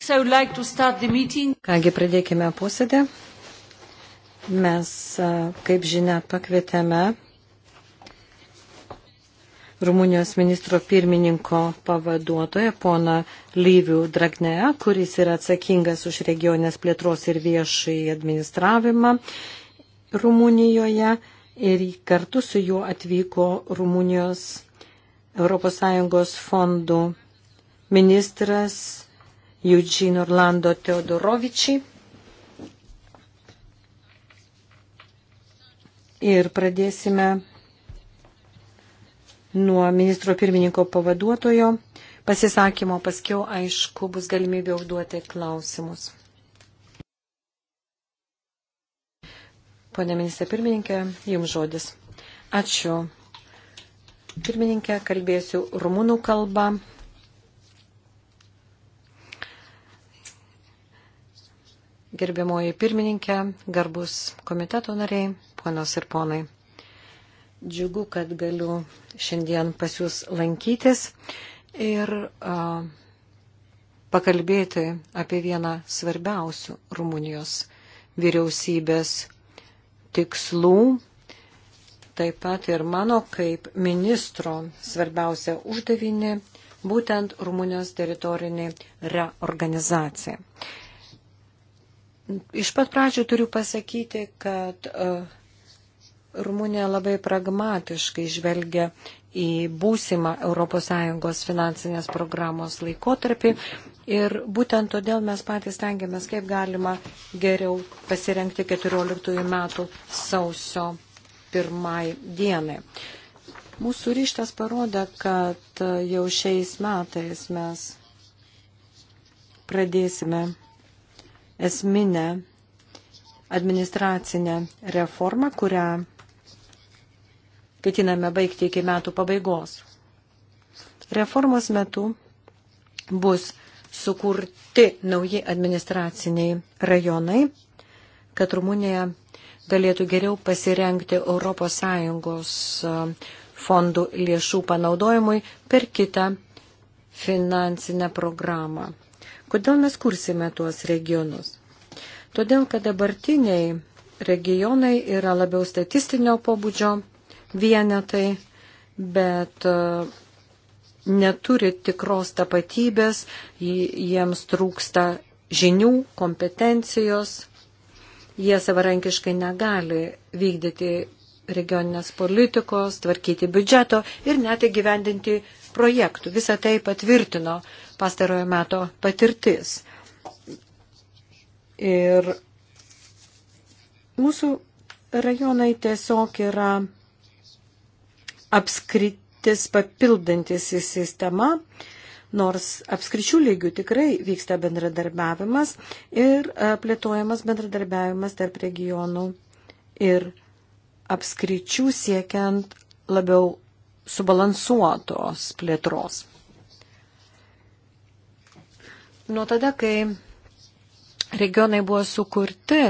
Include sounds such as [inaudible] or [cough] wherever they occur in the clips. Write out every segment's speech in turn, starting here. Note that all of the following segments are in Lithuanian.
So like Kągi pradėkime posėdį. Mes, kaip žinia, pakvietėme Rumunijos ministro pirmininko pavaduotoją, poną Lyvių Dragne, kuris yra atsakingas už regionės plėtros ir viešai administravimą Rumunijoje. Ir kartu su juo atvyko Rumunijos ES fondų ministras Eugene Orlando Teodorovičiai. Ir pradėsime nuo ministro pirmininko pavaduotojo pasisakymo, paskiau aišku bus galimybė užduoti klausimus. Pone ministrė pirmininkė, jums žodis. Ačiū. Pirmininkė, kalbėsiu rumunų kalbą, gerbiamoji pirmininkė, garbus komiteto nariai, ponios ir ponai. Džiugu, kad galiu šiandien pas jūs lankytis ir a, pakalbėti apie vieną svarbiausių Rumunijos vyriausybės tikslų. Taip pat ir mano kaip ministro svarbiausia uždavinė būtent Rumunijos teritorinė reorganizacija. Iš pat pradžių turiu pasakyti, kad e, Rumunija labai pragmatiškai žvelgia į būsimą ES finansinės programos laikotarpį ir būtent todėl mes patys tengiamės, kaip galima geriau pasirenkti 14 metų sausio pirmai dienai. Mūsų ryštas parodė, kad jau šiais metais mes pradėsime esminę administracinę reformą, kurią ketiname baigti iki metų pabaigos. Reformos metu bus sukurti nauji administraciniai rajonai, kad Rumunija galėtų geriau pasirenkti ES fondų lėšų panaudojimui per kitą finansinę programą. Kodėl mes kursime tuos regionus? Todėl, kad dabartiniai regionai yra labiau statistinio pobūdžio vienetai, bet e, neturi tikros tapatybės, jiems trūksta žinių, kompetencijos, jie savarankiškai negali vykdyti regioninės politikos, tvarkyti biudžeto ir net įgyvendinti projektų. Visą tai patvirtino pastarojo meto patirtis. Ir mūsų rajonai tiesiog yra apskritis papildantis į sistemą, nors apskričių lygių tikrai vyksta bendradarbiavimas ir e, plėtojamas bendradarbiavimas tarp regionų ir apskričių siekiant labiau subalansuotos plėtros. Nuo tada, kai regionai buvo sukurti,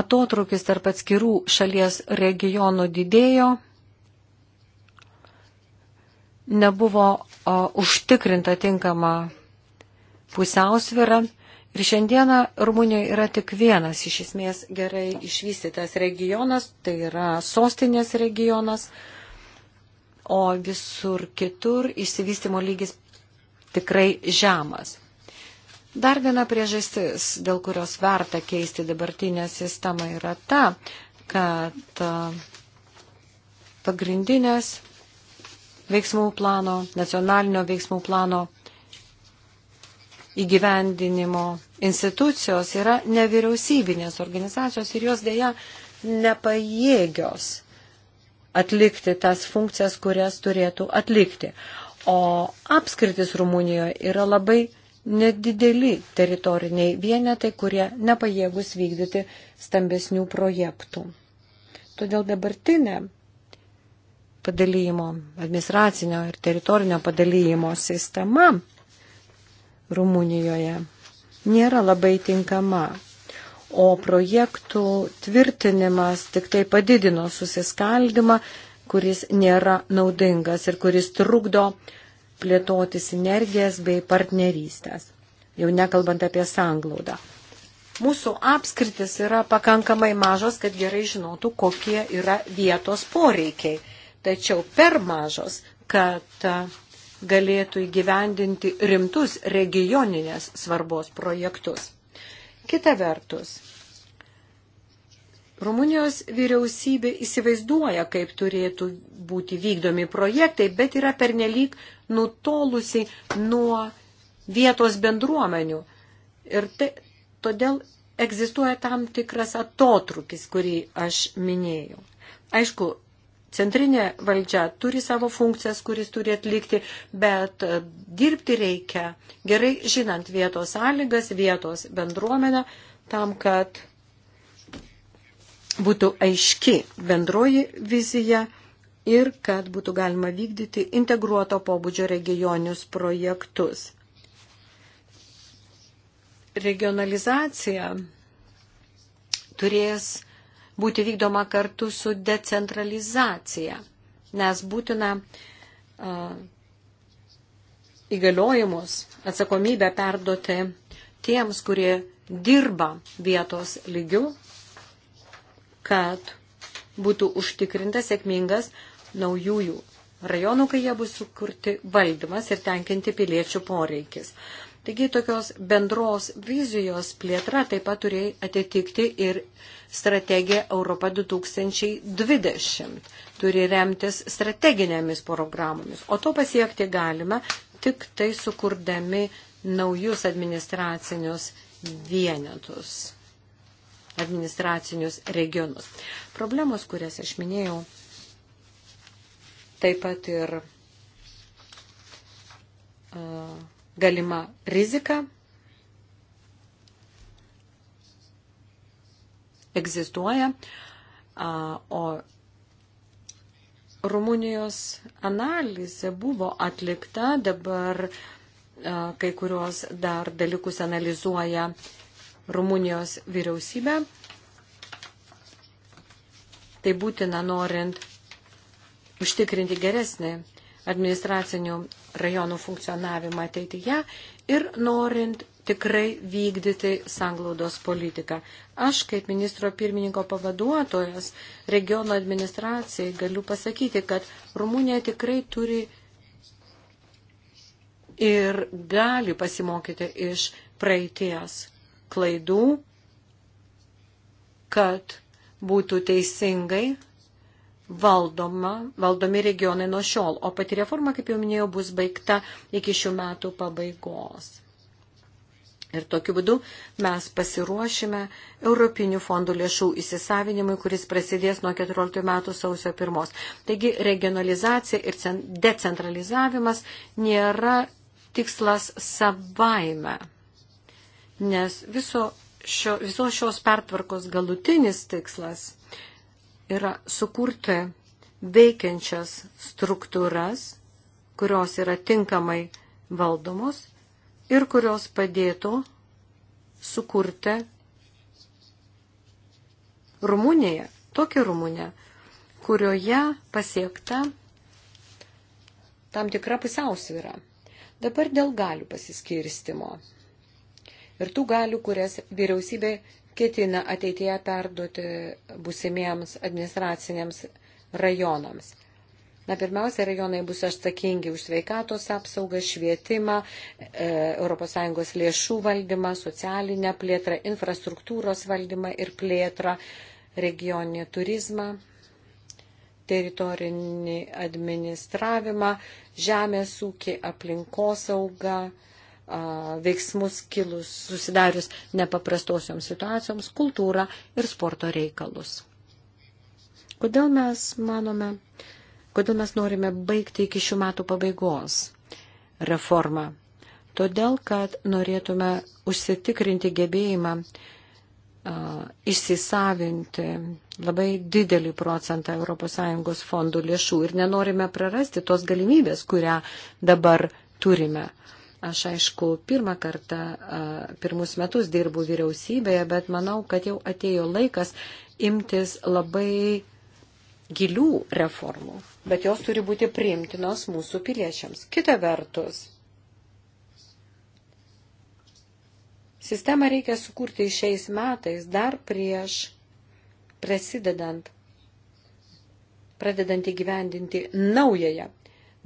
atotrukis tarp atskirų šalies regionų didėjo, nebuvo o, užtikrinta tinkama pusiausvyrą. Ir šiandieną Rumunijoje yra tik vienas iš esmės gerai išvystytas regionas, tai yra sostinės regionas, o visur kitur išsivystimo lygis tikrai žemas. Dar viena priežastis, dėl kurios verta keisti dabartinę sistemą, yra ta, kad pagrindinės veiksmų plano, nacionalinio veiksmų plano įgyvendinimo institucijos yra nevyriausybinės organizacijos ir jos dėja nepajėgios atlikti tas funkcijas, kurias turėtų atlikti. O apskritis Rumunijoje yra labai nedideli teritoriniai vienetai, kurie nepajėgus vykdyti stambesnių projektų. Todėl dabartinė padalymo, administracinio ir teritorinio padalymo sistema Rumunijoje nėra labai tinkama o projektų tvirtinimas tik tai padidino susiskaldimą, kuris nėra naudingas ir kuris trukdo plėtoti sinergijas bei partnerystės, jau nekalbant apie sanglaudą. Mūsų apskritis yra pakankamai mažos, kad gerai žinotų, kokie yra vietos poreikiai, tačiau per mažos, kad galėtų įgyvendinti rimtus regioninės svarbos projektus. Kita vertus, Rumunijos vyriausybė įsivaizduoja, kaip turėtų būti vykdomi projektai, bet yra pernelyg nutolusi nuo vietos bendruomenių. Ir tai, todėl egzistuoja tam tikras atotrukis, kurį aš minėjau. Aišku, centrinė valdžia turi savo funkcijas, kuris turi atlikti, bet e, dirbti reikia gerai žinant vietos sąlygas, vietos bendruomenę, tam, kad būtų aiški bendroji vizija ir kad būtų galima vykdyti integruoto pobūdžio regionius projektus. Regionalizacija turės būti vykdoma kartu su decentralizacija, nes būtina uh, įgaliojimus atsakomybę perduoti tiems, kurie dirba vietos lygių, kad būtų užtikrintas sėkmingas naujųjų rajonų, kai jie bus sukurti valdymas ir tenkinti piliečių poreikis. Taigi tokios bendros vizijos plėtra taip pat turėjo atitikti ir strategija Europa 2020. Turi remtis strateginėmis programomis. O to pasiekti galima tik tai sukurdami naujus administracinius vienetus, administracinius regionus. Problemos, kurias aš minėjau, taip pat ir. Uh, galima rizika egzistuoja, o Rumunijos analizė buvo atlikta, dabar kai kurios dar dalykus analizuoja Rumunijos vyriausybė. Tai būtina norint užtikrinti geresnį administracinių rajonų funkcionavimą ateityje ir norint tikrai vykdyti sanglaudos politiką. Aš, kaip ministro pirmininko pavaduotojas regiono administracijai, galiu pasakyti, kad Rumunija tikrai turi ir gali pasimokyti iš praeities klaidų, kad būtų teisingai valdoma, valdomi regionai nuo šiol, o pati reforma, kaip jau minėjau, bus baigta iki šių metų pabaigos. Ir tokiu būdu mes pasiruošime Europinių fondų lėšų įsisavinimui, kuris prasidės nuo 14 metų sausio 1. Taigi regionalizacija ir decentralizavimas nėra tikslas savaime, nes viso šio, visos šios pertvarkos galutinis tikslas yra sukurti veikiančias struktūras, kurios yra tinkamai valdomos ir kurios padėtų sukurti Rumuniją, tokią Rumuniją, kurioje pasiekta tam tikra pusiausvyra. Dabar dėl galių pasiskirstimo ir tų galių, kurias vyriausybė ketina ateityje perduoti busimiems administraciniams rajonams. Na, pirmiausia, rajonai bus atsakingi už sveikatos apsaugą, švietimą, e, ES lėšų valdymą, socialinę plėtrą, infrastruktūros valdymą ir plėtrą, regioninį turizmą, teritorinį administravimą, žemės ūkį, aplinkosaugą, saugą veiksmus kilus susidarius nepaprastosioms situacijoms, kultūrą ir sporto reikalus. Kodėl mes manome, kodėl mes norime baigti iki šių metų pabaigos reformą? Todėl, kad norėtume užsitikrinti gebėjimą išsisavinti labai didelį procentą ES fondų lėšų ir nenorime prarasti tos galimybės, kurią dabar turime. Aš, aišku, pirmą kartą, pirmus metus dirbu vyriausybėje, bet manau, kad jau atėjo laikas imtis labai gilių reformų, bet jos turi būti priimtinos mūsų piliečiams. Kita vertus, sistemą reikia sukurti šiais metais dar prieš prasidedant, pradedant įgyvendinti naująją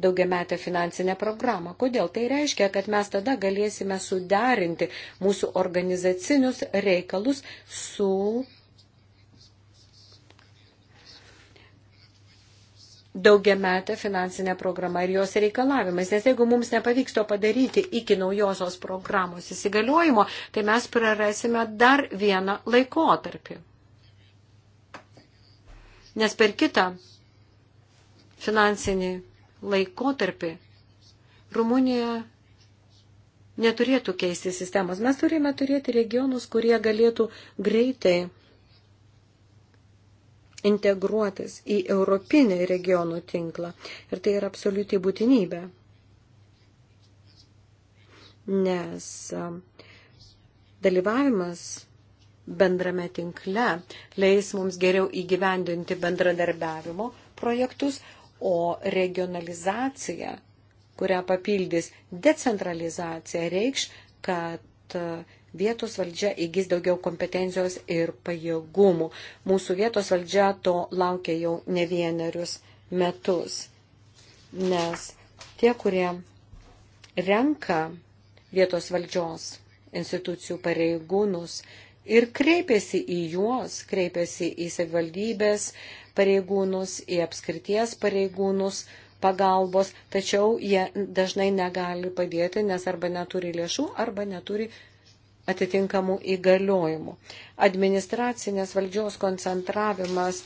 daugiametę finansinę programą. Kodėl? Tai reiškia, kad mes tada galėsime suderinti mūsų organizacinius reikalus su daugiametę finansinę programą ir jos reikalavimais. Nes jeigu mums nepavyks to padaryti iki naujosios programos įsigaliojimo, tai mes prarasime dar vieną laikotarpį. Nes per kitą finansinį laikotarpį Rumunija neturėtų keisti sistemos. Mes turime turėti regionus, kurie galėtų greitai integruotis į europinį regionų tinklą. Ir tai yra absoliutai būtinybė. Nes um, dalyvavimas bendrame tinkle leis mums geriau įgyvendinti bendradarbiavimo projektus, O regionalizacija, kurią papildys decentralizacija, reikš, kad e, vietos valdžia įgis daugiau kompetencijos ir pajėgumų. Mūsų vietos valdžia to laukia jau ne vienerius metus, nes tie, kurie renka vietos valdžios institucijų pareigūnus ir kreipiasi į juos, kreipiasi į savivaldybės, uh, pareigūnus, į apskrities pareigūnus pagalbos, tačiau jie dažnai negali padėti, nes arba neturi lėšų, arba neturi atitinkamų įgaliojimų. Administracinės valdžios koncentravimas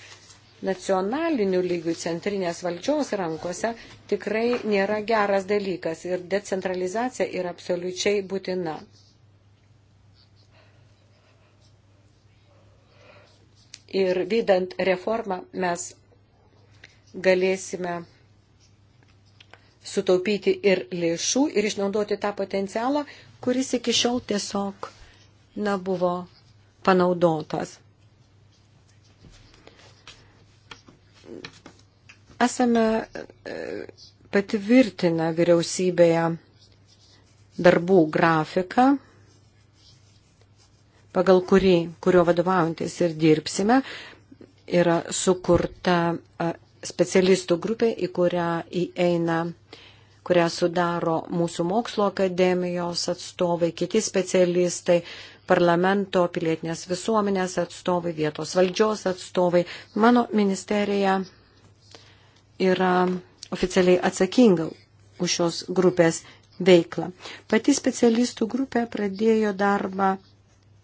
nacionalinių lygių centrinės valdžios rankose tikrai nėra geras dalykas ir decentralizacija yra absoliučiai būtina. Ir vydant reformą mes galėsime sutaupyti ir lėšų ir išnaudoti tą potencialą, kuris iki šiol tiesiog nebuvo panaudotas. Esame e, patvirtinę vyriausybėje darbų grafiką pagal kurį, kurio vadovaujantis ir dirbsime, yra sukurta specialistų grupė, į kurią įeina kurią sudaro mūsų mokslo akademijos atstovai, kiti specialistai, parlamento, pilietinės visuomenės atstovai, vietos valdžios atstovai. Mano ministerija yra oficialiai atsakinga už šios grupės veiklą. Pati specialistų grupė pradėjo darbą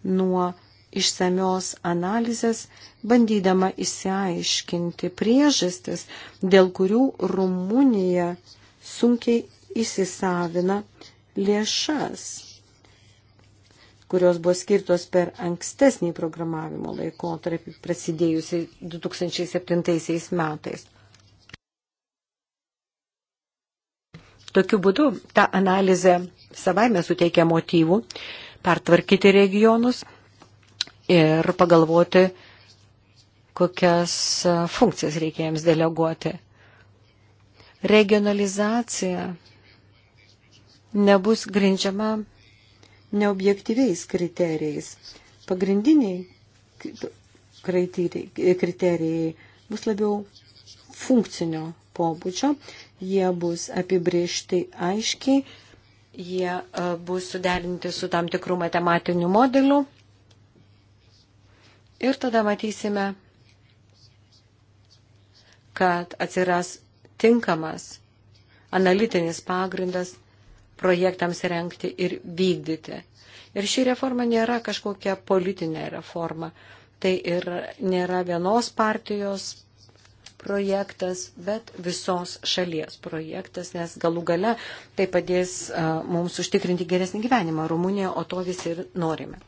nuo išsamios analizės, bandydama įsiaiškinti priežastis, dėl kurių Rumunija sunkiai įsisavina lėšas, kurios buvo skirtos per ankstesnį programavimo laikotarpį, prasidėjusi 2007 metais. Tokiu būdu ta analizė savaime suteikia motyvų, pertvarkyti regionus ir pagalvoti, kokias e, funkcijas reikia jiems deleguoti. Regionalizacija nebus grindžiama neobjektyviais kriterijais. Pagrindiniai kriterijai bus labiau funkcinio pobūdžio, jie bus apibriežti aiškiai Jie e, bus suderinti su tam tikrų matematinių modelių. Ir tada matysime, kad atsiras tinkamas analitinis pagrindas projektams renkti ir vykdyti. Ir ši reforma nėra kažkokia politinė reforma. Tai ir nėra vienos partijos projektas, bet visos šalies projektas, nes galų gale tai padės mums užtikrinti geresnį gyvenimą Rumunijoje, o to visi ir norime.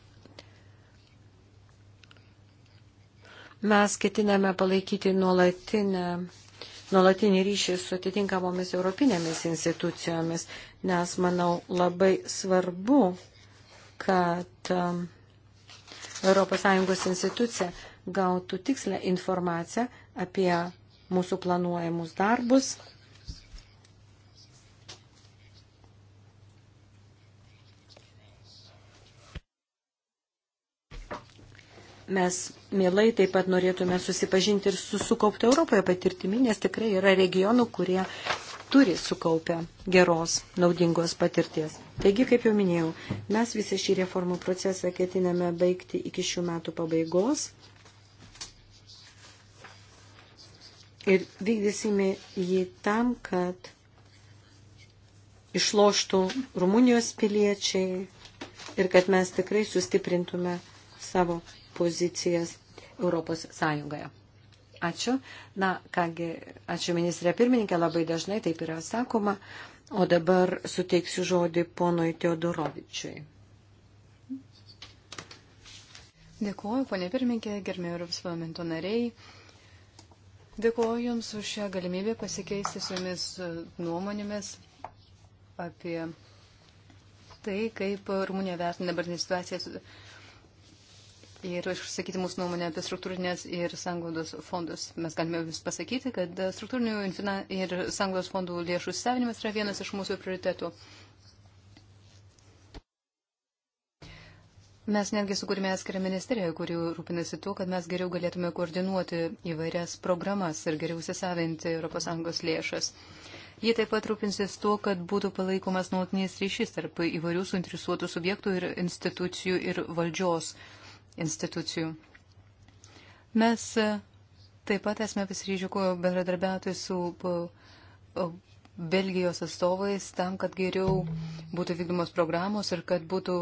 Mes ketiname palaikyti nuolatinę nuolatinį ryšį su atitinkamomis europinėmis institucijomis, nes manau labai svarbu, kad ES institucija gautų tikslę informaciją apie mūsų planuojamus darbus. Mes mielai taip pat norėtume susipažinti ir su sukaupta Europoje patirtimi, nes tikrai yra regionų, kurie turi sukaupę geros, naudingos patirties. Taigi, kaip jau minėjau, mes visą šį reformų procesą ketiname baigti iki šių metų pabaigos. ir vykdysime jį tam, kad išloštų Rumunijos piliečiai ir kad mes tikrai sustiprintume savo pozicijas Europos Sąjungoje. Ačiū. Na, kągi, ačiū ministrė pirmininkė, labai dažnai taip yra sakoma. O dabar suteiksiu žodį ponui Teodorovičiui. Dėkuoju, ponė pirmininkė, gerbėjai Europos parlamento nariai. Dėkuoju Jums už šią galimybę pasikeisti su Jumis e, nuomonėmis apie tai, kaip Rumunija vertina dabartinį situaciją ir išsakyti mūsų nuomonę apie struktūrinės ir sanglaudos fondus. Mes galime Jums pasakyti, kad struktūrinių ir sanglaudos fondų lėšų savinimas yra vienas iš mūsų prioritetų. Mes netgi sukūrėme atskirą ministeriją, kuri rūpinasi tuo, kad mes geriau galėtume koordinuoti įvairias programas ir geriau įsisavinti ES lėšas. Jie taip pat rūpinsis tuo, kad būtų palaikomas nuotinės ryšys tarp įvairių suinteresuotų subjektų ir institucijų ir valdžios institucijų. Mes e, taip pat esame pasiryžę bendradarbiauti su Belgijos atstovais tam, kad geriau būtų vykdomos programos ir kad būtų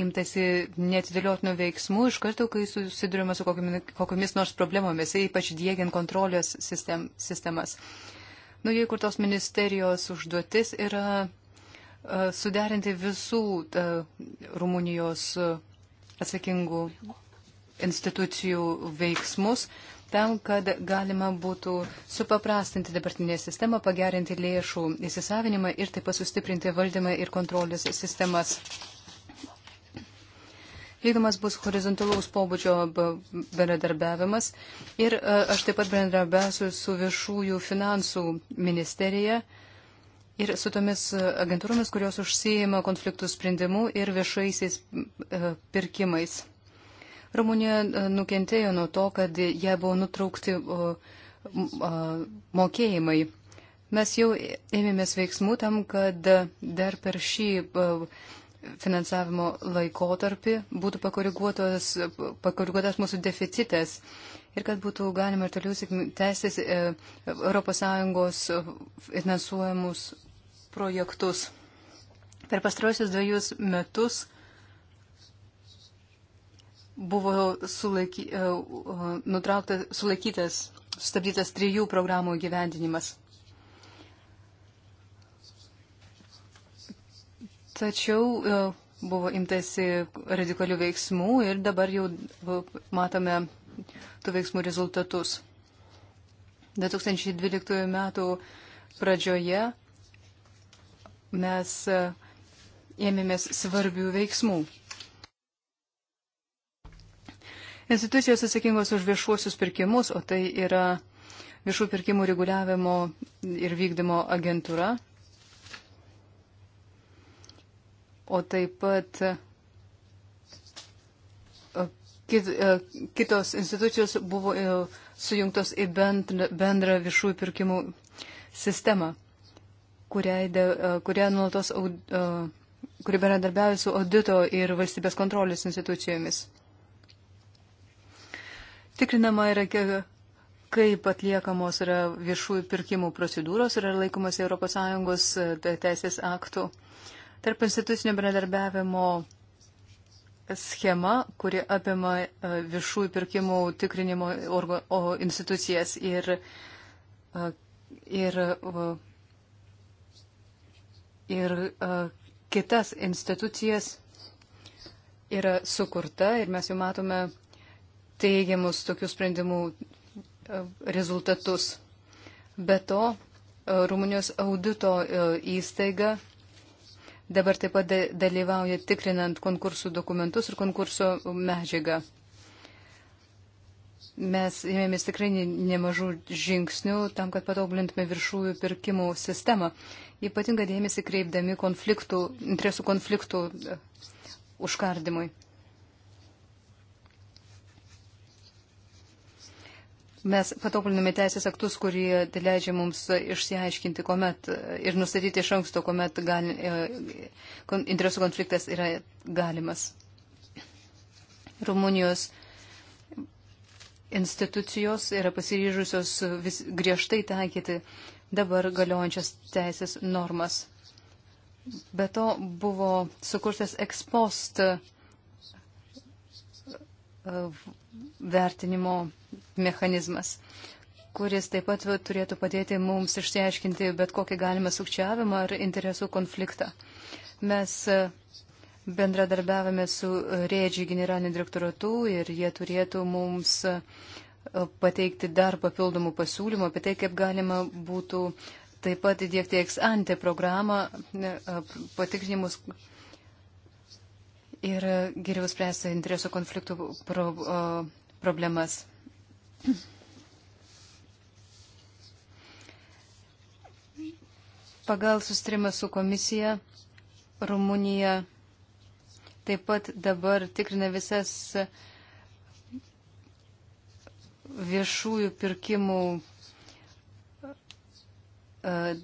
imtasi netidėliotinų veiksmų iš karto, kai susidurima su kokiamis, kokiamis nors problemomis, ypač dėgiant kontrolės sistem, sistemas. Nu, jeigu tos ministerijos užduotis yra e, suderinti visų ta, e, Rumunijos e, atsakingų institucijų veiksmus, tam, kad galima būtų supaprastinti dabartinę sistemą, pagerinti lėšų įsisavinimą ir taip pat sustiprinti valdymą ir kontrolės sistemas. Vykdomas bus horizontalaus pobūdžio bendradarbiavimas ir e, aš taip pat bendradarbiausiu su viešųjų finansų ministerija ir su tomis e, agentūromis, kurios užsijima konfliktų sprendimu ir viešaisiais e, pirkimais. Rumunija e, nukentėjo nuo to, kad jie buvo nutraukti mokėjimai. Mes jau ėmėmės veiksmų tam, kad dar per šį e, finansavimo laikotarpį būtų pakoriguotas, pakoriguotas mūsų deficitas ir kad būtų galima ir toliau tęstis ES finansuojamus projektus. Per pastarosius dviejus metus buvo sulaiky, e, nutrauktas, sulaikytas, sustabdytas trijų programų gyvendinimas. Tačiau e, buvo imtasi radikalių veiksmų ir dabar jau e, matome tų veiksmų rezultatus. 2012 m. pradžioje mes ėmėmės svarbių veiksmų. Institucijos atsakingos už viešuosius pirkimus, o tai yra viešų pirkimų reguliavimo ir vykdymo agentūra, o taip pat e, kitos institucijos buvo e, sujungtos į bendrą viešųjų pirkimų sistemą, kuriai, e, kurią nuolatos, kuri bendradarbiauja su audito ir valstybės kontrolės institucijomis. Tikrinama yra, kaip atliekamos yra viešųjų pirkimų procedūros ir yra laikomas ES e, teisės aktų. Tarp institucinio bendradarbiavimo schema, kuri apima e, viešųjų pirkimų tikrinimo orgo, o, institucijas ir, e, ir, ir kitas institucijas yra sukurta ir mes jau matome teigiamus tokių sprendimų e, rezultatus. Be to, e, Rumunijos audito e, įstaiga dabar taip pat dalyvauja tikrinant konkursų dokumentus ir konkurso medžiagą. Mes ėmėmės tikrai nemažų žingsnių tam, kad patobulintume viršųjų pirkimų sistemą, ypatingą dėmesį kreipdami konfliktų, interesų konfliktų užkardimui. Mes patobulinome teisės aktus, kurie leidžia mums išsiaiškinti, kuomet e, ir nustatyti iš anksto, kuomet gali, e, interesų konfliktas yra galimas. Rumunijos institucijos yra pasiryžusios vis griežtai taikyti dabar galiojančias teisės normas. Be to buvo sukurtas ekspost uh, E, vertinimo mechanizmas, kuris taip pat turėtų padėti mums išsiaiškinti bet kokį galimą sukčiavimą ar interesų konfliktą. Mes e, bendradarbiavame su Rėdžiai generaliniu direktoratu ir jie turėtų mums e, pateikti dar papildomų pasiūlymų apie tai, kaip galima būtų taip pat įdėkti ex ante programą patikrinimus ir geriau spręsti interesų konfliktų pro, o, problemas. Pagal sustarimą su komisija, Rumunija taip pat dabar tikrina visas viešųjų pirkimų e,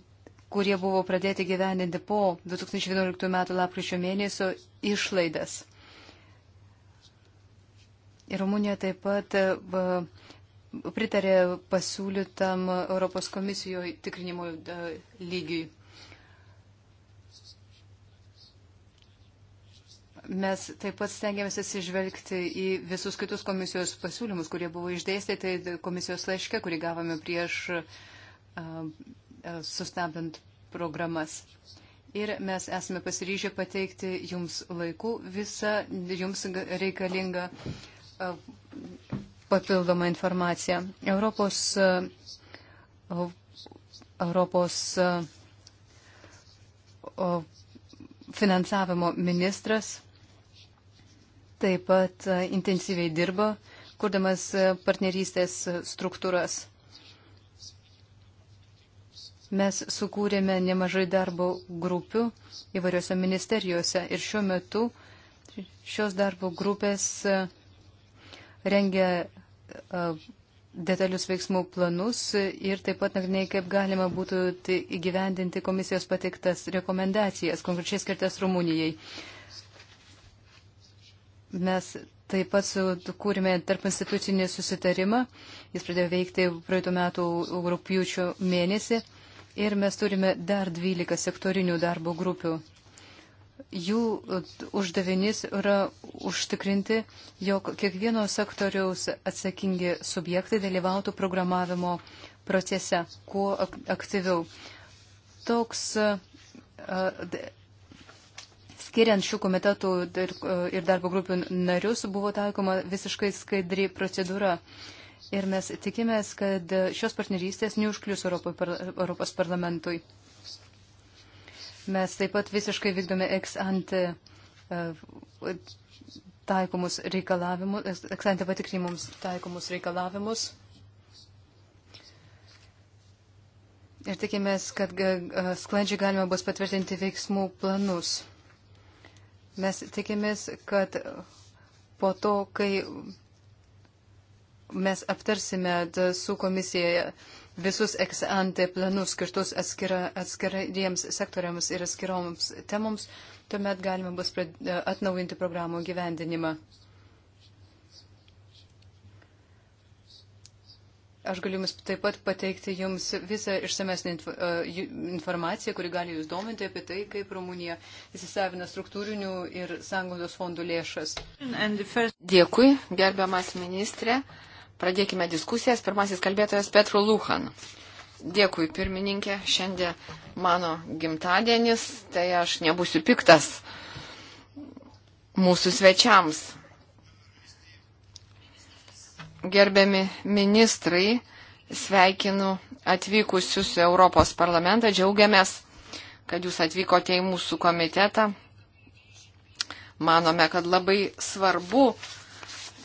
kurie buvo pradėti gyveninti po 2011 m. lapkričio mėnesio išlaidas. Ir Rumunija taip pat e, pritarė pasiūlytam Europos komisijoje tikrinimo e, lygiui. Mes taip pat stengiamės atsižvelgti į visus kitus komisijos pasiūlymus, kurie buvo išdėstyti tai komisijos laiške, kurį gavome prieš uh, E, sustabdant programas. Ir mes esame pasiryžę pateikti jums laiku visą jums reikalingą e, papildomą informaciją. Europos, e, Europos finansavimo ministras taip pat intensyviai dirba, kurdamas partnerystės struktūras. Mes sukūrėme nemažai darbo grupių įvairiose ministerijose ir šiuo metu šios darbo grupės e, rengia e, detalius veiksmų planus ir taip pat nagrinėjai, kaip galima būtų tai įgyvendinti komisijos pateiktas rekomendacijas, konkrečiai skirtas Rumunijai. Mes taip pat sukūrėme tarp institucinį susitarimą, jis pradėjo veikti praeitų metų rūpjūčio mėnesį Ir mes turime dar 12 sektorinių darbo grupių. Jų e, uždavinys yra užtikrinti, jog kiekvieno sektoriaus atsakingi subjektai dalyvautų programavimo procese kuo aktyviau. Toks e, skiriant šių komitetų e, ir darbo grupių narius buvo taikoma visiškai skaidri procedūra ir mes tikimės, kad šios partnerystės neužklius Europos parlamentui. Mes taip pat visiškai vykdome ex ante e, taikomus reikalavimus, ex ante patikrinimams taikomus reikalavimus. Ir tikimės, kad e, e, sklandžiai galima bus patvirtinti veiksmų planus. Mes tikimės, kad po to, kai mes aptarsime su komisija visus ex-ante planus skirtus atskira, atskiriems sektoriams ir atskiroms temoms, tuomet galima bus e, atnaujinti programų gyvendinimą. Aš galiu Jums taip pat pateikti Jums visą išsamesnį inf e, informaciją, kuri gali Jūs dominti apie tai, kaip Rumunija įsisavina struktūrinių ir sąngodos fondų lėšas. Dėkui, gerbiamas ministrė. Pradėkime diskusijas. Pirmasis kalbėtojas Petru Luhan. Dėkui, pirmininkė. Šiandien mano gimtadienis, tai aš nebūsiu piktas mūsų svečiams. Gerbiami ministrai, sveikinu atvykusius į Europos parlamentą. Džiaugiamės, kad jūs atvykote į mūsų komitetą. Manome, kad labai svarbu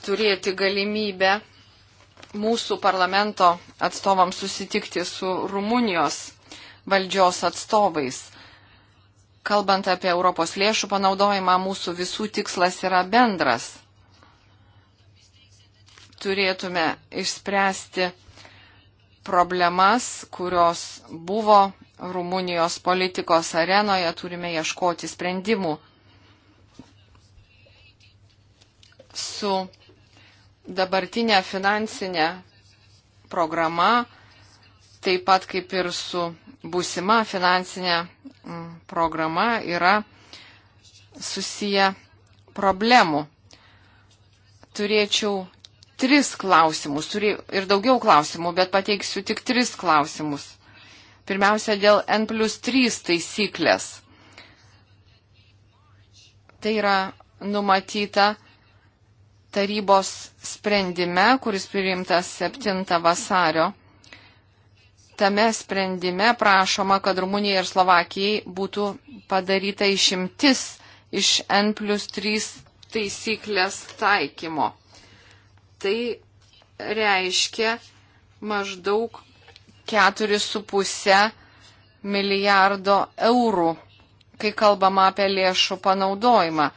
turėti galimybę mūsų parlamento atstovams susitikti su Rumunijos valdžios atstovais. Kalbant apie Europos lėšų panaudojimą, mūsų visų tikslas yra bendras. Turėtume išspręsti problemas, kurios buvo Rumunijos politikos arenoje, turime ieškoti sprendimų. Su dabartinė finansinė programa, taip pat kaip ir su būsima finansinė mm, programa, yra susiję problemų. Turėčiau tris klausimus, turi ir daugiau klausimų, bet pateiksiu tik tris klausimus. Pirmiausia, dėl N plus 3 taisyklės. Tai yra numatyta tarybos sprendime, kuris priimtas 7 vasario. Tame sprendime prašoma, kad Rumunijai ir Slovakijai būtų padaryta išimtis iš N plus 3 taisyklės taikymo. Tai reiškia maždaug 4,5 milijardo eurų, kai kalbama apie lėšų panaudojimą.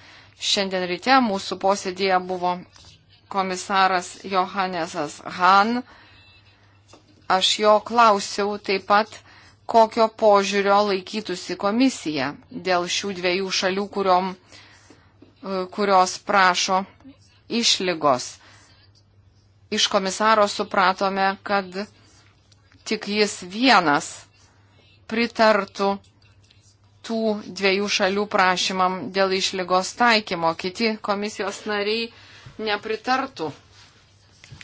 Šiandien ryte mūsų posėdėje buvo komisaras Johannesas Han. Aš jo klausiau taip pat, kokio požiūrio laikytųsi komisija dėl šių dviejų šalių, kuriom, e, kurios prašo išlygos. Iš komisaro supratome, kad tik jis vienas pritartų tų dviejų šalių prašymam dėl išlygos taikymo. Kiti komisijos nariai nepritartų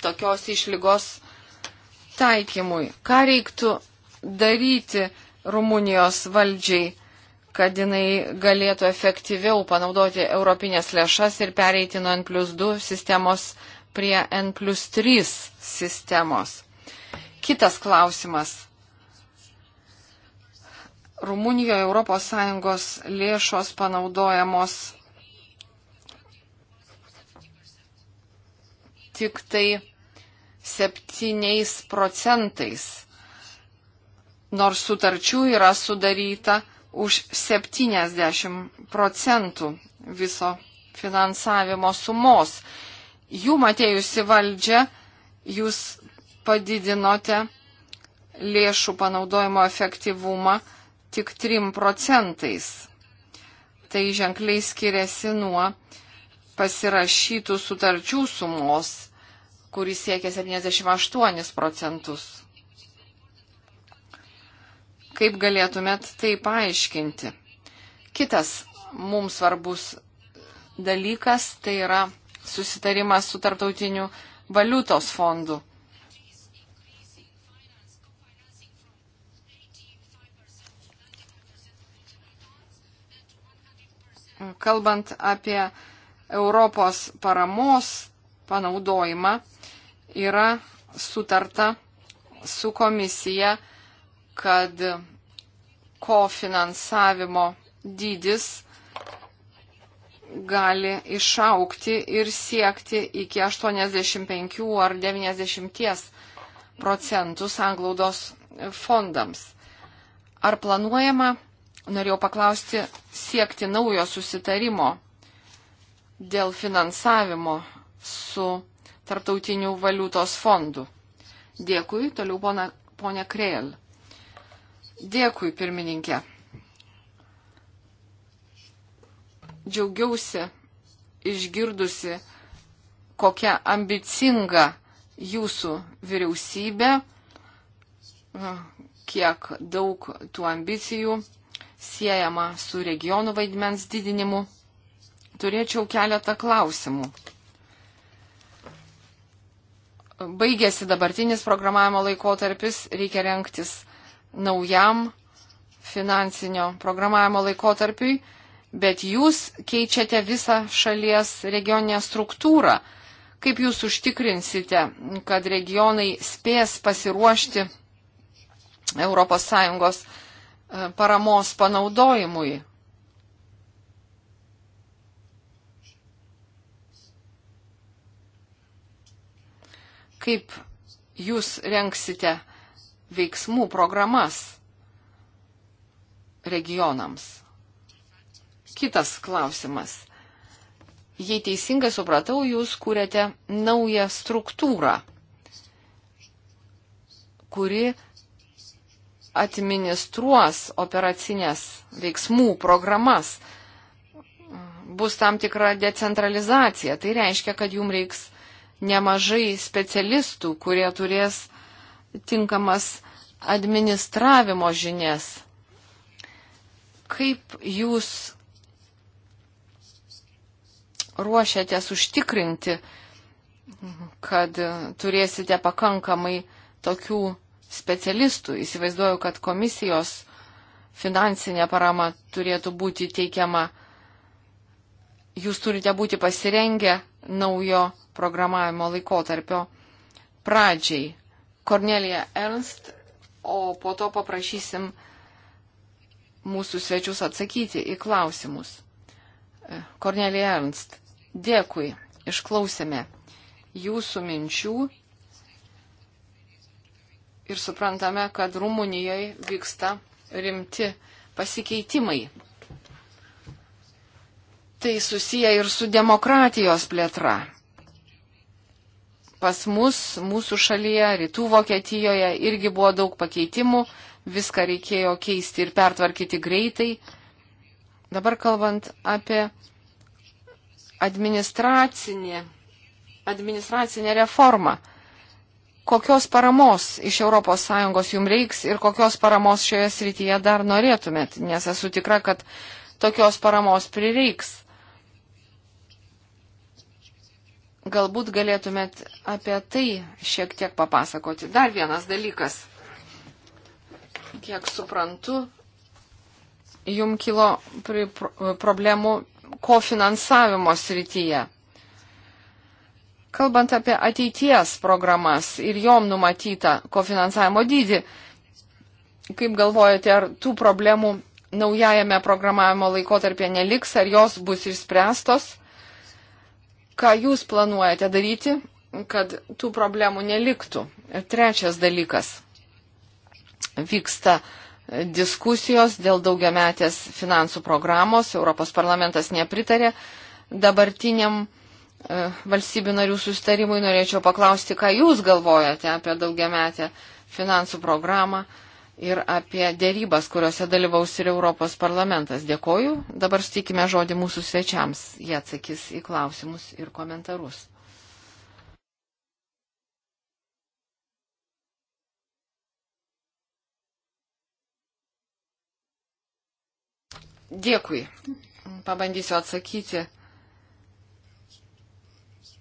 tokios išlygos taikymui. Ką reiktų daryti Rumunijos valdžiai, kad jinai galėtų efektyviau panaudoti europinės lėšas ir pereiti nuo N plus 2 sistemos prie N plus 3 sistemos? Kitas klausimas Rumunijoje ES lėšos panaudojamos tik tai 7 procentais, nors sutarčių yra sudaryta už 70 procentų viso finansavimo sumos. Jų matėjusi valdžia, jūs padidinote lėšų panaudojimo efektyvumą tik 3 procentais. Tai ženkliai skiriasi nuo pasirašytų sutarčių sumos, kuris siekia 78 procentus. Kaip galėtumėt tai paaiškinti? Kitas mums svarbus dalykas tai yra susitarimas su tarptautiniu valiutos fondu. kalbant apie Europos paramos panaudojimą, yra sutarta su komisija, kad kofinansavimo dydis gali išaukti ir siekti iki 85 ar 90 procentų sanglaudos fondams. Ar planuojama norėjau paklausti siekti naujo susitarimo dėl finansavimo su Tarptautiniu valiutos fondu. Dėkui, toliau pona, ponia Kreil. Dėkui, pirmininkė. Džiaugiausi išgirdusi, kokia ambicinga jūsų vyriausybė, kiek daug tų ambicijų siejama su regionų vaidmens didinimu, turėčiau keletą klausimų. Baigėsi dabartinis programavimo laikotarpis, reikia renktis naujam finansinio programavimo laikotarpiui, bet jūs keičiate visą šalies regioninę struktūrą. Kaip jūs užtikrinsite, kad regionai spės pasiruošti ES E, paramos panaudojimui. Kaip jūs renksite veiksmų programas regionams? Kitas klausimas. Jei teisingai supratau, jūs kūrėte naują struktūrą, kuri administruos operacinės veiksmų programas. Bus tam tikra decentralizacija. Tai reiškia, kad jums reiks nemažai specialistų, kurie turės tinkamas administravimo žinias. Kaip jūs ruošiatės užtikrinti, kad turėsite pakankamai tokių specialistų. Įsivaizduoju, kad komisijos finansinė parama turėtų būti teikiama. Jūs turite būti pasirengę naujo programavimo laikotarpio pradžiai. Kornelija Ernst, o po to paprašysim mūsų svečius atsakyti į klausimus. Kornelija Ernst, dėkui, išklausėme jūsų minčių ir suprantame, kad Rumunijoje vyksta rimti pasikeitimai. Tai susiję ir su demokratijos plėtra. Pas mus, mūsų šalyje, rytų Vokietijoje irgi buvo daug pakeitimų, viską reikėjo keisti ir pertvarkyti greitai. Dabar kalbant apie administracinį, administracinę reformą kokios paramos iš ES jums reiks ir kokios paramos šioje srityje dar norėtumėt, nes esu tikra, kad tokios paramos prireiks. Galbūt galėtumėt apie tai šiek tiek papasakoti. Dar vienas dalykas. Kiek suprantu, jum kilo problemų kofinansavimo srityje. Kalbant apie ateities programas ir jom numatytą kofinansavimo dydį, kaip galvojate, ar tų problemų naujajame programavimo laikotarpė neliks, ar jos bus išspręstos? Ką jūs planuojate daryti, kad tų problemų neliktų? Ir trečias dalykas. Vyksta diskusijos dėl daugiametės finansų programos. Europos parlamentas nepritarė dabartiniam E, valstybių narių sustarimui, norėčiau paklausti, ką Jūs galvojate apie daugiametę finansų programą ir apie dėrybas, kuriuose dalyvaus ir Europos parlamentas. Dėkoju. Dabar stikime žodį mūsų svečiams. Jie atsakys į klausimus ir komentarus. Dėkui. Pabandysiu atsakyti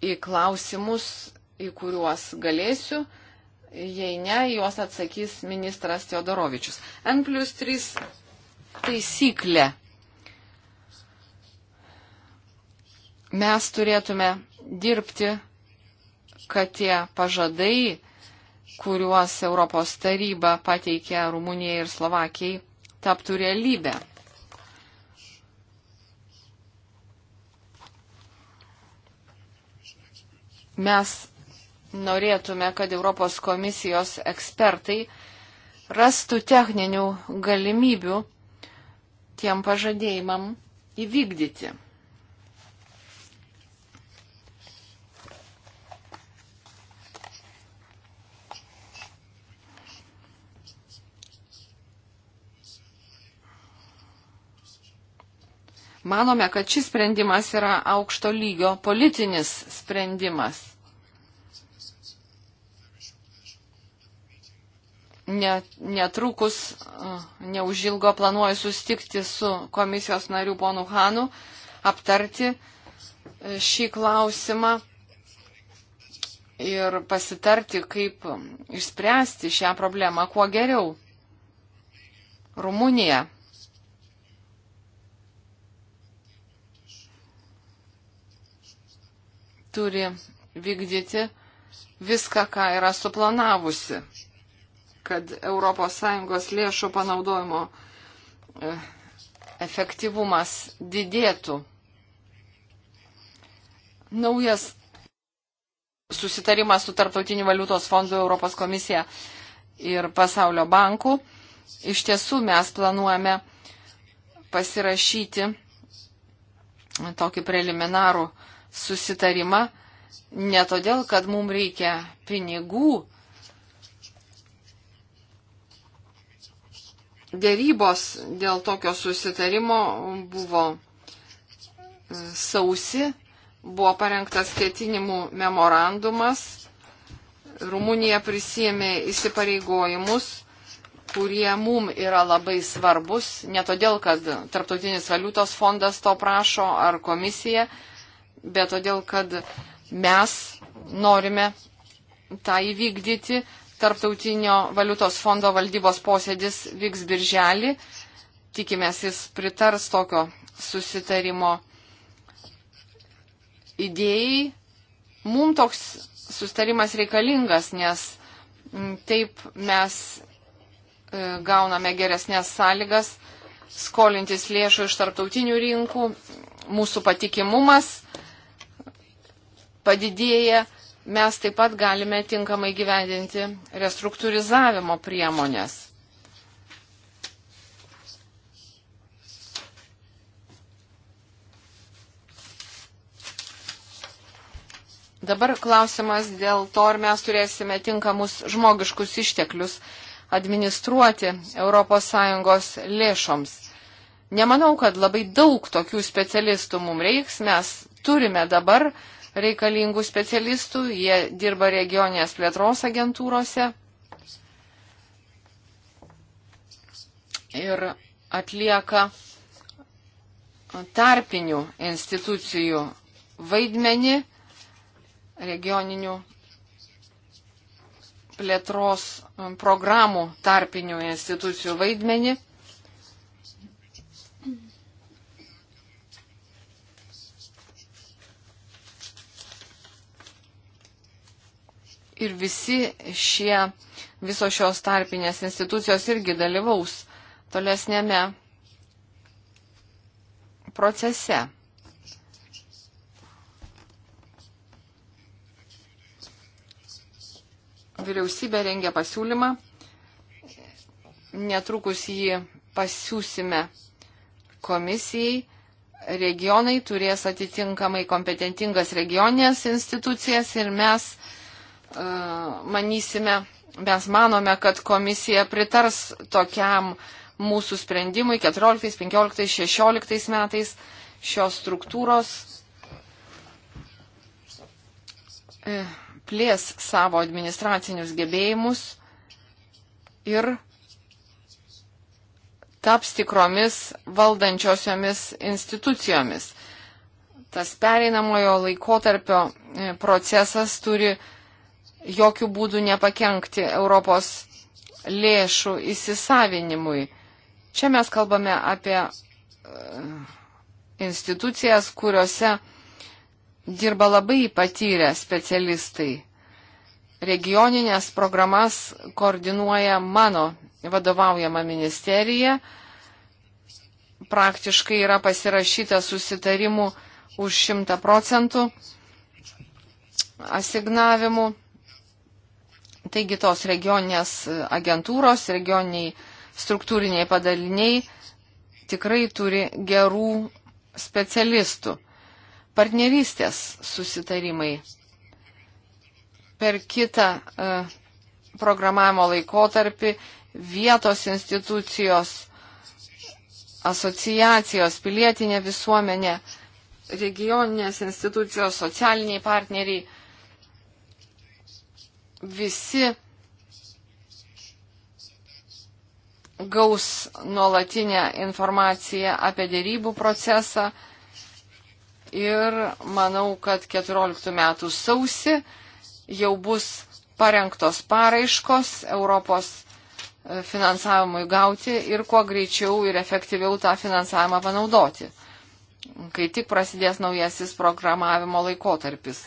į klausimus, į kuriuos galėsiu. Jei ne, juos atsakys ministras Teodorovičius. N plus 3 taisyklė. Mes turėtume dirbti, kad tie pažadai, kuriuos Europos taryba pateikė Rumunijai ir Slovakijai, taptų realybę. Mes norėtume, kad Europos komisijos ekspertai rastų techninių galimybių tiem pažadėjimam įvykdyti. Manome, kad šis sprendimas yra aukšto lygio politinis sprendimas. Netrukus, uh, neužilgo planuoju sustikti su komisijos nariu ponu Hanu, aptarti uh, šį klausimą ir pasitarti, kaip išspręsti šią problemą kuo geriau. Rumunija turi vykdyti viską, ką yra suplanavusi, kad ES lėšų panaudojimo e, efektyvumas didėtų. Naujas susitarimas su Tarptautiniu valiutos fondu Europos komisija ir Pasaulio banku. Iš tiesų mes planuojame pasirašyti tokį preliminarų uh, susitarimą ne todėl, kad mums reikia pinigų. Dėrybos dėl tokio susitarimo buvo e, sausi, buvo parengtas ketinimų memorandumas, Rumunija prisėmė įsipareigojimus, kurie mum yra labai svarbus, ne todėl, kad Tarptautinis valiutos fondas to prašo ar komisija, bet todėl, kad mes norime tą įvykdyti. Tarptautinio valiutos fondo valdybos posėdis vyks birželį. Tikimės, jis pritars tokio susitarimo idėjai. Mums toks sustarimas reikalingas, nes mm, taip mes e, gauname geresnės sąlygas skolintis lėšų iš tarptautinių rinkų, mūsų patikimumas padidėja, mes taip pat galime tinkamai gyvendinti restruktūrizavimo priemonės. Dabar klausimas dėl to, ar mes turėsime tinkamus žmogiškus išteklius administruoti ES lėšoms. Nemanau, kad labai daug tokių specialistų mums reiks, mes turime dabar uh, reikalingų specialistų, jie dirba regioninės plėtros agentūrose ir atlieka tarpinių institucijų vaidmenį regioninių plėtros programų tarpinių institucijų vaidmenį. ir visi šie, visos šios tarpinės institucijos irgi dalyvaus tolesnėme procese. Vyriausybė rengia pasiūlymą, netrukus jį pasiūsime komisijai, regionai turės atitinkamai kompetentingas regioninės institucijas ir mes manysime, mes manome, kad komisija pritars tokiam mūsų sprendimui 14, 15, 16 metais šios struktūros e, plės savo administracinius gebėjimus ir taps tikromis valdančiosiomis institucijomis. Tas pereinamojo laikotarpio e, procesas turi jokių būdų nepakenkti Europos lėšų įsisavinimui. Čia mes kalbame apie e, institucijas, kuriuose dirba labai patyrę specialistai. Regioninės programas koordinuoja mano vadovaujama ministerija. Praktiškai yra pasirašyta susitarimų už 100 procentų asignavimų. Taigi tos regioninės agentūros, regioniniai struktūriniai padaliniai tikrai turi gerų specialistų. Partnerystės susitarimai per kitą e, programavimo laikotarpį vietos institucijos, asociacijos, pilietinė visuomenė, regioninės institucijos, socialiniai partneriai visi gaus nuolatinę informaciją apie dėrybų procesą ir manau, kad 14 metų sausi jau bus parengtos paraiškos Europos e, finansavimui gauti ir kuo greičiau ir efektyviau tą finansavimą panaudoti, kai tik prasidės naujasis programavimo laikotarpis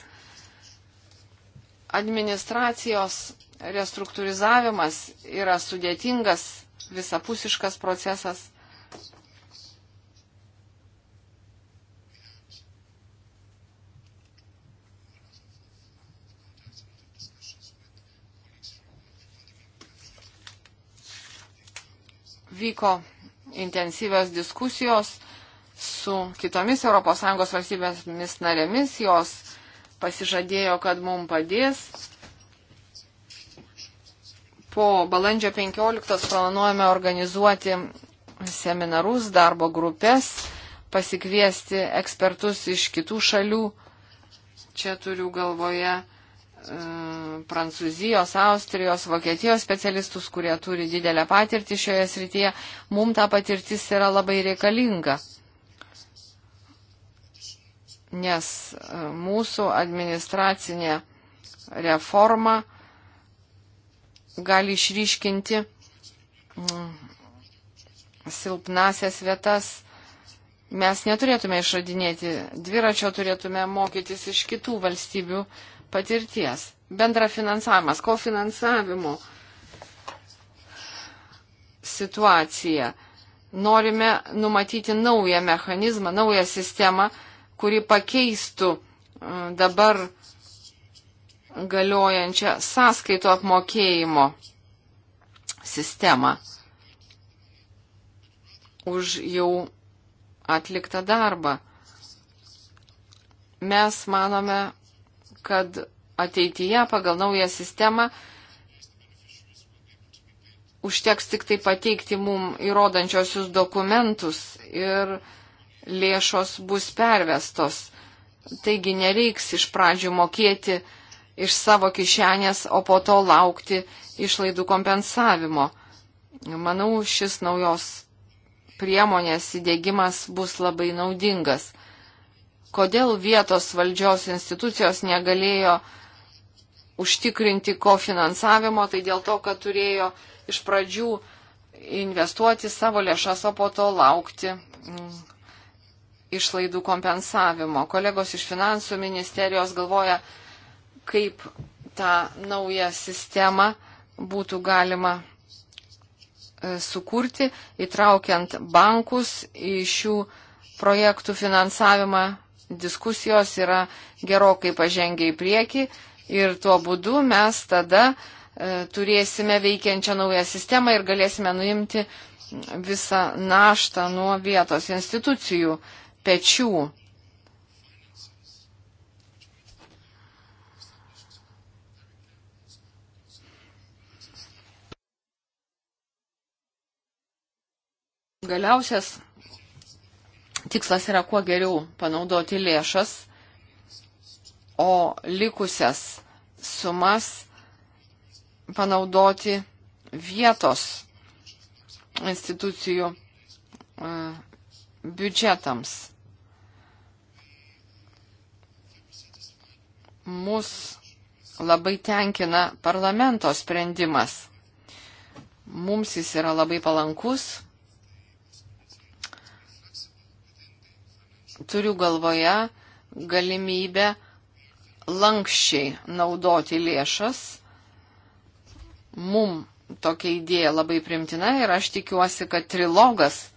administracijos restruktūrizavimas yra sudėtingas, visapusiškas procesas. vyko intensyvios diskusijos su kitomis ES valstybėmis narėmis, jos pasižadėjo, kad mums padės. Po balandžio 15 planuojame organizuoti seminarus, darbo grupės, pasikviesti ekspertus iš kitų šalių. Čia turiu galvoje e, Prancūzijos, Austrijos, Vokietijos specialistus, kurie turi didelę patirtį šioje srityje. Mums ta patirtis yra labai reikalinga nes e, mūsų administracinė reforma gali išryškinti mm, silpnasias vietas. Mes neturėtume išradinėti dviračio, turėtume mokytis iš kitų valstybių patirties. Bendra finansavimas, kofinansavimo situacija norime numatyti naują mechanizmą, naują sistemą, kuri pakeistų e, dabar galiojančią sąskaitų apmokėjimo sistemą už jau atliktą darbą. Mes manome, kad ateityje pagal naują sistemą užteks tik tai pateikti mum įrodančiosius dokumentus ir uh, lėšos bus pervestos. Taigi nereiks iš pradžių mokėti iš savo kišenės, o po to laukti išlaidų kompensavimo. Manau, šis naujos priemonės įdėgymas bus labai naudingas. Kodėl vietos valdžios institucijos negalėjo užtikrinti kofinansavimo, tai dėl to, kad turėjo iš pradžių investuoti savo lėšas, o po to laukti mm, išlaidų kompensavimo. Kolegos iš finansų ministerijos galvoja, kaip tą naują sistemą būtų galima e, sukurti, įtraukiant bankus į šių projektų finansavimą. Diskusijos yra gerokai pažengę į priekį ir tuo būdu mes tada e, turėsime veikiančią naują sistemą ir galėsime nuimti visą naštą nuo vietos institucijų pečių. Galiausias tikslas yra kuo geriau panaudoti lėšas, o likusias sumas panaudoti vietos institucijų biudžetams. Mūsų labai tenkina parlamento sprendimas. Mums jis yra labai palankus. Turiu galvoje galimybę lankščiai naudoti lėšas. Mum tokia idėja labai primtina ir aš tikiuosi, kad trilogas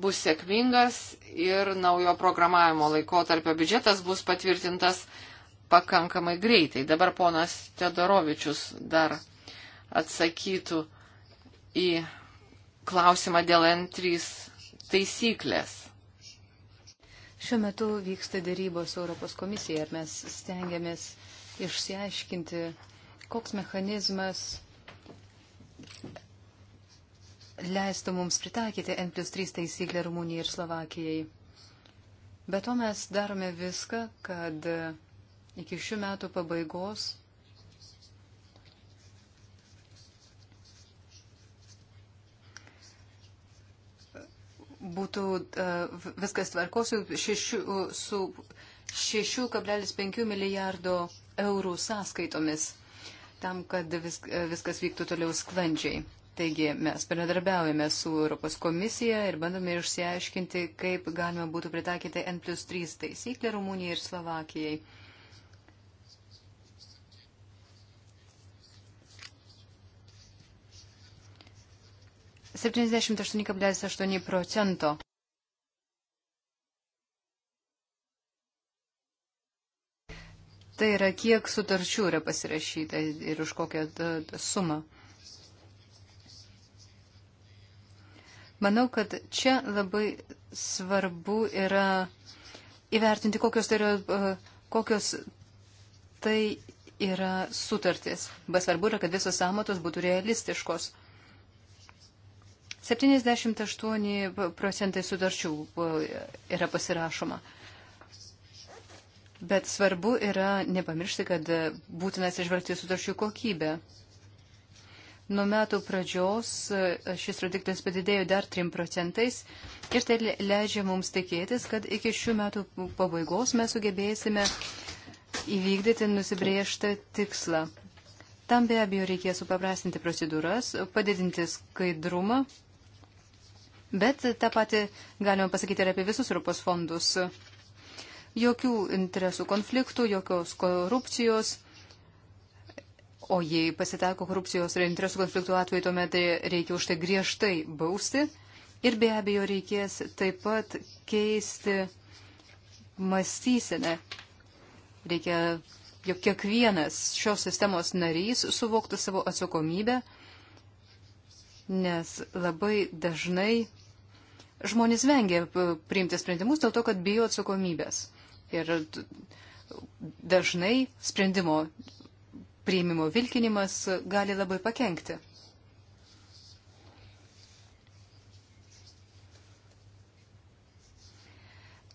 bus sėkmingas ir naujo programavimo laikotarpio biudžetas bus patvirtintas pakankamai greitai. Dabar ponas Tedorovičius dar atsakytų į klausimą dėl N3 taisyklės. Šiuo metu vyksta dėrybos Europos komisija ir mes stengiamės išsiaiškinti, koks mechanizmas leistų mums pritaikyti N plus 3 taisyklę Rumunijai ir Slovakijai. Be to mes darome viską, kad iki šių metų pabaigos būtų uh, viskas tvarkos šešių, su 6,5 milijardo eurų sąskaitomis, tam, kad vis, viskas vyktų toliau sklandžiai. Taigi mes bendradarbiaujame su Europos komisija ir bandome išsiaiškinti, kaip galima būtų pritaikyti N plus 3 taisyklę Rumunijai ir Slovakijai. Septyniasdešimt aštuoni kablelis aštuoni procento. Tai yra, kiek sutarčių yra pasirašyta ir už kokią e, sumą. Manau, kad čia labai svarbu yra įvertinti, kokios tai yra, e, kokios tai yra sutartis. Bet svarbu yra, kad visos samatos būtų realistiškos. 78 procentai sutarčių e, yra pasirašoma. Bet svarbu yra nepamiršti, kad būtinas išvelgti sutarčių kokybę. Nuo metų pradžios e, šis rodiklis padidėjo dar 3 procentais ir tai leidžia mums tikėtis, kad iki šių metų pabaigos mes sugebėsime įvykdyti nusibriežtą tikslą. Tam be abejo reikės supaprastinti procedūras, padidinti skaidrumą, bet tą patį galima pasakyti ir apie visus Europos fondus. Jokių interesų konfliktų, jokios korupcijos O jei pasitaiko korupcijos ir interesų konfliktų atveju, tuomet reikia už tai griežtai bausti. Ir be abejo reikės taip pat keisti mąstysenę. Reikia, jog kiekvienas šios sistemos narys suvoktų savo atsakomybę, nes labai dažnai žmonės vengia priimti sprendimus dėl to, kad bijo atsakomybės. Ir dažnai sprendimo prieimimo vilkinimas gali labai pakengti.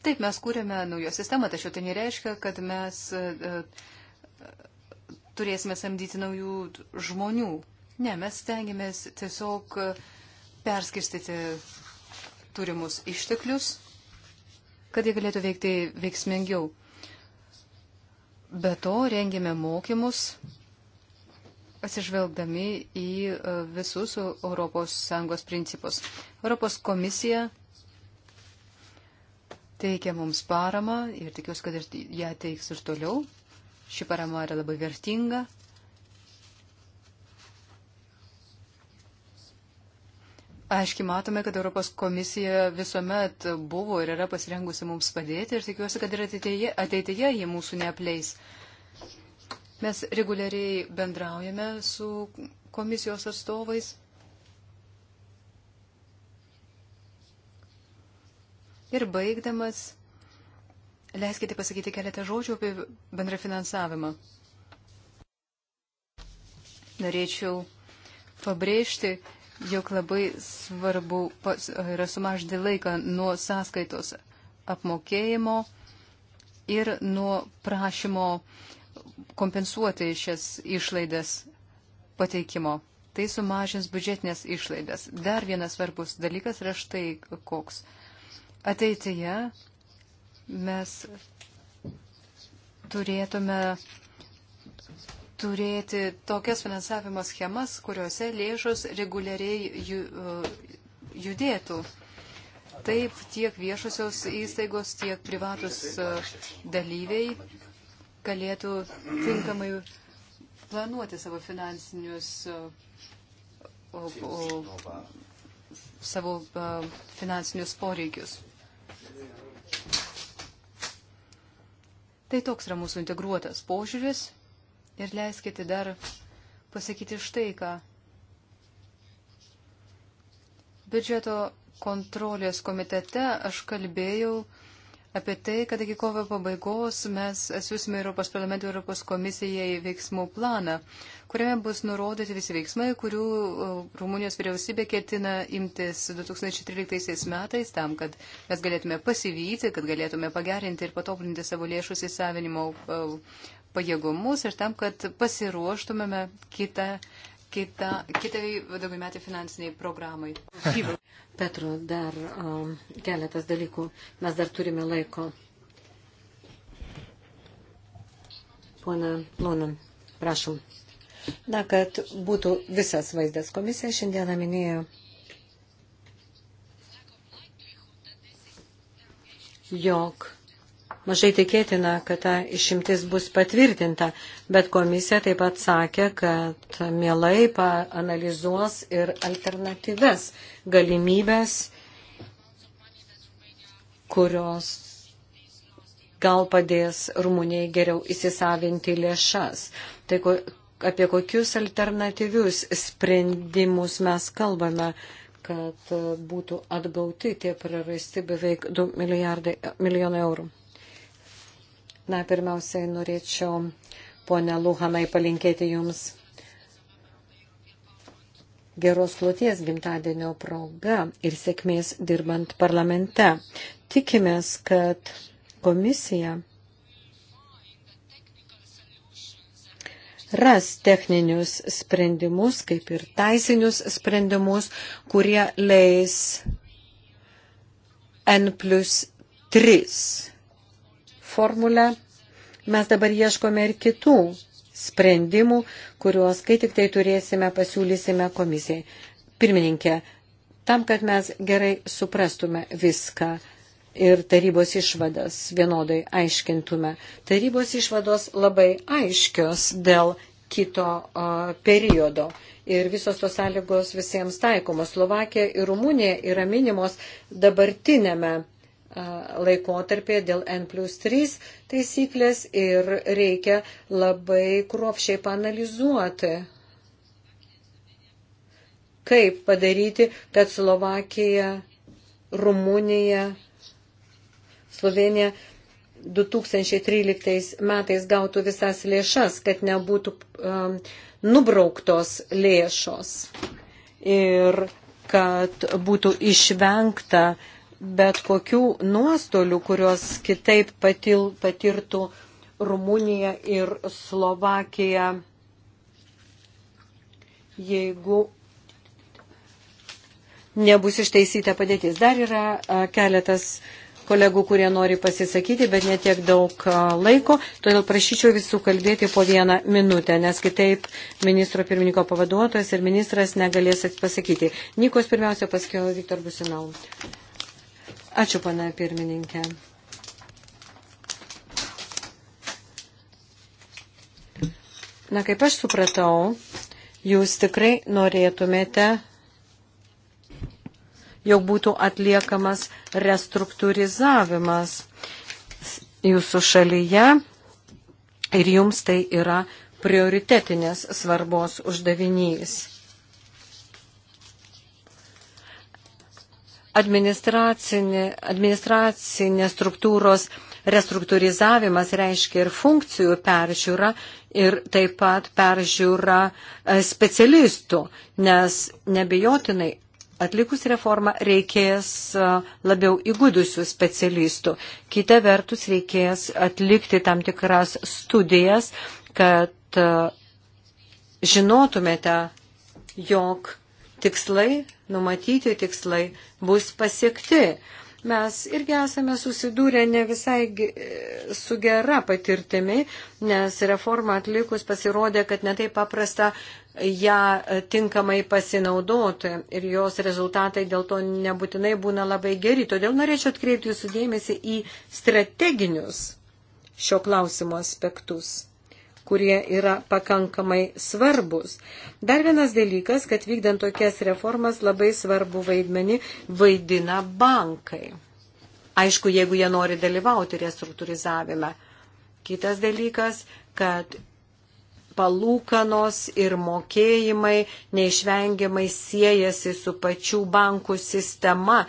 Taip, mes kūrėme naują sistemą, tačiau tai nereiškia, kad mes e, e, turėsime samdyti naujų žmonių. Ne, mes stengiamės tiesiog perskirstyti turimus išteklius, kad jie galėtų veikti veiksmingiau. Be to rengėme mokymus atsižvelgdami į e, visus ES principus. Europos komisija teikia mums paramą ir tikiuosi, kad ją teiks ir toliau. Ši parama yra labai vertinga. Aiškiai matome, kad Europos komisija visuomet buvo ir yra pasirengusi mums padėti ir tikiuosi, kad ir ateityje, ateityje jie mūsų neapleis. Uh, Mes reguliariai bendraujame su komisijos atstovais. Ir baigdamas, leiskite pasakyti keletą žodžių apie bendrą finansavimą. Norėčiau pabrėžti, jog labai svarbu yra sumažinti laiką nuo sąskaitos apmokėjimo ir nuo prašymo uh, kompensuoti šias išlaidas pateikimo. Tai sumažins biudžetinės išlaidas. Dar vienas svarbus dalykas yra štai koks. Ateityje mes turėtume turėti tokias finansavimo schemas, kuriuose lėšos reguliariai uh, judėtų. Taip tiek viešosios įstaigos, tiek privatus uh, dalyviai galėtų tinkamai planuoti savo finansinius, o, o, savo finansinius poreikius. Tai toks yra mūsų integruotas požiūris ir leiskite dar pasakyti štai ką. Biudžeto kontrolės komitete aš kalbėjau apie tai, kad iki kovo pabaigos mes atsiusime Europos parlamento Europos komisijai veiksmų planą, kuriame bus nurodyti visi veiksmai, kurių e, Rumunijos vyriausybė ketina imtis 2013 metais tam, kad mes galėtume pasivyti, kad galėtume pagerinti ir patobulinti savo lėšų įsisavinimo e, pajėgumus ir tam, kad pasiruoštumėme kitą kita, kitai daugiametį finansiniai programai. Petro, dar um, keletas dalykų. Mes dar turime laiko. Pone Lonan, prašom. Na, kad būtų visas vaizdas. Komisija šiandieną minėjo, jog Mažai tikėtina, kad ta išimtis bus patvirtinta, bet komisija taip pat sakė, kad mielai paanalizuos ir alternatyves galimybės, kurios gal padės Rumunijai geriau įsisavinti lėšas. Tai ko, apie kokius alternatyvius sprendimus mes kalbame, kad būtų atgauti tie prarasti beveik 2 milijonai eurų. Na, pirmiausiai norėčiau, ponė Luhanai, palinkėti Jums geros kloties gimtadienio proga ir sėkmės dirbant parlamente. Tikimės, kad komisija ras techninius sprendimus, kaip ir teisinius sprendimus, kurie leis N plus 3 formulę, mes dabar ieškome ir kitų sprendimų, kuriuos, kai tik tai turėsime, pasiūlysime komisijai. Pirmininkė, tam, kad mes gerai suprastume viską ir tarybos išvadas vienodai aiškintume, tarybos išvados labai aiškios dėl kito uh, periodo. Ir visos tos sąlygos visiems taikomos. Slovakija ir Rumunija yra minimos dabartinėme laikotarpėje dėl N plus 3 taisyklės ir reikia labai kruopšiai panalizuoti, kaip padaryti, kad Slovakija, Rumunija, Slovenija 2013 metais gautų visas lėšas, kad nebūtų um, nubrauktos lėšos ir kad būtų išvengta uh, bet kokių nuostolių, kuriuos kitaip patil, patirtų Rumunija ir Slovakija, jeigu nebus išteisyta padėtis. Dar yra keletas kolegų, kurie nori pasisakyti, bet netiek daug laiko, todėl prašyčiau visų kalbėti po vieną minutę, nes kitaip ministro pirmininko pavaduotojas ir ministras negalės pasakyti. Nikos pirmiausia, paskui Viktor Businau. Ačiū, pana pirmininkė. Na, kaip aš supratau, jūs tikrai norėtumėte, jog būtų atliekamas restruktūrizavimas jūsų šalyje ir jums tai yra prioritetinės svarbos uždavinys. administracinė, administracinės struktūros restruktūrizavimas reiškia ir funkcijų peržiūra ir taip pat peržiūra e, specialistų, nes nebejotinai atlikus reformą reikės e, labiau įgudusių specialistų. Kita vertus reikės atlikti tam tikras studijas, kad e, žinotumėte, jog tikslai numatyti tikslai bus pasiekti. Mes irgi esame susidūrę ne visai e, su gera patirtimi, nes reformą atlikus pasirodė, kad netai paprasta ją e, tinkamai pasinaudoti ir jos rezultatai dėl to nebūtinai būna labai geri. Todėl norėčiau atkreipti jūsų dėmesį į strateginius šio klausimo aspektus kurie yra pakankamai svarbus. Dar vienas dalykas, kad vykdant tokias reformas labai svarbu vaidmenį vaidina bankai. Aišku, jeigu jie nori dalyvauti restruktūrizavime. Kitas dalykas, kad palūkanos ir mokėjimai neišvengiamai siejasi su pačių bankų sistema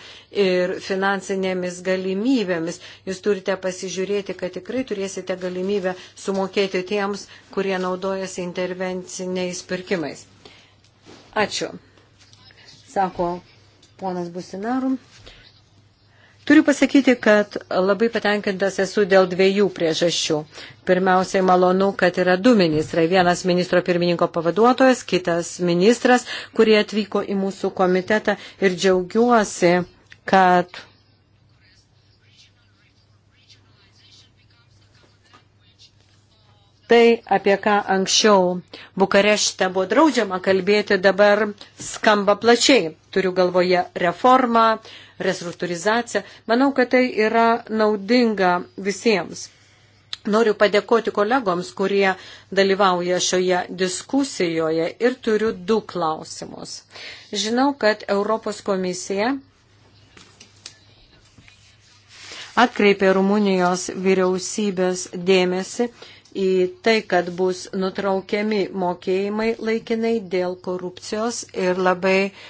ir finansinėmis galimybėmis. Jūs turite pasižiūrėti, kad tikrai turėsite galimybę sumokėti tiems, kurie naudojasi intervenciniais pirkimais. Ačiū. Sako ponas Businarum. Turiu pasakyti, kad labai patenkintas esu dėl dviejų priežasčių. Pirmiausiai malonu, kad yra du ministrai. Vienas ministro pirmininko pavaduotojas, kitas ministras, kurie atvyko į mūsų komitetą ir džiaugiuosi, kad tai, apie ką anksčiau Bukarešte buvo draudžiama kalbėti, dabar skamba plačiai. Turiu galvoje reformą, restruktūrizaciją. Manau, kad tai yra naudinga visiems. Noriu padėkoti kolegoms, kurie dalyvauja šioje diskusijoje ir turiu du klausimus. Žinau, kad Europos komisija atkreipė Rumunijos vyriausybės dėmesį į tai, kad bus nutraukiami mokėjimai laikinai dėl korupcijos ir labai uh,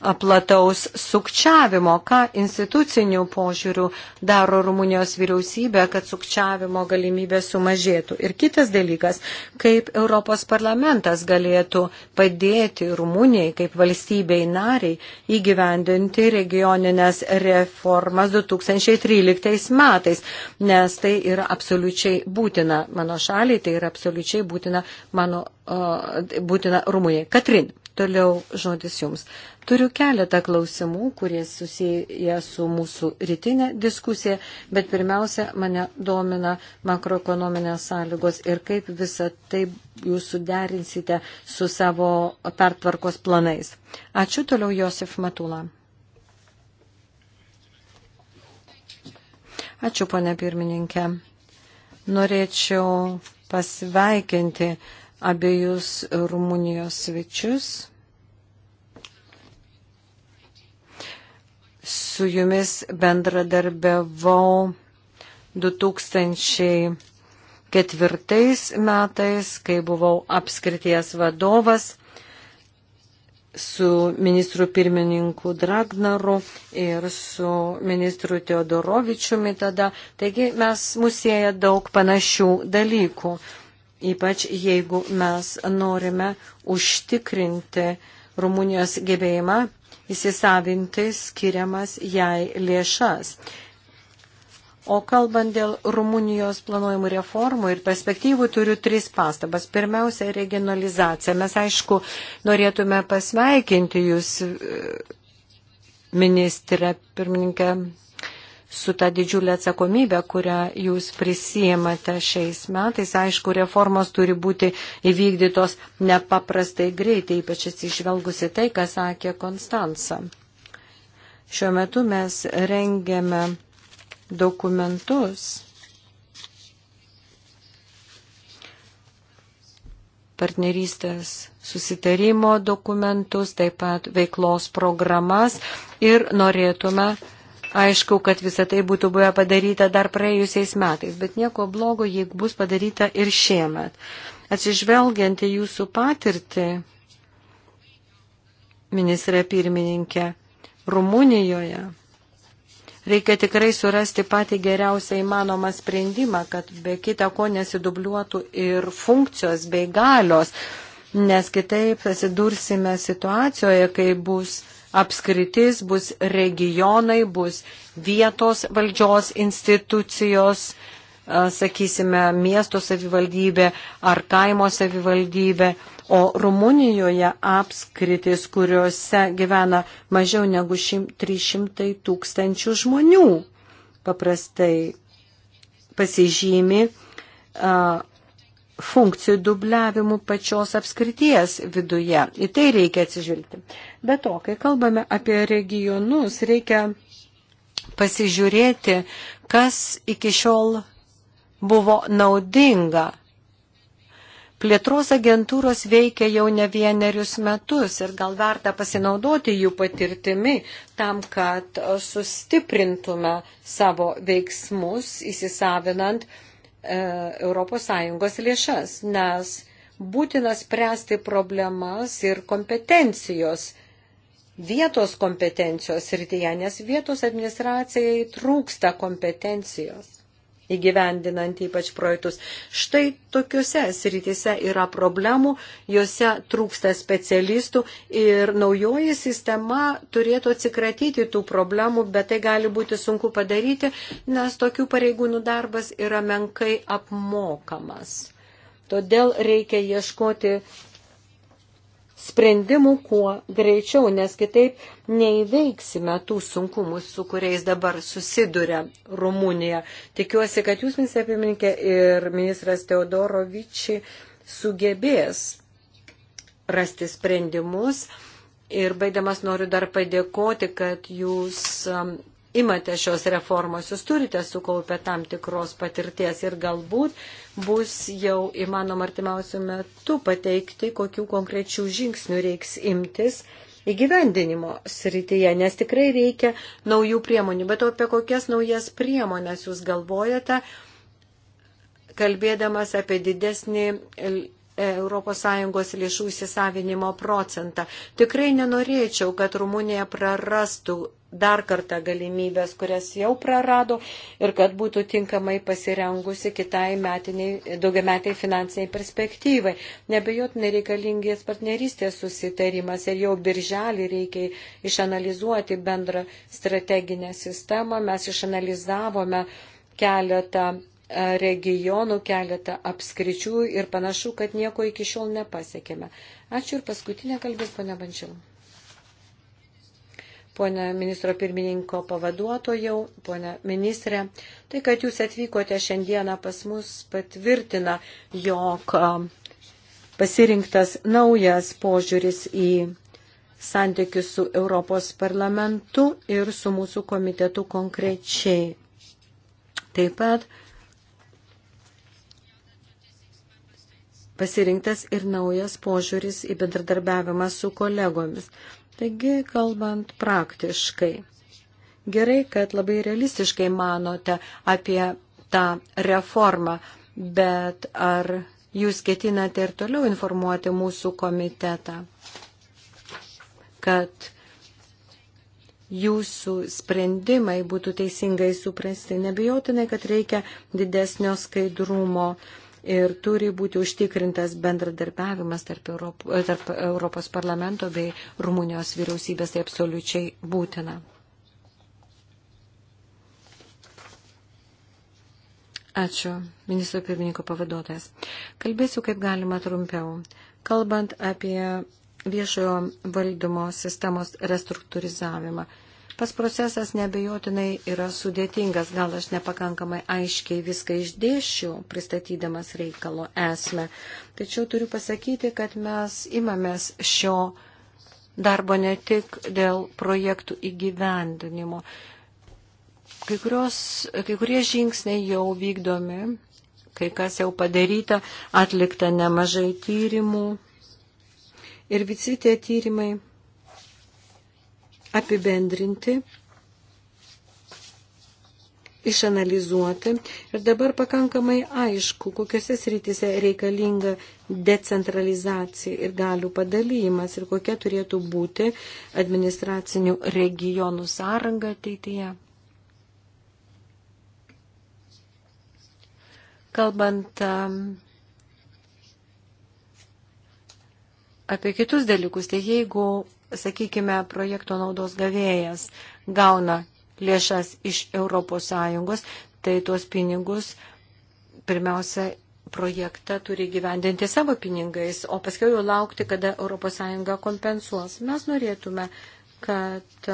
plataus sukčiavimo, ką institucinių požiūrių daro Rumunijos vyriausybė, kad sukčiavimo galimybė sumažėtų. Ir kitas dalykas, kaip Europos parlamentas galėtų padėti Rumunijai kaip valstybei nariai įgyvendinti regioninės reformas 2013 metais, nes tai yra absoliučiai būtina mano šaliai, tai yra absoliučiai būtina, mano, būtina Rumunijai. Katrin. Toliau žodis jums. Turiu keletą klausimų, kurie susiję su mūsų rytinė diskusija, bet pirmiausia, mane domina makroekonominės sąlygos ir kaip visą tai jūs suderinsite su savo pertvarkos planais. Ačiū toliau Josef Matula. Ačiū, ponė pirmininkė. Norėčiau pasveikinti abiejus Rumunijos svečius. Su jumis bendradarbiavau 2004 metais, kai buvau apskrities vadovas su ministru pirmininku Dragnaru ir su ministru Teodorovičiumi tada. Taigi mes musėja daug panašių dalykų ypač jeigu mes norime užtikrinti Rumunijos gebėjimą įsisavinti skiriamas jai lėšas. O kalbant dėl Rumunijos planuojamų reformų ir perspektyvų, turiu tris pastabas. Pirmiausia, regionalizacija. Mes, aišku, norėtume pasveikinti jūs, ministrė pirmininkė su ta didžiulė atsakomybė, kurią jūs prisijimate šiais metais. Aišku, reformos turi būti įvykdytos nepaprastai greitai, ypač atsižvelgusi tai, ką sakė Konstanca. Šiuo metu mes rengiame dokumentus partnerystės susitarimo dokumentus, taip pat veiklos programas ir norėtume Aišku, kad visa tai būtų buvę padaryta dar praėjusiais metais, bet nieko blogo, jeigu bus padaryta ir šiemet. Atsižvelgiant į jūsų patirtį, ministrė pirmininkė, Rumunijoje reikia tikrai surasti patį geriausią įmanomą sprendimą, kad be kita ko nesidubliuotų ir funkcijos bei galios, nes kitaip pasidursime situacijoje, kai bus apskritis, bus regionai, bus vietos valdžios institucijos, sakysime, miesto savivaldybė ar kaimo savivaldybė. O Rumunijoje apskritis, kuriuose gyvena mažiau negu 300 tūkstančių žmonių, paprastai pasižymi funkcijų dubliavimu pačios apskrities viduje. Į tai reikia atsižvelgti. Be to, kai kalbame apie regionus, reikia pasižiūrėti, kas iki šiol buvo naudinga. Plėtros agentūros veikia jau ne vienerius metus ir gal verta pasinaudoti jų patirtimi tam, kad sustiprintume savo veiksmus, įsisavinant uh, ES lėšas, nes būtina spręsti problemas ir kompetencijos, vietos kompetencijos rytyje, nes vietos administracijai trūksta kompetencijos įgyvendinant ypač projektus. Štai tokiuose srityse yra problemų, juose trūksta specialistų ir naujoji sistema turėtų atsikratyti tų problemų, bet tai gali būti sunku padaryti, nes tokių pareigūnų darbas yra menkai apmokamas. Todėl reikia ieškoti sprendimų kuo greičiau, nes kitaip neįveiksime tų sunkumų, su kuriais dabar susiduria Rumunija. Tikiuosi, kad jūs, ministrė pirmininkė ir ministras Teodorovičiai, sugebės rasti sprendimus. Ir baigdamas noriu dar padėkoti, kad jūs um, imate šios reformos, jūs turite sukaupę tam tikros patirties ir galbūt bus jau įmanom artimiausių metų pateikti, kokių konkrečių žingsnių reiks imtis įgyvendinimo srityje, nes tikrai reikia naujų priemonių. Bet apie kokias naujas priemonės jūs galvojate, kalbėdamas apie didesnį ES lėšų įsisavinimo procentą. Tikrai nenorėčiau, kad Rumunija prarastų dar kartą galimybės, kurias jau prarado ir kad būtų tinkamai pasirengusi kitai metiniai, daugiametiai finansiniai perspektyvai. Nebejotinai reikalingės partnerystės susitarimas ir jau birželį reikia išanalizuoti bendrą strateginę sistemą. Mes išanalizavome keletą e, regionų, keletą apskričių ir panašu, kad nieko iki šiol nepasiekėme. Ačiū ir paskutinę kalbės, ponia Bančiau ponė ministro pirmininko pavaduotojau, ponė ministrė. Tai, kad jūs atvykote šiandieną pas mus, patvirtina, jog pasirinktas naujas požiūris į santykius su Europos parlamentu ir su mūsų komitetu konkrečiai. Taip pat pasirinktas ir naujas požiūris į bendradarbiavimą su kolegomis. Taigi, kalbant praktiškai, gerai, kad labai realistiškai manote apie tą reformą, bet ar jūs ketinate ir toliau informuoti mūsų komitetą, kad jūsų sprendimai būtų teisingai suprasti. Nebijotinai, kad reikia didesnio skaidrumo. Uh, ir turi būti užtikrintas bendradarbiavimas tarp, Europo, tarp Europos parlamento bei Rumunijos vyriausybės, tai absoliučiai būtina. Ačiū, ministro pirmininko pavaduotojas. Kalbėsiu kaip galima trumpiau. Kalbant apie viešojo valdymo sistemos restruktūrizavimą. Pas procesas nebejotinai yra sudėtingas, gal aš nepakankamai aiškiai viską išdėšiu, pristatydamas reikalo esmę. Tačiau turiu pasakyti, kad mes imamės šio darbo ne tik dėl projektų įgyvendinimo. Kai, kurios, kai kurie žingsniai jau vykdomi, kai kas jau padaryta, atlikta nemažai tyrimų. Ir visi tie tyrimai apibendrinti, išanalizuoti ir dabar pakankamai aišku, kokiuose srityse reikalinga decentralizacija ir galių padalymas ir kokia turėtų būti administracinių regionų sąranga ateityje. Kalbant um, apie kitus dalykus, tai jeigu sakykime, projekto naudos gavėjas gauna lėšas iš ES, tai tuos pinigus pirmiausia projektą turi gyvendinti savo pinigais, o paskui jau laukti, kada ES kompensuos. Mes norėtume, kad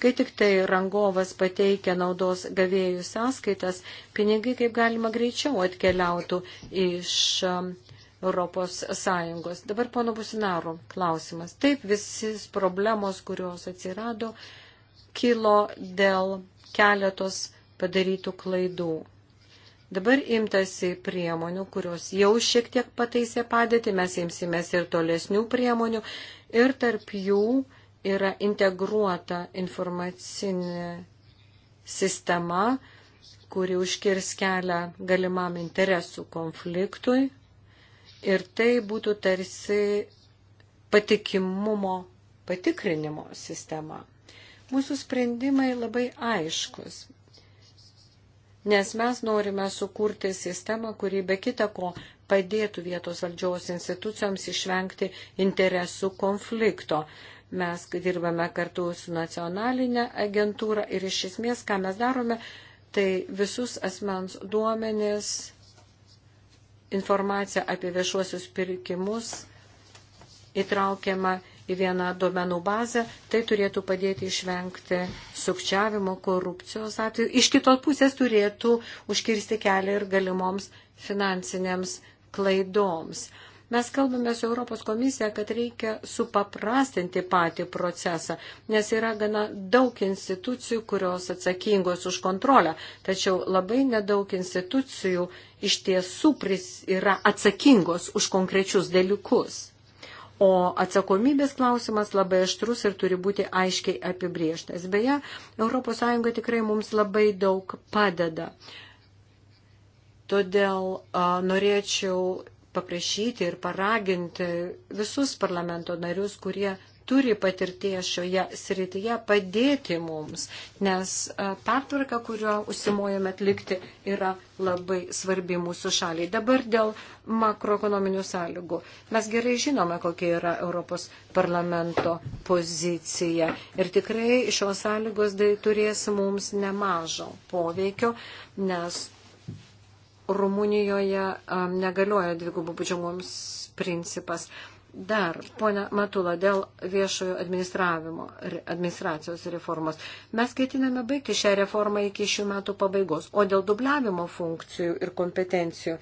kai tik tai rangovas pateikia naudos gavėjų sąskaitas, pinigai kaip galima greičiau atkeliautų iš Europos Sąjungos. Dabar pono Businaro klausimas. Taip, visis problemos, kurios atsirado, kilo dėl keletos padarytų klaidų. Dabar imtasi priemonių, kurios jau šiek tiek pataisė padėtį, mes imsimės ir tolesnių priemonių ir tarp jų yra integruota informacinė sistema, kuri užkirs kelią galimam interesų konfliktui Ir tai būtų tarsi patikimumo patikrinimo sistema. Mūsų sprendimai labai aiškus, nes mes norime sukurti sistemą, kuri be kita ko padėtų vietos valdžiaus institucijoms išvengti interesų konflikto. Mes dirbame kartu su nacionalinė agentūra ir iš esmės, ką mes darome, tai visus asmens duomenis informacija apie viešuosius pirkimus įtraukiama į vieną duomenų bazę, tai turėtų padėti išvengti sukčiavimo, korupcijos atveju. Iš kitos pusės turėtų užkirsti kelią ir galimoms finansinėms klaidoms. Mes kalbame su Europos komisija, kad reikia supaprastinti patį procesą, nes yra gana daug institucijų, kurios atsakingos už kontrolę, tačiau labai nedaug institucijų iš tiesų yra atsakingos už konkrečius dalykus. O atsakomybės klausimas labai aštrus ir turi būti aiškiai apibrieštas. Beje, ES tikrai mums labai daug padeda. Todėl a, norėčiau paprašyti ir paraginti visus parlamento narius, kurie turi patirties šioje srityje padėti mums, nes e, pertvarka, kurio užsimojame atlikti, yra labai svarbi mūsų šaliai. Dabar dėl makroekonominių sąlygų. Mes gerai žinome, kokia yra Europos parlamento pozicija ir tikrai šios sąlygos tai turės mums nemažo poveikio, nes Rumunijoje negalioja dvigubų būdžiamoms principas. Dar, ponia Matula, dėl viešojo administravimo, administracijos reformos. Mes ketiname baigti šią reformą iki šių metų pabaigos, o dėl dubliavimo funkcijų ir kompetencijų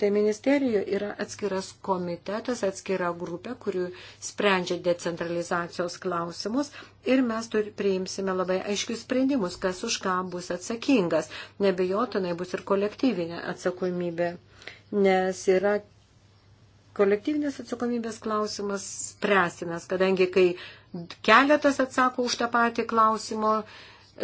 Tai ministerijoje yra atskiras komitetas, atskira grupė, kuri sprendžia decentralizacijos klausimus ir mes turi, priimsime labai aiškius sprendimus, kas už ką bus atsakingas. Nebejotinai bus ir kolektyvinė atsakomybė, nes yra kolektyvinės atsakomybės klausimas spręsinas, kadangi kai keletas atsako už tą patį klausimą,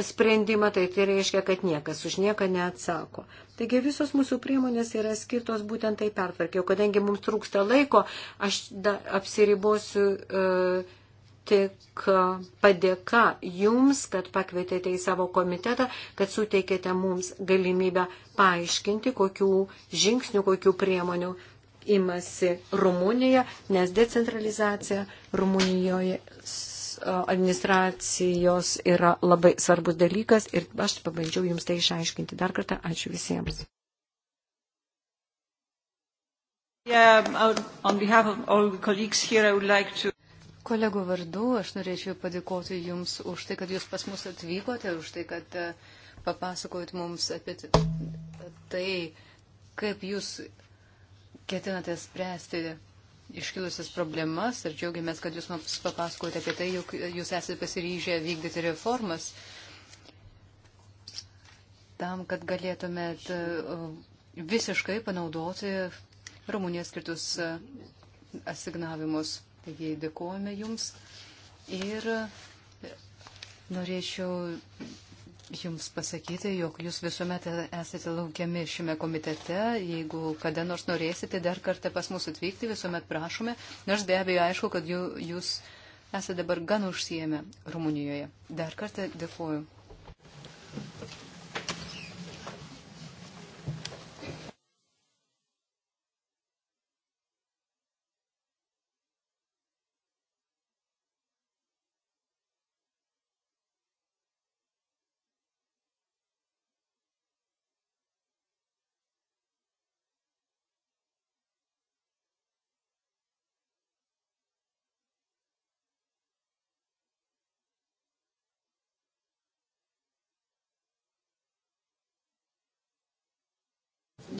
sprendimą, tai tai reiškia, kad niekas už nieką neatsako. Taigi visos mūsų priemonės yra skirtos būtent tai pertvarkiau. Kadangi mums trūksta laiko, aš da, apsiribosiu e, tik e, padėka jums, kad pakvietėte į savo komitetą, kad suteikėte mums galimybę paaiškinti, kokių žingsnių, kokių priemonių imasi Rumunija, nes decentralizacija Rumunijoje administracijos yra labai svarbus dalykas ir aš pabandžiau jums tai išaiškinti. Dar kartą ačiū visiems. Yeah, here, like to... Kolegų vardu aš norėčiau padėkoti Jums už tai, kad Jūs pas mus atvykote, už tai, kad e, papasakojot mums apie tai, kaip Jūs ketinate spręsti iškilusias problemas ir džiaugiamės, kad jūs mums papasakote apie tai, jog jūs esate pasiryžę vykdyti reformas tam, kad galėtumėt uh, visiškai panaudoti Rumunijos skirtus uh, asignavimus. Taigi dėkojame jums ir norėčiau Jums pasakyti, jog jūs visuomet esate laukiami šiame komitete. Jeigu kada nors norėsite dar kartą pas mus atvykti, visuomet prašome. Nors be abejo aišku, kad jūs esate dabar gan užsijėmę Rumunijoje. Dar kartą dėkuoju.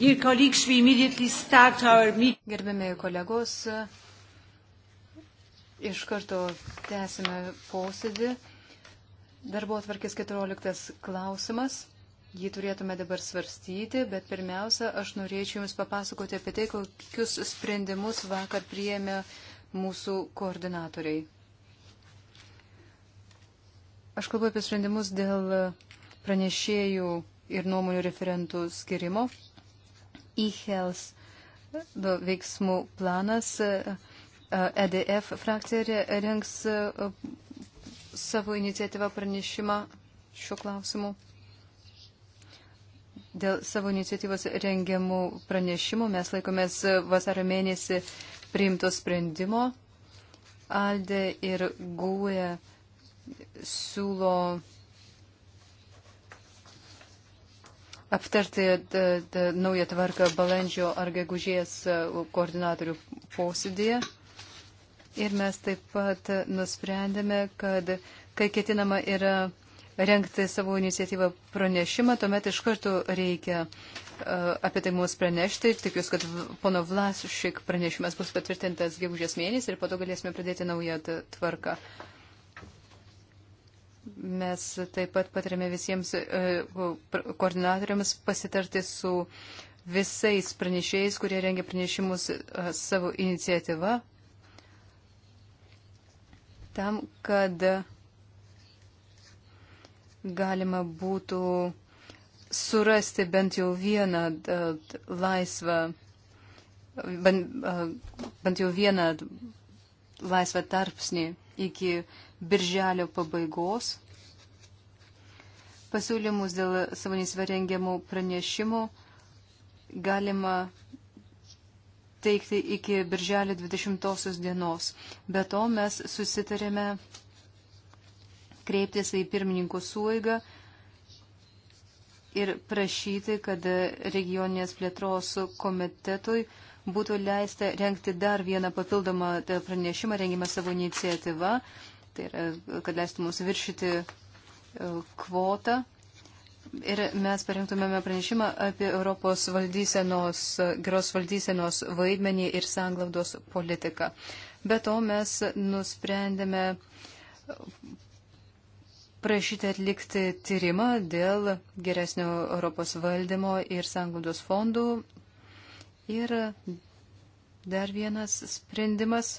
Gerbėmiai kolegos, iš karto tęsime posėdį. Darbo atvarkės 14 klausimas. Jį turėtume dabar svarstyti, bet pirmiausia, aš norėčiau Jums papasakoti apie tai, kokius sprendimus vakar priėmė mūsų koordinatoriai. Aš kalbu apie sprendimus dėl pranešėjų ir nuomonių referentų skirimo e-health veiksmų planas. EDF e frakcija rengs e, savo iniciatyvą pranešimą šiuo klausimu. Dėl savo iniciatyvos rengiamų pranešimų mes laikomės vasario mėnesį priimto sprendimo. Alde ir Gūja siūlo aptarti d, d, naują tvarką balandžio ar gegužės e, koordinatorių posėdėje. Ir mes taip pat nusprendėme, kad kai ketinama yra rengti savo iniciatyvą pranešimą, tuomet iš karto reikia uh, apie tai mums pranešti. Tikiuosi, kad pono Vlasušik pranešimas bus patvirtintas gegužės mėnesį ir po to galėsime pradėti naują tvarką. Uh, Mes taip pat patarėme visiems e, koordinatoriams pasitarti su visais pranešėjais, kurie rengia pranešimus e, savo iniciatyvą, tam, kad galima būtų surasti bent jau vieną e, laisvą, bent, bent jau vieną laisvą tarpsnį iki birželio pabaigos pasiūlymus dėl savanys varengiamų pranešimų galima teikti iki birželio 20 dienos. Be to mes susitarėme kreiptis į pirmininkų suėgą ir prašyti, kad regioninės plėtros komitetui būtų leista renkti dar vieną papildomą pranešimą, rengimą savo iniciatyvą, tai yra, kad leistų mums viršyti kvotą. Ir mes parengtumėme pranešimą apie Europos valdysenos, geros valdysenos vaidmenį ir sanglaudos politiką. Be to mes nusprendėme prašyti atlikti tyrimą dėl geresnio Europos valdymo ir sanglaudos fondų. Ir dar vienas sprendimas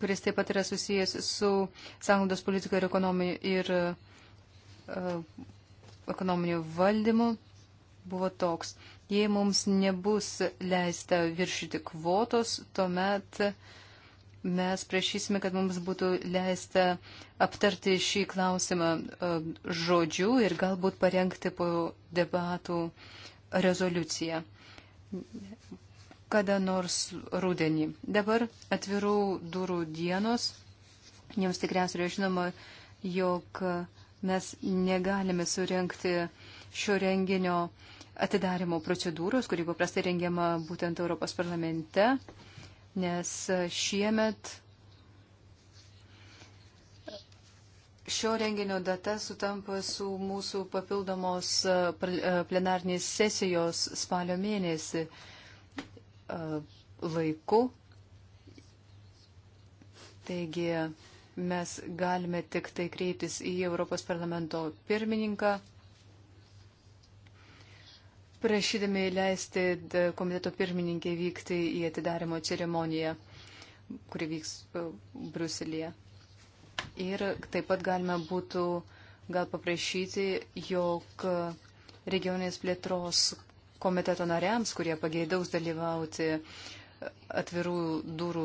kuris taip pat yra susijęs su sąnaudos politika ir, ekonomi, ir uh, ekonominiu valdymu, buvo toks. Jei mums nebus leista viršyti kvotos, tuomet mes prašysime, kad mums būtų leista aptarti šį klausimą uh, e, žodžių ir galbūt parengti po debatų rezoliuciją kada nors rudenį. Dabar atvirų durų dienos. Jums tikriausiai yra žinoma, jog mes negalime surenkti šio renginio atidarimo procedūros, kuri paprastai rengiama būtent Europos parlamente, nes šiemet šio renginio data sutampa su mūsų papildomos plenarnės sesijos spalio mėnesį laiku. Taigi mes galime tik tai kreiptis į Europos parlamento pirmininką, prašydami leisti komiteto pirmininkai vykti į atidarimo ceremoniją, kuri vyks e, Bruselėje. Ir taip pat galima būtų gal paprašyti, jog regioninės plėtros komiteto nariams, kurie pageidaus dalyvauti atvirų durų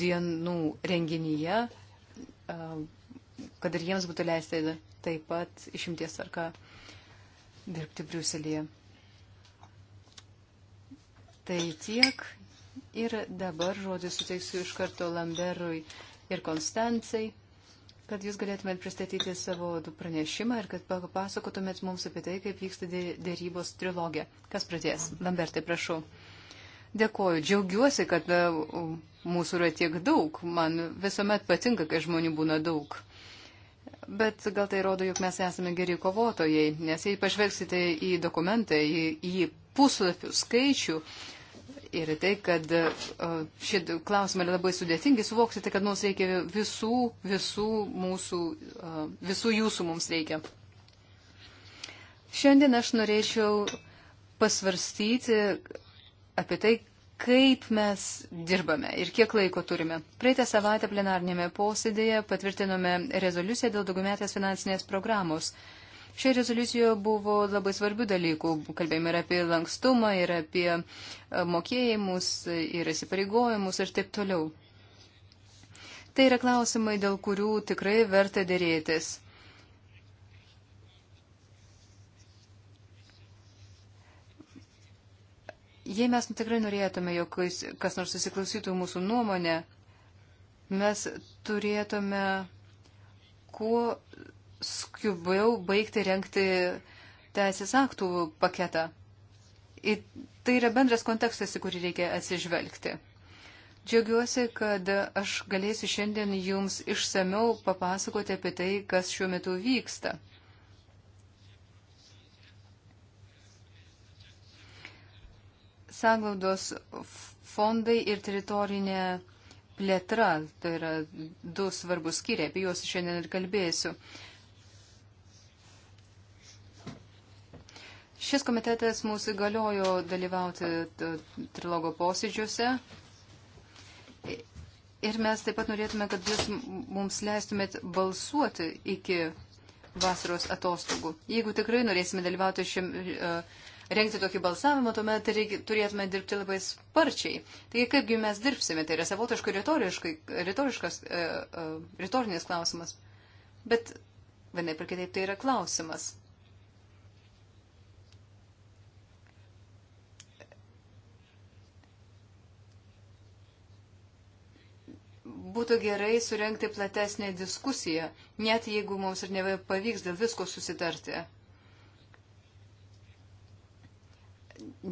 dienų renginyje, kad ir jiems būtų leisti taip pat išimties tvarka dirbti Briuselėje. Tai tiek. Ir dabar žodį suteiksiu iš karto Lamberui ir Konstancijai kad jūs galėtumėt pristatyti savo pranešimą ir kad papasakotumėt mums apie tai, kaip vyksta dėrybos trilogija. Kas pradės? Lambertai, prašau. Dėkoju, džiaugiuosi, kad e, mūsų yra tiek daug. Man visuomet patinka, kai žmonių būna daug. Bet gal tai rodo, jog mes esame geri kovotojai, nes jei pažvelgsite į dokumentą, į, į puslapių skaičių, ir į tai, kad šie klausimai yra labai sudėtingi, suvokti tai, kad mums reikia visų, visų mūsų, visų jūsų mums reikia. Šiandien aš norėčiau pasvarstyti apie tai, kaip mes dirbame ir kiek laiko turime. Praeitą savaitę plenarnėme posėdėje patvirtinome rezoliuciją dėl daugiametės finansinės programos. Uh, Šioje rezoliucijoje buvo labai svarbių dalykų. Kalbėjome ir apie lankstumą, ir apie e, mokėjimus, e, ir įsipareigojimus, ir taip toliau. Tai yra klausimai, dėl kurių tikrai verta dėrėtis. Jei mes tikrai norėtume, jog kas nors susiklausytų mūsų nuomonę, mes turėtume kuo skubiau baigti renkti teisės aktų paketą. Ir tai yra bendras kontekstas, į kurį reikia atsižvelgti. Džiaugiuosi, kad aš galėsiu šiandien jums išsameu papasakoti apie tai, kas šiuo metu vyksta. Sanglaudos fondai ir teritorinė plėtra, tai yra du svarbus skyriai, apie juos šiandien ir kalbėsiu. Šis komitetas mūsų įgaliojo dalyvauti trilogo posėdžiuose. Ir mes taip pat norėtume, kad jūs mums leistumėt balsuoti iki vasaros atostogų. Jeigu tikrai norėsime dalyvauti šiam, e, rengti tokį balsavimą, tuomet turėtume dirbti labai sparčiai. Taigi kaipgi mes dirbsime, tai yra savotiškai retoriškas, e, e, retorinis klausimas. Bet vienaip ir kitaip tai yra klausimas. būtų gerai surenkti platesnę diskusiją, net jeigu mums ir nepavyks dėl visko susitarti.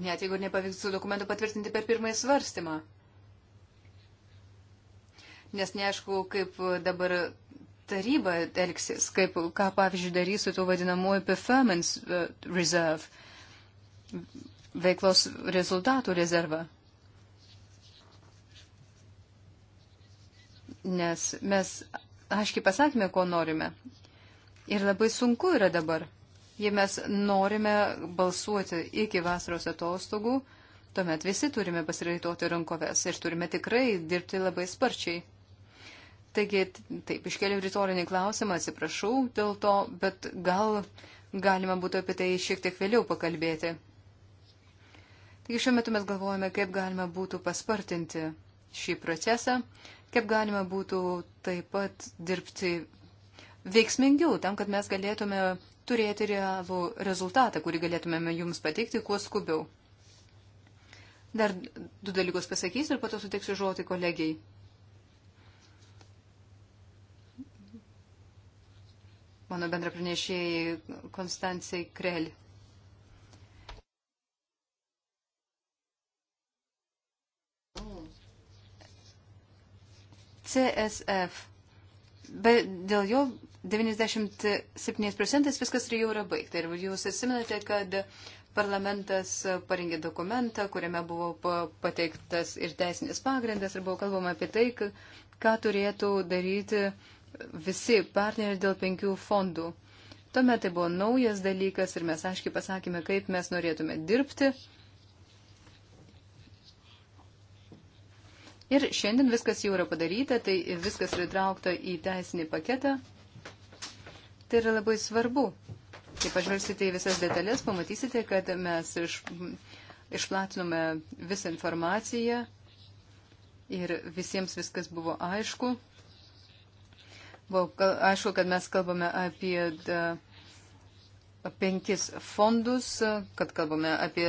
Net jeigu nepavyks su dokumentu patvirtinti per pirmąjį svarstymą. Nes neaišku, kaip dabar taryba elgsis, kaip, ką pavyzdžiui darys su tuo vadinamuoju performance uh, reserve, veiklos rezultatų rezervą. nes mes aiškiai pasakėme, ko norime. Ir labai sunku yra dabar. Jei mes norime balsuoti iki vasaros atostogų, tuomet visi turime pasiraitoti rankoves ir turime tikrai dirbti labai sparčiai. Taigi, taip, iškeliu retorinį klausimą, atsiprašau dėl to, bet gal galima būtų apie tai šiek tiek vėliau pakalbėti. Taigi šiuo metu mes galvojame, kaip galima būtų paspartinti šį procesą kaip galima būtų taip pat dirbti veiksmingiau, tam, kad mes galėtume turėti realų rezultatą, kurį galėtumėme jums pateikti kuo skubiau. Dar du dalykus pasakysiu ir pato suteiksiu žodį kolegijai. Mano bendrapranešėjai Konstancijai Kreli. CSF. Bet dėl jo 97 procentais viskas ir jau yra baigta. Ir jūs atsiminate, kad parlamentas parengė dokumentą, kuriame buvo pateiktas ir teisinis pagrindas, ir buvo kalbama apie tai, ką turėtų daryti visi partneriai dėl penkių fondų. Tuomet tai buvo naujas dalykas ir mes aiškiai pasakėme, kaip mes norėtume dirbti. Ir šiandien viskas jau yra padaryta, tai viskas yra traukta į teisinį paketą. Tai yra labai svarbu. Kai pažvelgsite į visas detalės, pamatysite, kad mes iš, išplatinome visą informaciją ir visiems viskas buvo aišku. Buvo aišku, kad mes kalbame apie da, penkis fondus, kad kalbame apie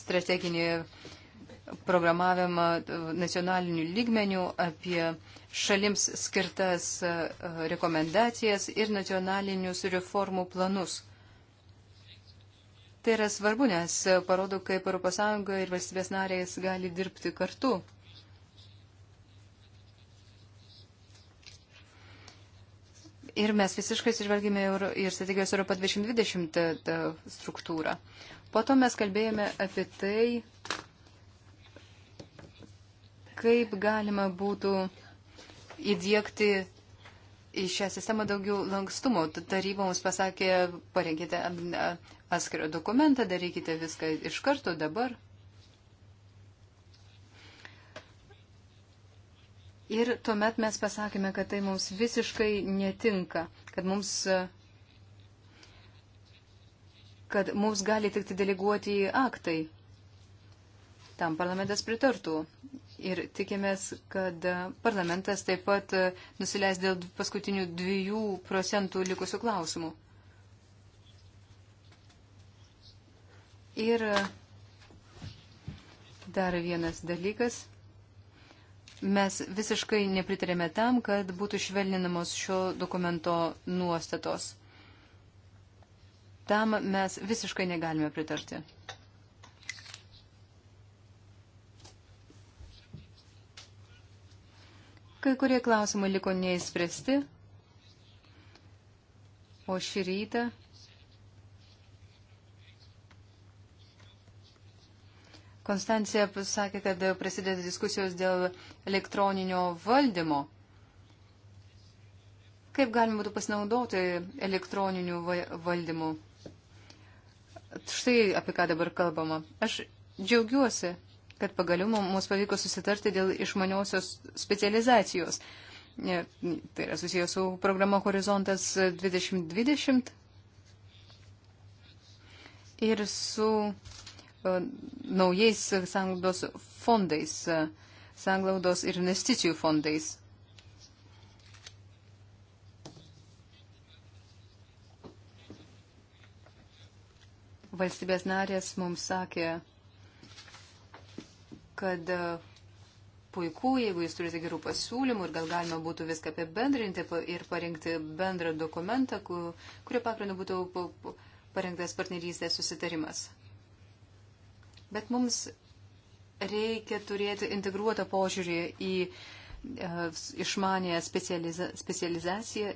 strateginį programavimą nacionalinių lygmenių, apie šalims skirtas e, rekomendacijas ir nacionalinius reformų planus. Tai yra svarbu, nes parodo, kaip ES ir valstybės narės gali dirbti kartu. Ir mes visiškai atsižvelgėme ir, ir strategijos Europa 2020 e, struktūrą. Po to mes kalbėjome apie tai, kaip galima būtų įdėkti į šią sistemą daugiau lankstumo. Taryba mums pasakė, parinkite atskirą dokumentą, darykite viską iš karto dabar. Ir tuomet mes pasakėme, kad tai mums visiškai netinka, kad mums, kad mums gali tikti deleguoti aktai. Tam parlamentas pritartų. Ir tikimės, kad parlamentas taip pat nusileis dėl paskutinių dviejų procentų likusių klausimų. Ir dar vienas dalykas. Mes visiškai nepritarėme tam, kad būtų švelninamos šio dokumento nuostatos. Tam mes visiškai negalime pritarti. Kai kurie klausimai liko neįspręsti. O šį rytą Konstancija pasakė, kad prasideda diskusijos dėl elektroninio valdymo. Kaip galima būtų pasinaudoti elektroniniu valdymu? Štai apie ką dabar kalbama. Aš džiaugiuosi, kad pagaliau mums pavyko susitarti dėl išmaniosios specializacijos. Tai yra susijęs su programa Horizontas 2020 ir su e, naujais sanglaudos fondais, e, sanglaudos ir investicijų fondais. Valstybės narės mums sakė, kad e, puiku, jeigu jūs turite gerų pasiūlymų ir gal galima būtų viską apibendrinti ir parengti bendrą dokumentą, kurio pagrindu būtų parengtas partnerystės susitarimas. Bet mums reikia turėti integruotą požiūrį į e, išmanę specializa specializaciją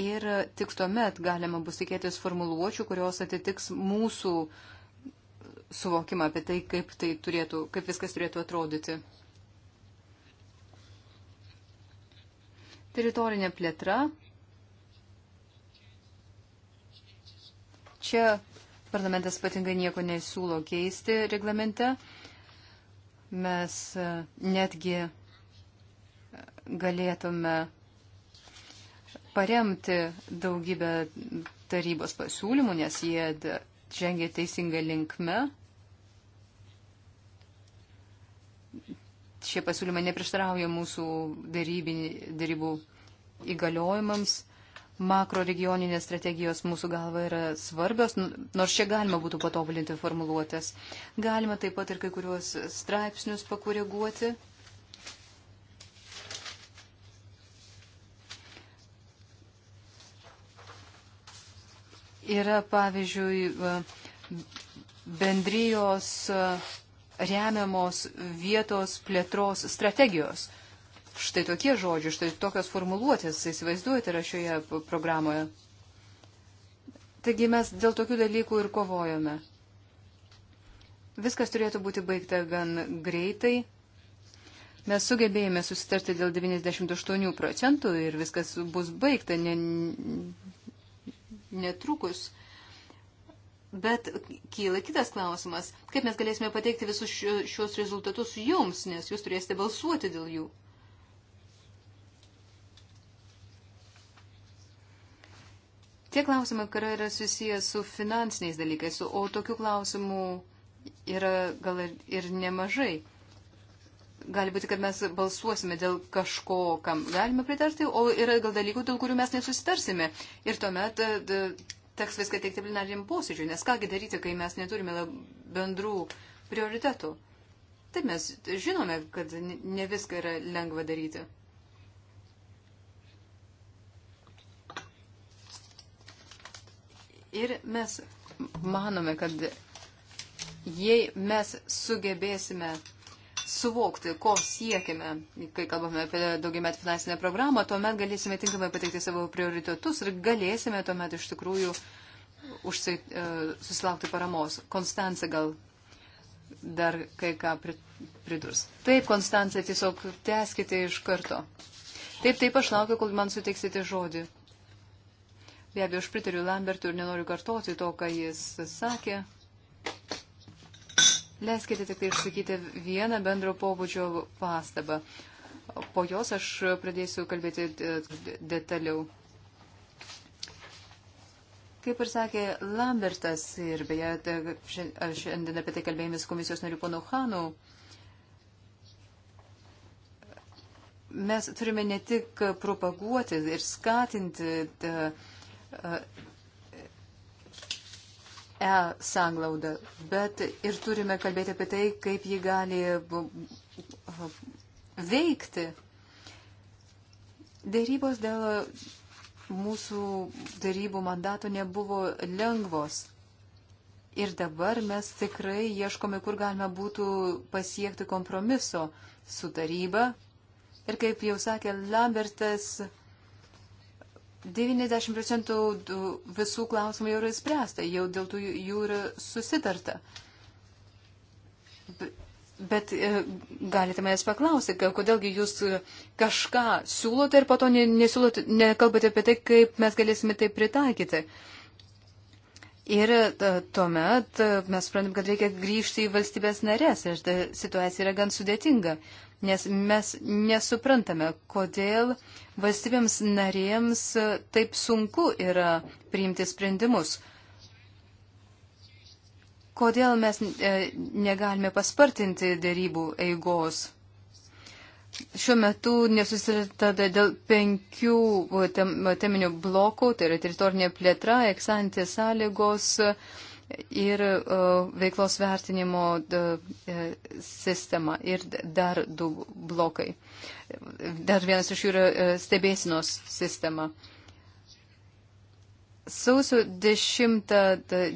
ir tik tuomet galima bus tikėtis formuluočių, kurios atitiks mūsų uh, suvokimą apie tai, kaip, tai turėtų, kaip viskas turėtų atrodyti. Teritorinė plėtra. Čia parlamentas patingai nieko nesiūlo keisti reglamente. Mes e, netgi galėtume paremti daugybę tarybos pasiūlymų, nes jie žengia teisinga linkme. šie pasiūlymai neprieštarauja mūsų darybų įgaliojimams. Makro regioninės strategijos mūsų galva yra svarbios, nors čia galima būtų patobulinti formuluotės. Galima taip pat ir kai kuriuos straipsnius pakoreguoti. Yra, pavyzdžiui, bendrijos remiamos vietos plėtros strategijos. Štai tokie žodžiai, štai tokios formuluotės, įsivaizduojate, yra šioje programoje. Taigi mes dėl tokių dalykų ir kovojame. Viskas turėtų būti baigta gan greitai. Mes sugebėjome susitarti dėl 98 procentų ir viskas bus baigta ne, netrukus. Bet kyla kitas klausimas, kaip mes galėsime pateikti visus šios rezultatus jums, nes jūs turėsite balsuoti dėl jų. Tie klausimai, kurie yra susijęs su finansiniais dalykais, o tokių klausimų yra gal ir, ir nemažai. Gali būti, kad mes balsuosime dėl kažko, kam galime pritarti, o yra gal dalykų, dėl kurių mes nesusitarsime. Ir tuomet. E, d, d, teks viską teikti plenariniam posėdžiui, nes kągi daryti, kai mes neturime bendrų prioritetų. Taip mes žinome, kad ne viską yra lengva daryti. Ir mes manome, kad jei mes sugebėsime suvokti, ko siekime, kai kalbame apie daugiamet finansinę programą, tuomet galėsime tinkamai pateikti savo prioritetus ir galėsime tuomet iš tikrųjų užsi, uh, susilaukti paramos. Konstancija gal dar kai ką pridurs. Taip, Konstancija, tiesiog tęskite iš karto. Taip, taip, aš laukiu, kol man suteiksite žodį. Be abejo, aš pritariu Lambertui ir nenoriu kartoti to, ką jis sakė. Leiskite tik tai išsakyti vieną bendro pobūdžio pastabą. Po jos aš pradėsiu kalbėti detaliau. Kaip ir sakė Lambertas, ir beje, šiandien apie tai kalbėjomės komisijos narių ponu Hanu, mes turime ne tik propaguoti ir skatinti E sanglaudą, bet ir turime kalbėti apie tai, kaip ji gali veikti. Dėrybos dėl mūsų dėrybų mandato nebuvo lengvos. Ir dabar mes tikrai ieškome, kur galime būtų pasiekti kompromiso su taryba. Ir kaip jau sakė Lambertas, 90 procentų visų klausimų jau yra įspręsta, jau dėl tų jų yra susitarta. Bet e, galite manęs paklausyti, kodėlgi jūs kažką siūlote ir po to nesiūlote, nekalbate apie tai, kaip mes galėsime tai pritaikyti. Ir e, tuomet e, mes suprantam, kad reikia grįžti į valstybės narės ir situacija yra gan sudėtinga nes mes nesuprantame, kodėl valstybėms narėms taip sunku yra priimti sprendimus. Kodėl mes e, negalime paspartinti dėrybų eigos? Šiuo metu nesusirata dėl penkių e, tem, e, teminių blokų, tai yra teritorinė plėtra, eksantė sąlygos, ir e, veiklos vertinimo e, sistema ir dar du blokai. Dar vienas iš jų yra e, stebėsinos sistema. Sausio 10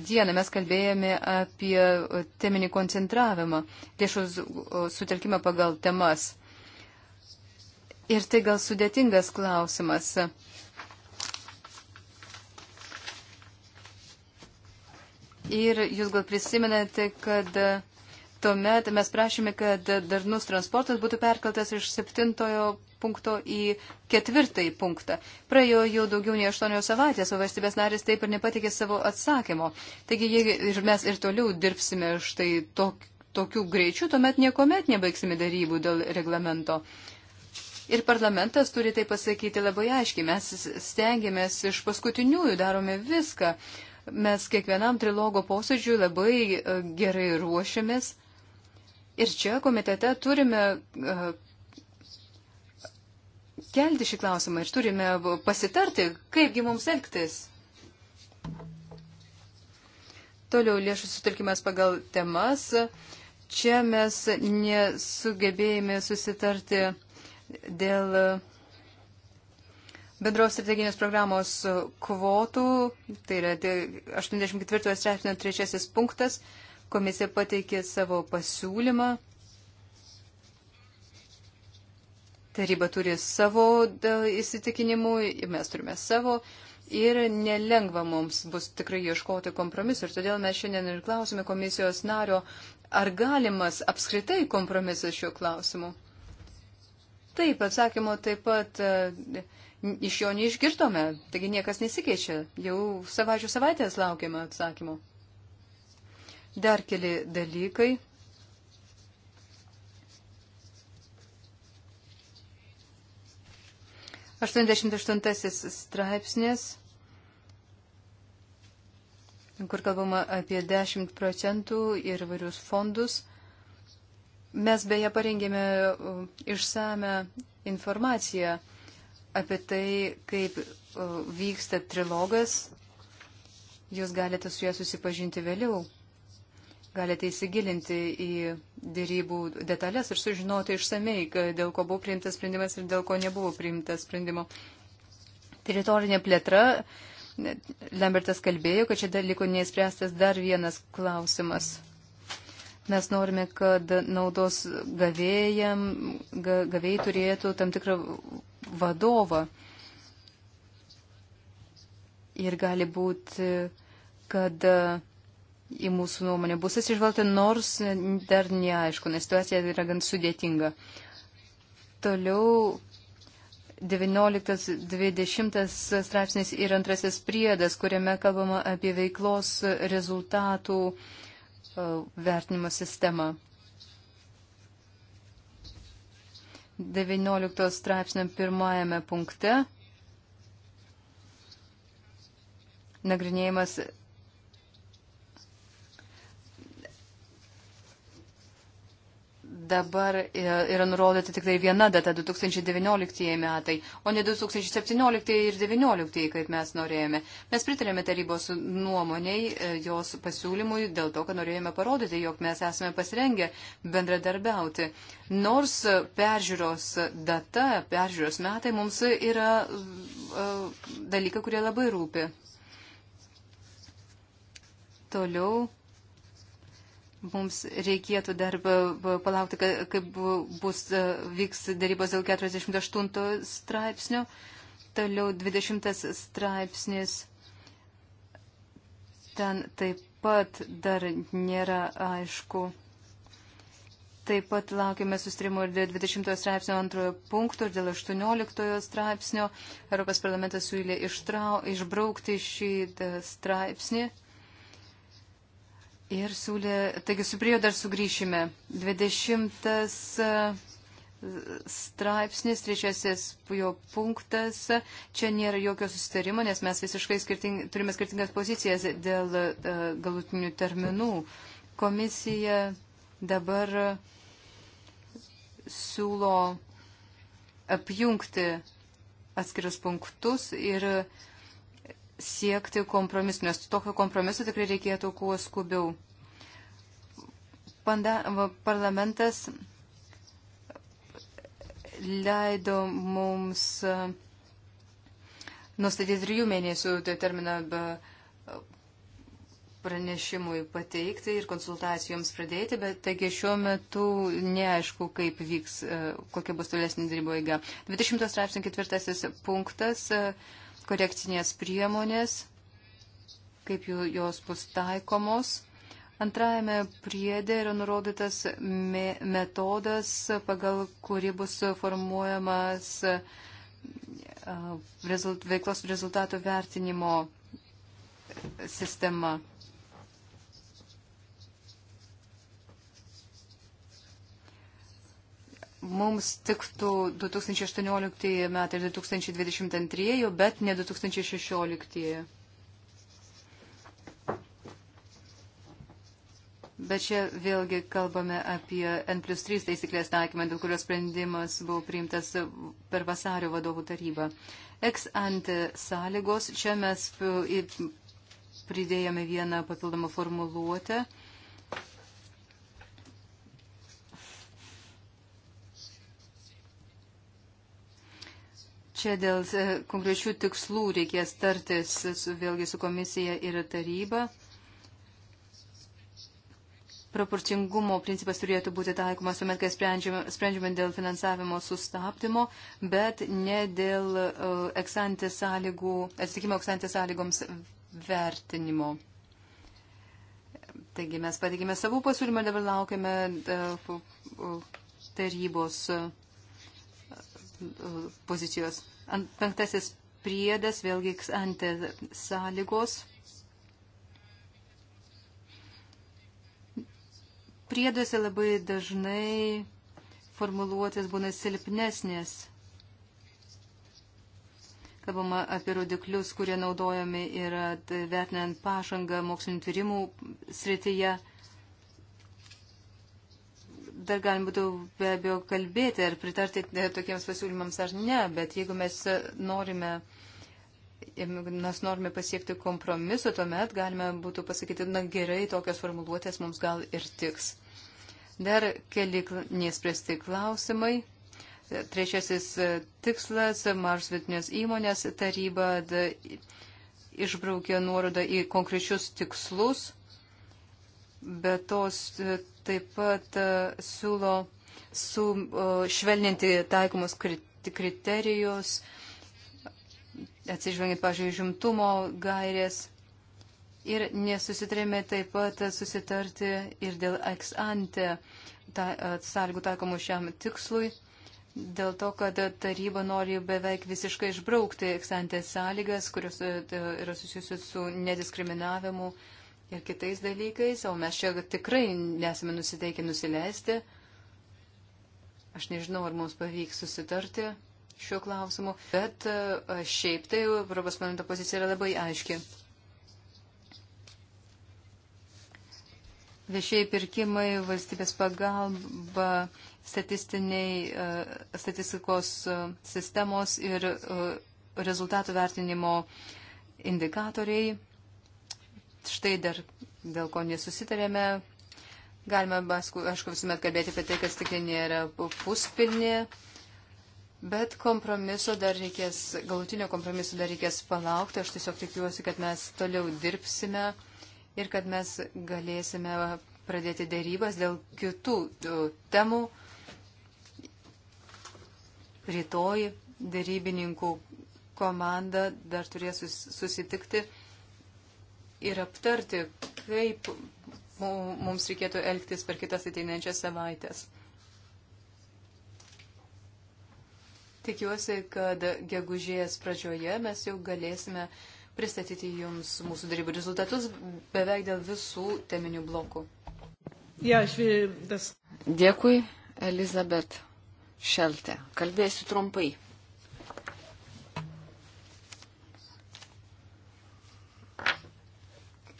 dieną mes kalbėjome apie teminį koncentravimą, lėšų sutelkimą pagal temas. Ir tai gal sudėtingas klausimas. Ir jūs gal prisimenate, kad e, tuomet mes prašėme, kad darnus transportas būtų perkeltas iš septintojo punkto į ketvirtąjį punktą. Praėjo jau daugiau nei aštuonios savaitės, o valstybės narės taip ir nepatikė savo atsakymo. Taigi, jei ir mes ir toliau dirbsime štai tok, tokiu greičiu, tuomet niekuomet nebaigsime darybų dėl reglamento. Ir parlamentas turi tai pasakyti labai aiškiai. Mes stengiamės iš paskutiniųjų, darome viską, Mes kiekvienam trilogo posėdžiui labai e, gerai ruošiamės. Ir čia komitete turime e, kelti šį klausimą ir turime pasitarti, kaipgi mums elgtis. Toliau lėšų sutarkimas pagal temas. Čia mes nesugebėjome susitarti dėl bendros strateginės programos kvotų, tai yra 84 tai straipsnio trečiasis punktas, komisija pateikė savo pasiūlymą. Taryba turi savo įsitikinimų, mes turime savo ir nelengva mums bus tikrai ieškoti kompromisų. Ir todėl mes šiandien ir klausime komisijos nario, ar galimas apskritai kompromisas šiuo klausimu. Taip, atsakymo taip pat. Uh, iš jo neišgirdome, taigi niekas nesikeičia. Jau savaičių savaitės laukiame atsakymų. Dar keli dalykai. Aštuoniasdešimt aštuntasis straipsnis, kur kalbama apie 10 procentų ir varius fondus. Mes beje parengėme uh, išsame informaciją apie tai, kaip e, vyksta trilogas. Jūs galite su juo susipažinti vėliau. Galite įsigilinti į dėrybų detalės ir sužinoti išsamei, dėl ko buvo priimtas sprendimas ir dėl ko nebuvo priimtas sprendimo. Teritorinė plėtra. Lambertas kalbėjo, kad čia dar liko neįspręstas dar vienas klausimas. Mes norime, kad naudos gavėjam, ga, gavėjai turėtų tam tikrą vadovą. Ir gali būti, kad e, į mūsų nuomonę bus atsižvelgta, nors dar neaišku, nes situacija yra gan sudėtinga. Toliau 19.20 straipsnis ir antrasis priedas, kuriame kalbama apie veiklos rezultatų e, vertinimo sistemą. 19 straipsnio pirmajame punkte nagrinėjimas dabar e, yra nurodyta tik tai viena data - 2019 metai, o ne 2017 ir 2019, kaip mes norėjome. Mes pritarėme tarybos nuomoniai, e, jos pasiūlymui dėl to, kad norėjome parodyti, jog mes esame pasirengę bendradarbiauti. Nors peržiūros data, peržiūros metai mums yra e, dalykai, kurie labai rūpi. Toliau Mums reikėtų dar palaukti, kaip bus, e, vyks darybos dėl 48 straipsnio. Toliau 20 straipsnis. Ten taip pat dar nėra aišku. Taip pat laukime sustrimo ir dėl 20 straipsnio antrojo punkto ir dėl 18 straipsnio. Europos parlamentas siūlė ištrau, išbraukti šį e, straipsnį. Ir siūlė, taigi su priejo dar sugrįšime. 20 e, straipsnis, trečiasis jo punktas. Čia nėra jokio susitarimo, nes mes visiškai skirting, turime skirtingas pozicijas dėl e, galutinių terminų. Komisija dabar siūlo apjungti atskirius punktus ir uh, siekti kompromisų, nes tokio kompromiso tikrai reikėtų kuo skubiau. Panda, parlamentas leido mums nustatyti trijų mėnesių tai terminą pranešimui pateikti ir konsultacijoms pradėti, bet taigi šiuo metu neaišku, kaip vyks, kokia bus tolesnė darybo eiga. 20 straipsnių ketvirtasis punktas. Uh, korekcinės priemonės, kaip jos bus taikomos. Antrajame priedė yra nurodytas me metodas, pagal kurį bus formuojamas rezult, veiklos rezultatų vertinimo sistema. mums tiktų 2018 metai ir 2022, bet ne 2016. Bet čia vėlgi kalbame apie N plus 3 taisyklės taikymą, dėl kurios sprendimas buvo priimtas per vasario vadovų tarybą. Ex ante sąlygos, čia mes pridėjome vieną papildomą formuluotę. Uh, Čia dėl e, konkrečių tikslų reikės tartis su, vėlgi su komisija ir taryba. Proporcingumo principas turėtų būti taikomas tuomet, kai sprendžiame, sprendžiame dėl finansavimo sustabdymo, bet ne dėl uh, eksantės sąlygų, atsitikimo eksantės sąlygoms vertinimo. Taigi mes patikime savų pasiūlymą, dabar laukiame uh, uh, tarybos pozicijos. Penktasis priedas, vėlgi ante sąlygos. Prieduose labai dažnai formuluotės būna silpnesnės. Kalbama apie rodiklius, kurie naudojami yra vertinant pažangą mokslinio tyrimų srityje dar galim būtų be abejo kalbėti ar pritarti e, tokiems pasiūlymams ar ne, bet jeigu mes norime, mes norime pasiekti kompromisu, tuomet galime būtų pasakyti, na gerai, tokios formuluotės mums gal ir tiks. Dar keli nespręsti klausimai. E, trečiasis e, tikslas - Mars vidinės įmonės taryba išbraukė nuorodą į konkrečius tikslus, bet tos taip pat e, siūlo sušvelninti e, taikomus kriterijus, atsižvelgiant, pažiūrėjau, žimtumo gairės. Ir nesusitarėme taip pat susitarti ir dėl ex-ante ta, e, sąlygų taikomų šiam tikslui, dėl to, kad taryba nori beveik visiškai išbraukti ex-ante sąlygas, kurios yra susijusios su nediskriminavimu, uh, ir kitais dalykais, o mes čia tikrai nesame nusiteikę nusileisti. Aš nežinau, ar mums pavyks susitarti šiuo klausimu, bet e, šiaip tai Europos parlamento pozicija yra labai aiški. Viešieji pirkimai, valstybės pagalba, statistiniai, e, statistikos e, sistemos ir rezultatų vertinimo indikatoriai štai dar dėl ko nesusitarėme. Galima, aišku, visuomet kalbėti apie tai, kad stiklinė yra puspilnė, bet kompromiso dar reikės, galutinio kompromiso dar reikės palaukti. Aš tiesiog tikiuosi, kad mes toliau dirbsime ir kad mes galėsime pradėti dėrybas dėl kitų e, temų. Rytoj dėrybininkų komanda dar turės susitikti ir aptarti, kaip mums reikėtų elgtis per kitas ateinančias savaitės. Tikiuosi, kad gegužės pradžioje mes jau galėsime pristatyti Jums mūsų darybų rezultatus beveik dėl visų teminių blokų. Ja, will... das... Dėkui, Elizabet Šelte. Kalbėsiu trumpai.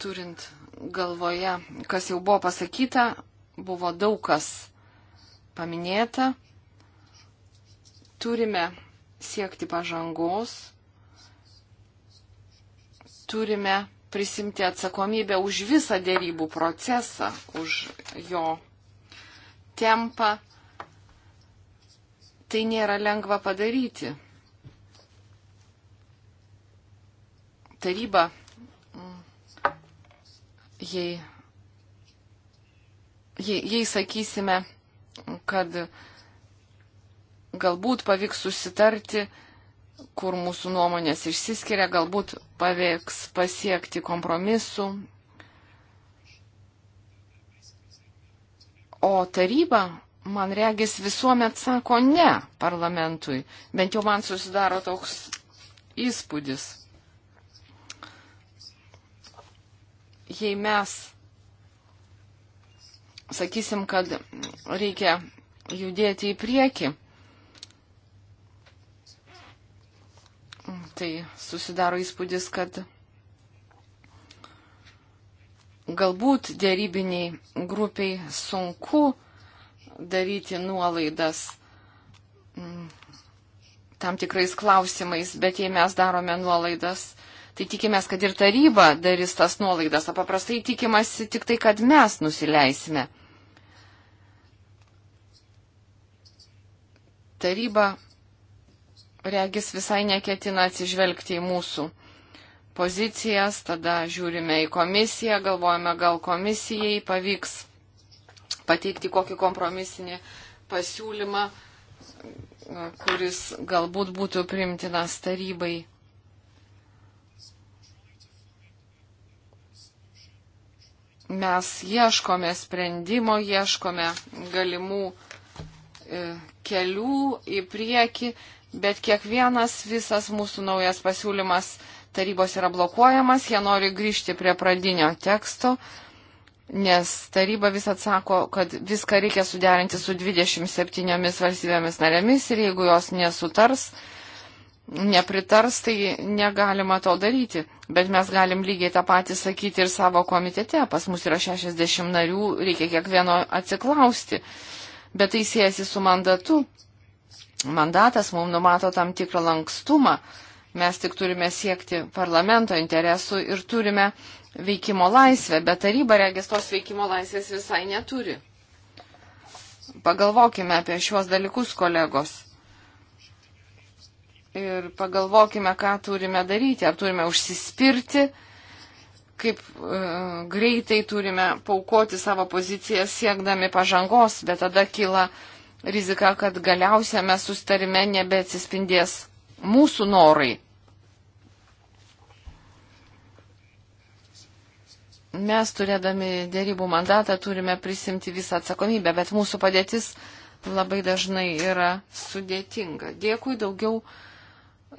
turint galvoje, kas jau buvo pasakyta, buvo daug kas paminėta. Turime siekti pažangos, turime prisimti atsakomybę už visą dėrybų procesą, už jo tempą. Tai nėra lengva padaryti. Taryba jei, jei, jei sakysime, kad galbūt pavyks susitarti, kur mūsų nuomonės išsiskiria, galbūt pavyks pasiekti kompromisų. O taryba, man regis, visuomet sako ne parlamentui. Bent jau man susidaro toks įspūdis. jei mes sakysim, kad reikia judėti į priekį, tai susidaro įspūdis, kad galbūt dėrybiniai grupiai sunku daryti nuolaidas mm, tam tikrais klausimais, bet jei mes darome nuolaidas tai tikimės, kad ir taryba darys tas nuolaidas, o paprastai tikimasi tik tai, kad mes nusileisime. Taryba, regis, visai neketina atsižvelgti į mūsų pozicijas, tada žiūrime į komisiją, galvojame, gal komisijai pavyks pateikti kokį kompromisinį pasiūlymą, kuris galbūt būtų primtinas tarybai. mes ieškome sprendimo, ieškome galimų e, kelių į priekį, bet kiekvienas visas mūsų naujas pasiūlymas tarybos yra blokuojamas, jie nori grįžti prie pradinio teksto, nes taryba vis atsako, kad viską reikia suderinti su 27 valstybėmis narėmis ir jeigu jos nesutars, nepritars, tai negalima to daryti. Bet mes galim lygiai tą patį sakyti ir savo komitete. Pas mus yra 60 narių, reikia kiekvieno atsiklausti. Bet tai siejasi su mandatu. Mandatas mums numato tam tikrą lankstumą. Mes tik turime siekti parlamento interesų ir turime veikimo laisvę, bet taryba regis tos veikimo laisvės visai neturi. Pagalvokime apie šiuos dalykus, kolegos ir pagalvokime, ką turime daryti. Ar turime užsispirti, kaip e, greitai turime paukoti savo poziciją siekdami pažangos, bet tada kyla rizika, kad galiausia mes sustarime nebeatsispindės mūsų norai. Mes turėdami dėrybų mandatą turime prisimti visą atsakomybę, bet mūsų padėtis labai dažnai yra sudėtinga. Dėkui daugiau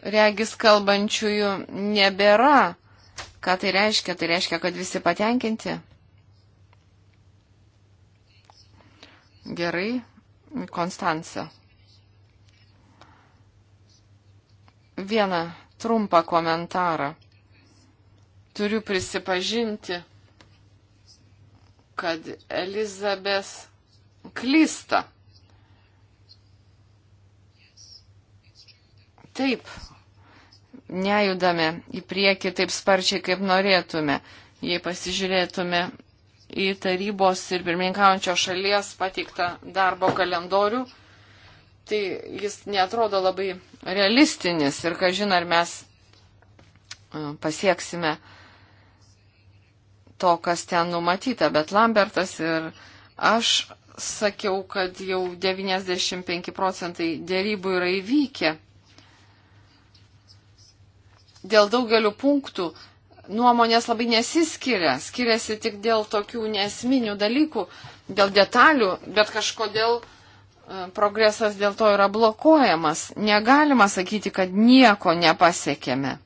regis kalbančiųjų nebėra. Ką tai reiškia? Tai reiškia, kad visi patenkinti. Gerai, Konstanca. Vieną trumpą komentarą. Turiu prisipažinti, kad Elizabės klysta. Taip, nejudame į priekį taip sparčiai, kaip norėtume. Jei pasižiūrėtume į tarybos ir pirmininkaujančio šalies pateiktą darbo kalendorių, tai jis netrodo labai realistinis ir kažin ar mes e, pasieksime to, kas ten numatyta. Bet Lambertas ir aš sakiau, kad jau 95 procentai dėrybų yra įvykę dėl daugelių punktų nuomonės labai nesiskiria, skiriasi tik dėl tokių nesminių dalykų, dėl detalių, bet kažkodėl e, progresas dėl to yra blokuojamas. Negalima sakyti, kad nieko nepasiekėme.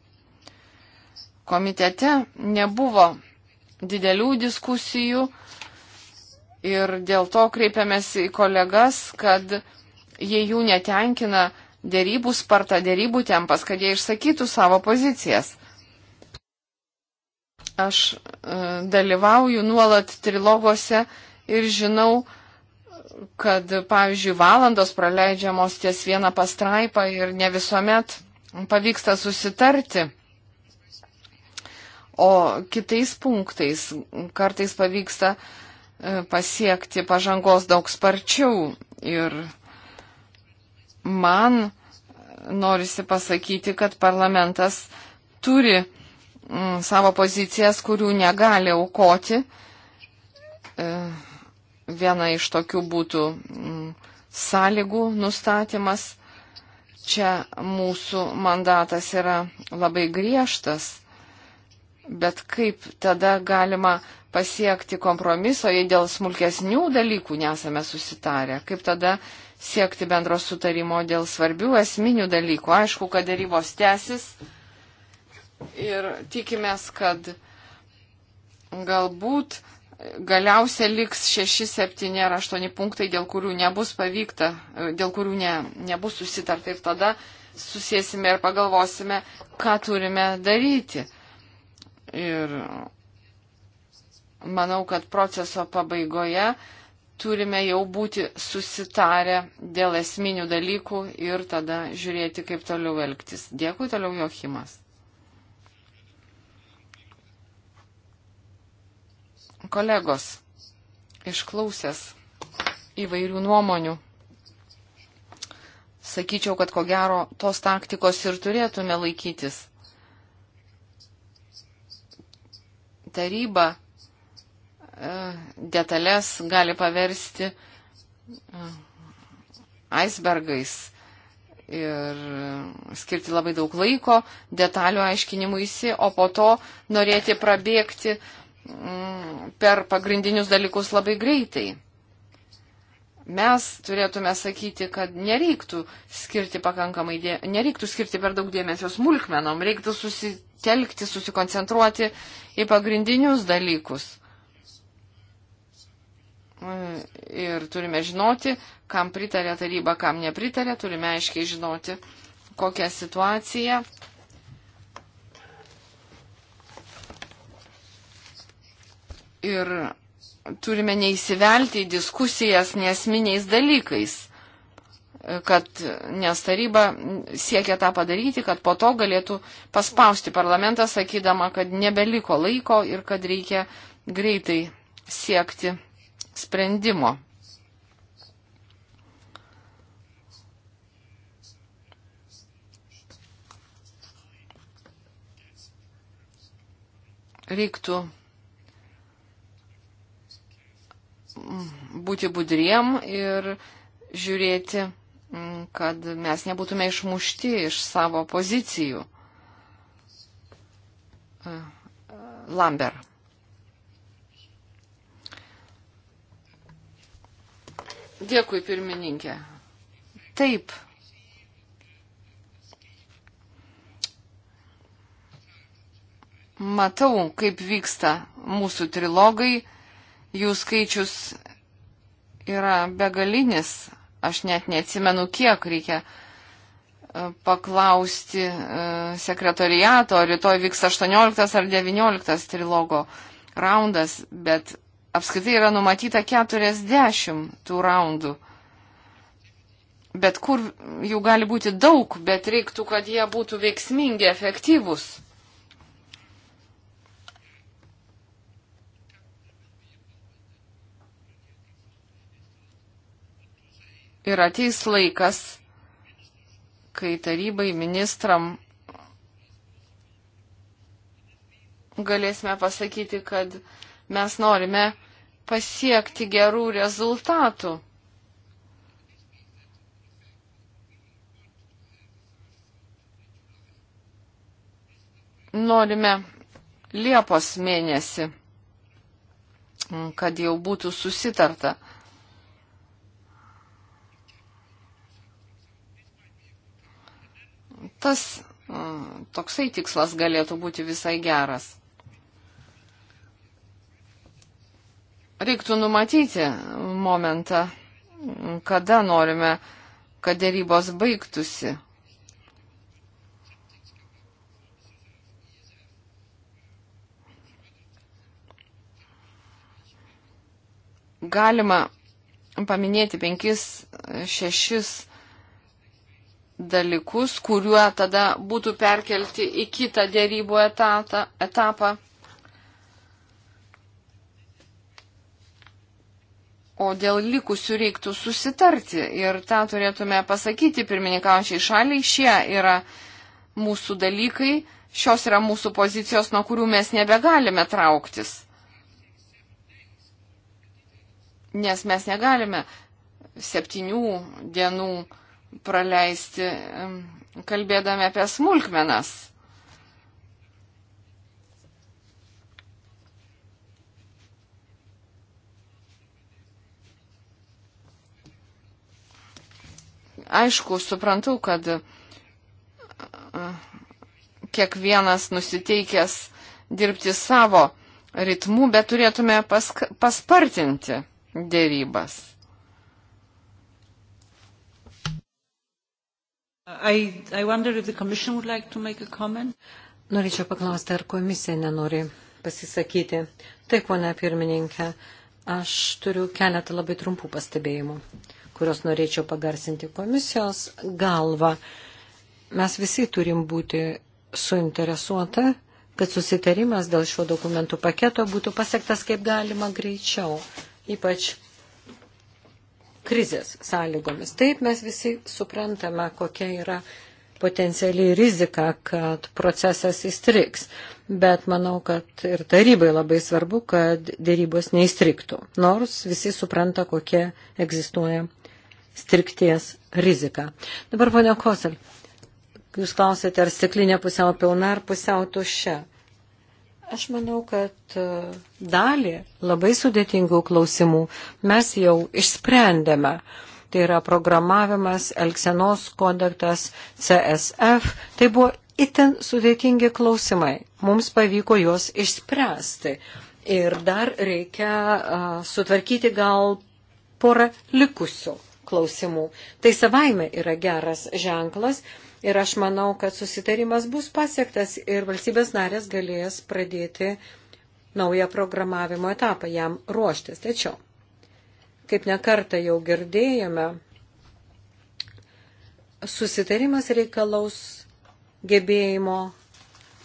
Komitete nebuvo didelių diskusijų ir dėl to kreipiamės į kolegas, kad jei jų netenkina dėrybų spartą, dėrybų tempas, kad jie išsakytų savo pozicijas. Aš e, dalyvauju nuolat trilogose ir žinau, kad, pavyzdžiui, valandos praleidžiamos ties vieną pastraipą ir ne visuomet pavyksta susitarti. O kitais punktais kartais pavyksta e, pasiekti pažangos daug sparčiau ir man norisi pasakyti, kad parlamentas turi mm, savo pozicijas, kurių negali aukoti. E, viena iš tokių būtų mm, sąlygų nustatymas. Čia mūsų mandatas yra labai griežtas, bet kaip tada galima pasiekti kompromiso, jei dėl smulkesnių dalykų nesame susitarę, kaip tada siekti bendro sutarimo dėl svarbių esminių dalykų. Aišku, kad darybos tęsis ir tikimės, kad galbūt galiausia liks 6, 7 ar 8 punktai, dėl kurių nebus pavykta, dėl kurių ne, nebus susitarta ir tada susėsime ir pagalvosime, ką turime daryti. Ir manau, kad proceso pabaigoje uh, turime jau būti susitarę dėl esminių dalykų ir tada žiūrėti, kaip toliau elgtis. Dėkui toliau Jochimas. Kolegos, išklausęs įvairių nuomonių, sakyčiau, kad ko gero tos taktikos ir turėtume laikytis. Taryba detalės gali paversti aisbergais ir skirti labai daug laiko detalių aiškinimuisi, o po to norėti prabėgti mm, per pagrindinius dalykus labai greitai. Mes turėtume sakyti, kad nereiktų skirti, pakankamai, dė... nereiktų skirti per daug dėmesio smulkmenom, reiktų susitelkti, susikoncentruoti į pagrindinius dalykus. Mm, ir turime žinoti, kam pritarė taryba, kam nepritarė, turime aiškiai žinoti, kokią situaciją. Ir turime neįsivelti į diskusijas nesminiais dalykais, kad, nes taryba siekia tą padaryti, kad po to galėtų paspausti parlamentą, sakydama, kad nebeliko laiko ir kad reikia greitai siekti sprendimo. Reiktų būti budriem ir žiūrėti, kad mes nebūtume išmušti iš savo pozicijų. Lambert. Dėkui, pirmininkė. Taip. Matau, kaip vyksta mūsų trilogai. Jų skaičius yra begalinis. Aš net neatsimenu, kiek reikia e, paklausti e, sekretoriato. Rytoj vyks 18 ar 19 trilogo raundas, bet apskritai yra numatyta 40 tų raundų. Bet kur jų gali būti daug, bet reiktų, kad jie būtų veiksmingi, efektyvūs. Ir ateis laikas, kai tarybai ministram galėsime pasakyti, kad uh, mes norime pasiekti gerų rezultatų. Norime Liepos mėnesį, kad jau būtų susitarta. Tas mm, toksai tikslas galėtų būti visai geras. reiktų numatyti momentą, kada norime, kad dėrybos baigtųsi. Galima paminėti penkis, šešis dalykus, kuriuo tada būtų perkelti į kitą dėrybų etatą, etapą. O dėl likusių reiktų susitarti ir tą turėtume pasakyti pirmininkaujančiai šaliai. Šie yra mūsų dalykai, šios yra mūsų pozicijos, nuo kurių mes nebegalime trauktis. Nes mes negalime septynių dienų praleisti kalbėdami apie smulkmenas. Aišku, suprantu, kad kiekvienas nusiteikęs dirbti savo ritmu, bet turėtume pask paspartinti dėrybas. I, I like Norėčiau paklausti, ar komisija nenori pasisakyti. Taip, ponia pirmininkė, aš turiu keletą labai trumpų pastebėjimų. Uh, kurios norėčiau pagarsinti komisijos galvą. Mes visi turim būti suinteresuota, kad susitarimas dėl šio dokumentų paketo būtų pasiektas kaip galima greičiau, ypač krizės sąlygomis. Taip mes visi suprantame, kokia yra potencialiai rizika, kad procesas įstriks. Bet manau, kad ir tarybai labai svarbu, kad dėrybos neįstriktų, nors visi supranta, kokie egzistuoja strikties riziką. Dabar, ponia Kosel, jūs klausėte, ar stiklinė pusiau pilna ar pusiau tuščia. Aš manau, kad e, dalį labai sudėtingų klausimų mes jau išsprendėme. Tai yra programavimas, Elksenos kodektas, CSF. Tai buvo itin sudėtingi klausimai. Mums pavyko juos išspręsti. Ir dar reikia uh, sutvarkyti gal porą likusių klausimų. Tai savaime yra geras ženklas ir aš manau, kad susitarimas bus pasiektas ir valstybės narės galės pradėti naują programavimo etapą jam ruoštis. Tačiau, kaip nekartą jau girdėjome, susitarimas reikalaus gebėjimo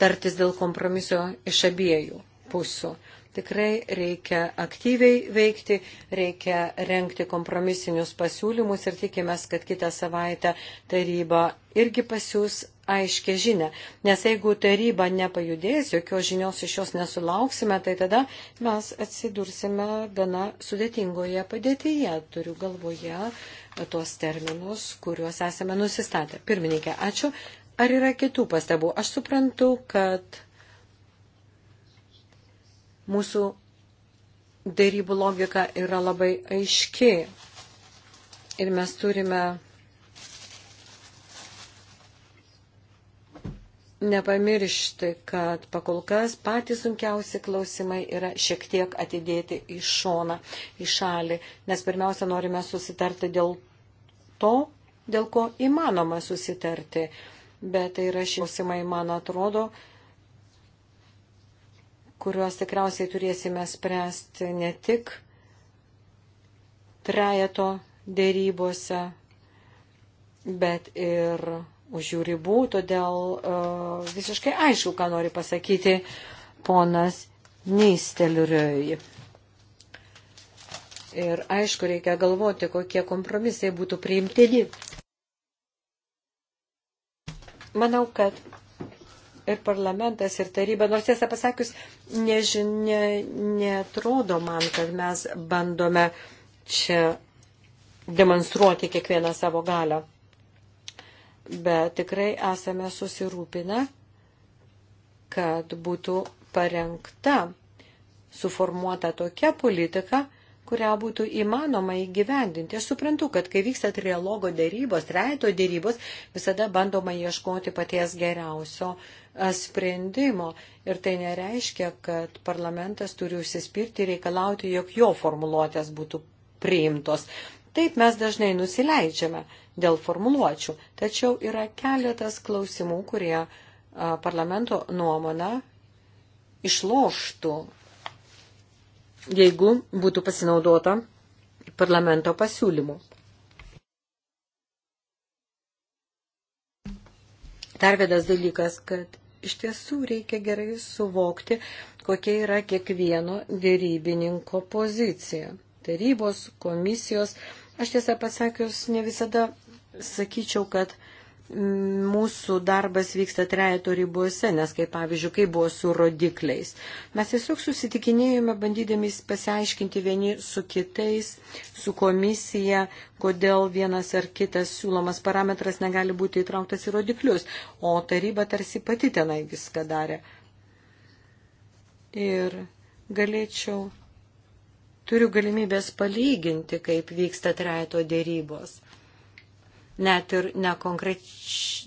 tartis dėl kompromiso iš abiejų pusių. Tikrai reikia aktyviai veikti, reikia renkti kompromisinius pasiūlymus ir tikimės, kad kitą savaitę taryba irgi pasiūs aiškę žinę. Nes jeigu taryba nepajudės, jokios žinios iš jos nesulauksime, tai tada mes atsidursime gana sudėtingoje padėtyje. Turiu galvoje tuos terminus, kuriuos esame nusistatę. Pirmininkė, ačiū. Ar yra kitų pastabų? Aš suprantu, kad Mūsų dėrybų logika yra labai aiški ir mes turime nepamiršti, kad pakolkas patys sunkiausi klausimai yra šiek tiek atidėti į šoną, į šalį, nes pirmiausia norime susitarti dėl to, dėl ko įmanoma susitarti. Bet tai yra šie klausimai, man atrodo, kuriuos tikriausiai turėsime spręsti ne tik trejeto dėrybose, bet ir už jų ribų, todėl uh, visiškai aišku, ką nori pasakyti ponas Neisteliuriui. Ir aišku, reikia galvoti, kokie kompromisai būtų priimtini. Manau, kad ir parlamentas, ir taryba. Nors tiesą pasakius, nežinia, netrodo man, kad mes bandome čia demonstruoti kiekvieną savo galą. Bet tikrai esame susirūpinę, kad būtų parengta, suformuota tokia politika, kurią būtų įmanoma įgyvendinti. Aš suprantu, kad kai vyksta trialogo dėrybos, trejato dėrybos, visada bandoma ieškoti paties geriausio sprendimo. Ir tai nereiškia, kad parlamentas turi užsispirti ir reikalauti, jog jo formuluotės būtų priimtos. Taip mes dažnai nusileidžiame dėl formuluočių, tačiau yra keletas klausimų, kurie parlamento nuomona išloštų jeigu būtų pasinaudota parlamento pasiūlymu. Dar vienas dalykas, kad iš tiesų reikia gerai suvokti, kokia yra kiekvieno dėrybininko pozicija. Tarybos, komisijos, aš tiesą pasakius, ne visada sakyčiau, kad mūsų darbas vyksta trejato ribose, nes kaip pavyzdžiui, kaip buvo su rodikliais. Mes tiesiog susitikinėjome, bandydami pasiaiškinti vieni su kitais, su komisija, kodėl vienas ar kitas siūlomas parametras negali būti įtrauktas į rodiklius, o taryba tarsi pati tenai viską darė. Ir galėčiau, turiu galimybės palyginti, kaip vyksta trejato dėrybos net ir nekonkreč...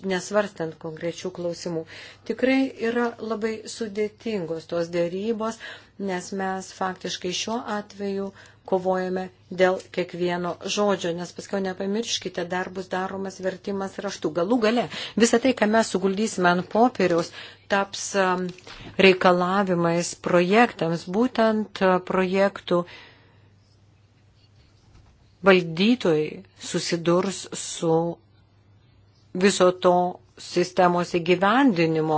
nesvarstant konkrečių klausimų. Tikrai yra labai sudėtingos tos dėrybos, nes mes faktiškai šiuo atveju kovojame dėl kiekvieno žodžio, nes paskui nepamirškite, dar bus daromas vertimas raštu. Galų gale, visą tai, ką mes suguldysime ant popieriaus, taps um, reikalavimais projektams, būtent uh, projektų uh, valdytojai susidurs su viso to sistemos įgyvendinimo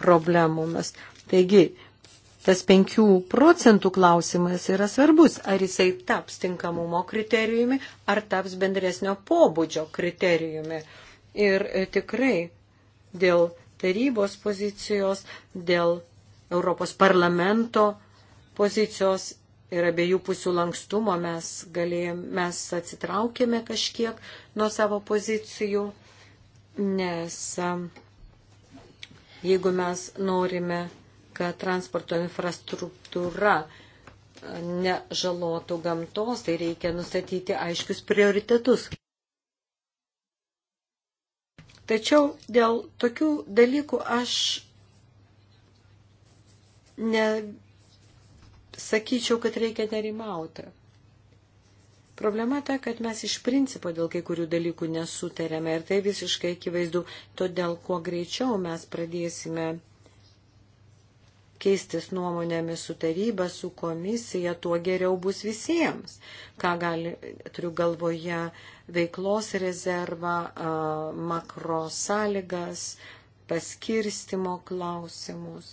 problemomis. Taigi, tas 5 procentų klausimas yra svarbus, ar jisai taps tinkamumo kriterijumi, ar taps bendresnio pobūdžio kriterijumi. Ir e, tikrai dėl tarybos pozicijos, dėl Europos parlamento pozicijos ir abiejų pusių lankstumo mes, galėjom, mes atsitraukėme kažkiek nuo savo pozicijų, nes um, jeigu mes norime, kad transporto infrastruktūra uh, nežalotų gamtos, tai reikia nustatyti aiškius prioritetus. Tačiau dėl tokių dalykų aš ne sakyčiau, kad reikia nerimauti. Problema ta, kad mes iš principo dėl kai kurių dalykų nesutarėme ir tai visiškai akivaizdu, todėl kuo greičiau mes pradėsime keistis nuomonėmis su taryba, su komisija, tuo geriau bus visiems. Ką gali, turiu galvoje veiklos rezervą, makro sąlygas, paskirstimo klausimus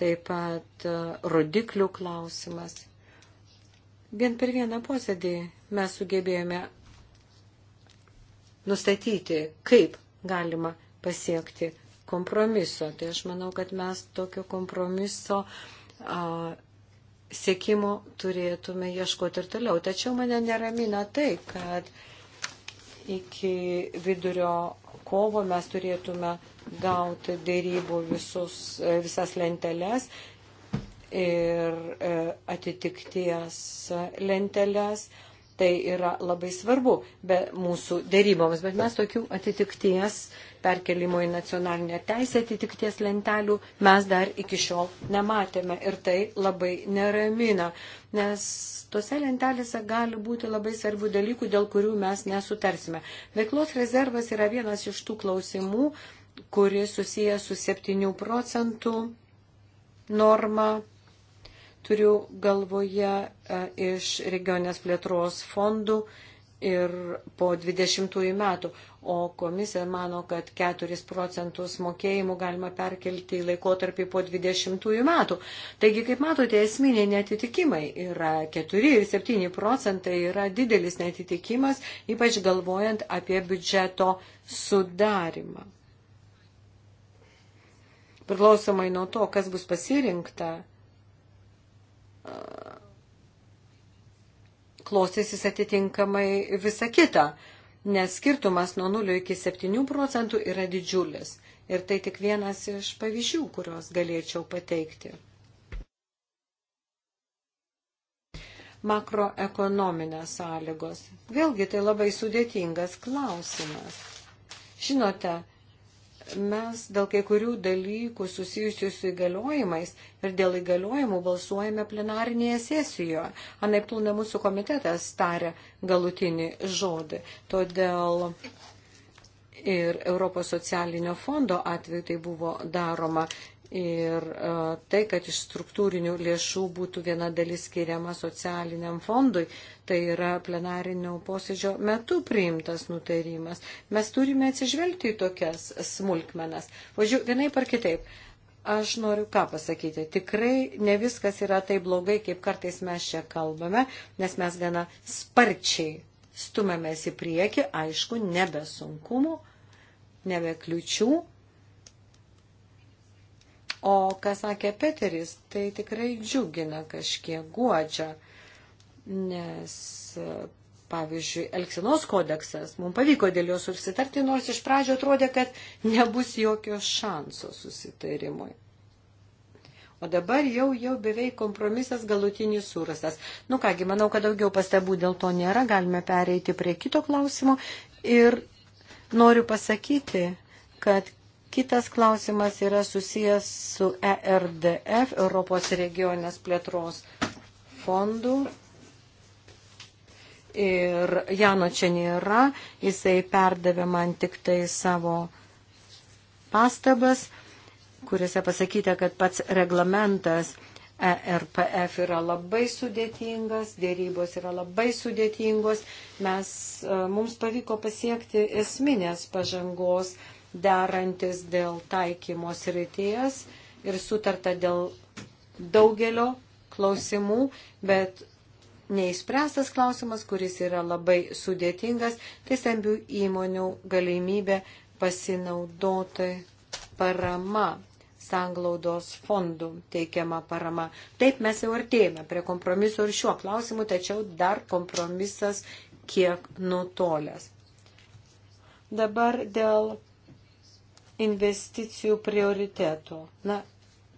taip pat e, rodiklių klausimas. Vien per vieną posėdį mes sugebėjome nustatyti, kaip galima pasiekti kompromiso. Tai aš manau, kad mes tokio kompromiso a, sėkimo turėtume ieškoti ir toliau. Tačiau mane neramina tai, kad iki vidurio kovo mes turėtume gauti dėrybų visus, e, visas lenteles ir e, atitikties lenteles. Tai yra labai svarbu be mūsų dėryboms, bet mes tokių atitikties uh, perkelimo į nacionalinę teisę atitikties lentelių mes dar iki šiol nematėme ir tai labai neramina, nes tose lentelėse gali būti labai svarbių dalykų, dėl kurių mes nesutarsime. Veiklos rezervas yra vienas iš tų klausimų, kuris susijęs su 7 procentų norma turiu galvoje e, iš regionės plėtros fondų ir po 20 metų, o komisija mano, kad 4 procentus mokėjimų galima perkelti į laikotarpį po 20 metų. Taigi, kaip matote, esminiai netitikimai yra 4 ir 7 procentai yra didelis netitikimas, ypač galvojant apie biudžeto sudarimą. Priklausomai nuo to, kas bus pasirinkta, klostysis atitinkamai visa kita, nes skirtumas nuo 0 iki 7 procentų yra didžiulis. Ir tai tik vienas iš pavyzdžių, kuriuos galėčiau pateikti. Makroekonominės sąlygos. Vėlgi tai labai sudėtingas klausimas. Žinote, mes dėl kai kurių dalykų susijusių su įgaliojimais ir dėl įgaliojimų balsuojame plenarinėje sesijoje. Anaip tūna mūsų komitetas tarė galutinį žodį. Todėl ir Europos socialinio fondo atveju tai buvo daroma. Ir e, tai, kad iš struktūrinių lėšų būtų viena dalis skiriama socialiniam fondui, tai yra plenarinio posėdžio metu priimtas nutarimas. Mes turime atsižvelgti į tokias smulkmenas. Važiu, vienai par kitaip. Aš noriu ką pasakyti. Tikrai ne viskas yra taip blogai, kaip kartais mes čia kalbame, nes mes gana sparčiai stumėmės į priekį, aišku, nebe sunkumų, nebe kliučių. O ką sakė Peteris, tai tikrai džiugina kažkiek guodžia nes, pavyzdžiui, Elksinos kodeksas, mums pavyko dėl jo susitarti, nors iš pradžio atrodė, kad nebus jokio šanso susitarimui. O dabar jau, jau beveik kompromisas galutinis surastas. Nu kągi, manau, kad daugiau pastabų dėl to nėra, galime pereiti prie kito klausimo. Ir noriu pasakyti, kad kitas klausimas yra susijęs su ERDF, Europos regionės plėtros fondų ir Jano čia nėra, jisai perdavė man tik tai savo pastabas, kuriuose pasakyta, kad pats reglamentas ERPF yra labai sudėtingas, dėrybos yra labai sudėtingos, mes, e, mums pavyko pasiekti esminės pažangos derantis dėl taikymos ryties ir sutarta dėl daugelio klausimų, bet neįspręstas klausimas, kuris yra labai sudėtingas, tai stambių įmonių galimybė pasinaudoti parama sanglaudos fondų teikiama parama. Taip mes jau artėjame prie kompromiso ir šiuo klausimu, tačiau dar kompromisas kiek nutolęs. Dabar dėl investicijų prioritetų. Na,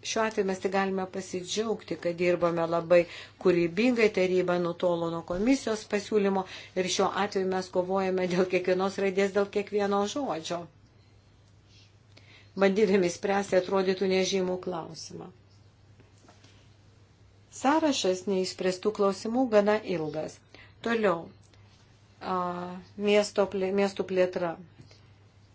šiuo atveju mes tik galime pasidžiaugti, kad dirbame labai kūrybingai, taryba nutolo nuo komisijos pasiūlymo ir šiuo atveju mes kovojame dėl kiekvienos raidės, dėl kiekvieno žodžio. Bandydami spręsti atrodytų nežymų klausimą. Sąrašas neįspręstų klausimų gana ilgas. Toliau. A, miesto, plė, miestų plėtra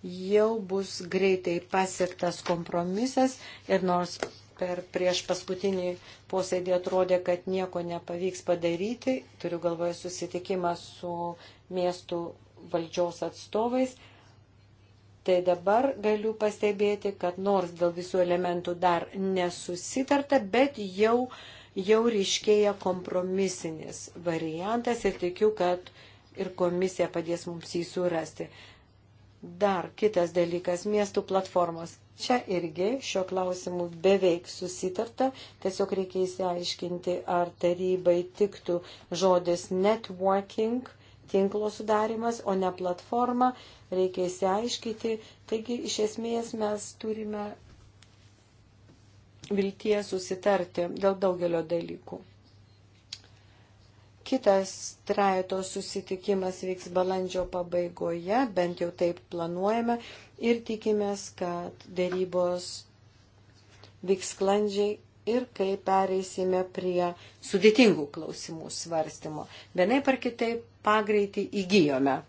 jau bus greitai pasiektas kompromisas ir nors per prieš paskutinį posėdį atrodė, kad nieko nepavyks padaryti, turiu galvoje susitikimą su miestų valdžios atstovais, tai dabar galiu pastebėti, kad nors dėl visų elementų dar nesusitarta, bet jau, jau ryškėja kompromisinis variantas ir tikiu, kad ir komisija padės mums jį surasti. Dar kitas dalykas - miestų platformos. Čia irgi šio klausimu beveik susitarta, tiesiog reikia įsiaiškinti, ar tarybai tiktų žodis networking, tinklo sudarimas, o ne platforma, reikia įsiaiškinti. Taigi, iš esmės, mes turime vilties susitarti dėl daugelio dalykų. Kitas trajeto susitikimas vyks balandžio pabaigoje, bent jau taip planuojame ir tikimės, kad dėrybos vyks sklandžiai ir kai pereisime prie sudėtingų klausimų svarstymo. Vienaip ar kitaip pagreitį įgyjome.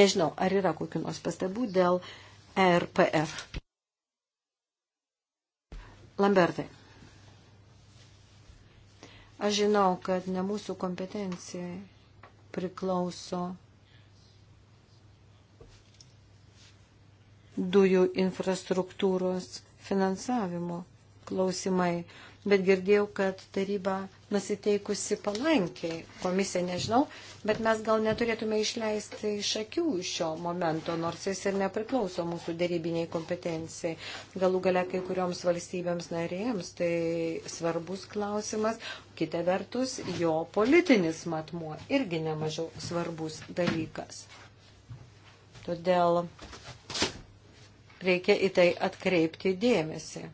Nežinau, ar yra kokių nors pastabų dėl RPF. Lambertai. Aš žinau, kad ne mūsų kompetencijai priklauso dujų infrastruktūros finansavimo klausimai, bet girdėjau, kad taryba nusiteikusi palankiai komisija, nežinau, bet mes gal neturėtume išleisti iš akių šio momento, nors jis ir nepriklauso mūsų dėrybiniai kompetencijai. Galų gale kai kurioms valstybėms narėms tai svarbus klausimas, kita vertus jo politinis matmuo irgi nemažiau svarbus dalykas. Todėl reikia į tai atkreipti dėmesį.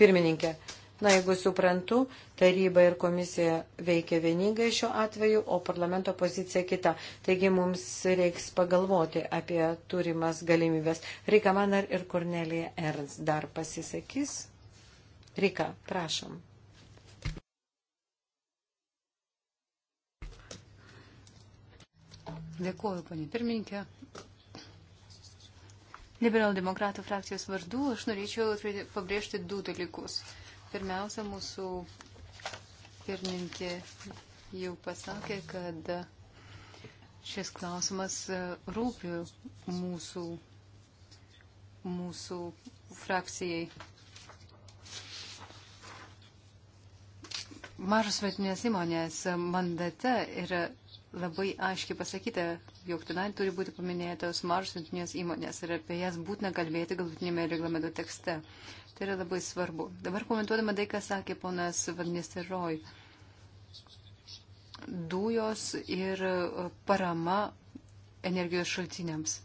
Pirmininkė, Na, jeigu suprantu, taryba ir komisija veikia vieningai šiuo atveju, o parlamento pozicija kita. Taigi mums reiks pagalvoti apie turimas galimybės. Rika Manar ir Kornelija Ernst dar pasisakys. Rika, prašom. Dėkuoju, ponė pirmininkė. Liberal demokratų frakcijos vardu aš norėčiau pabrėžti du dalykus. Pirmiausia, mūsų pirmininkė jau pasakė, kad šis klausimas e, rūpi mūsų, mūsų frakcijai. Mažos vietinės įmonės mandate yra labai aiškiai pasakyta, jog tenai turi būti paminėtos mažos vietinės įmonės ir apie jas būtina kalbėti galutinėme reglamento tekste. Uh, Tai yra labai svarbu. Dabar komentuodama tai, ką sakė ponas Vadnisteroj. Dujos ir e, parama energijos šaltiniams.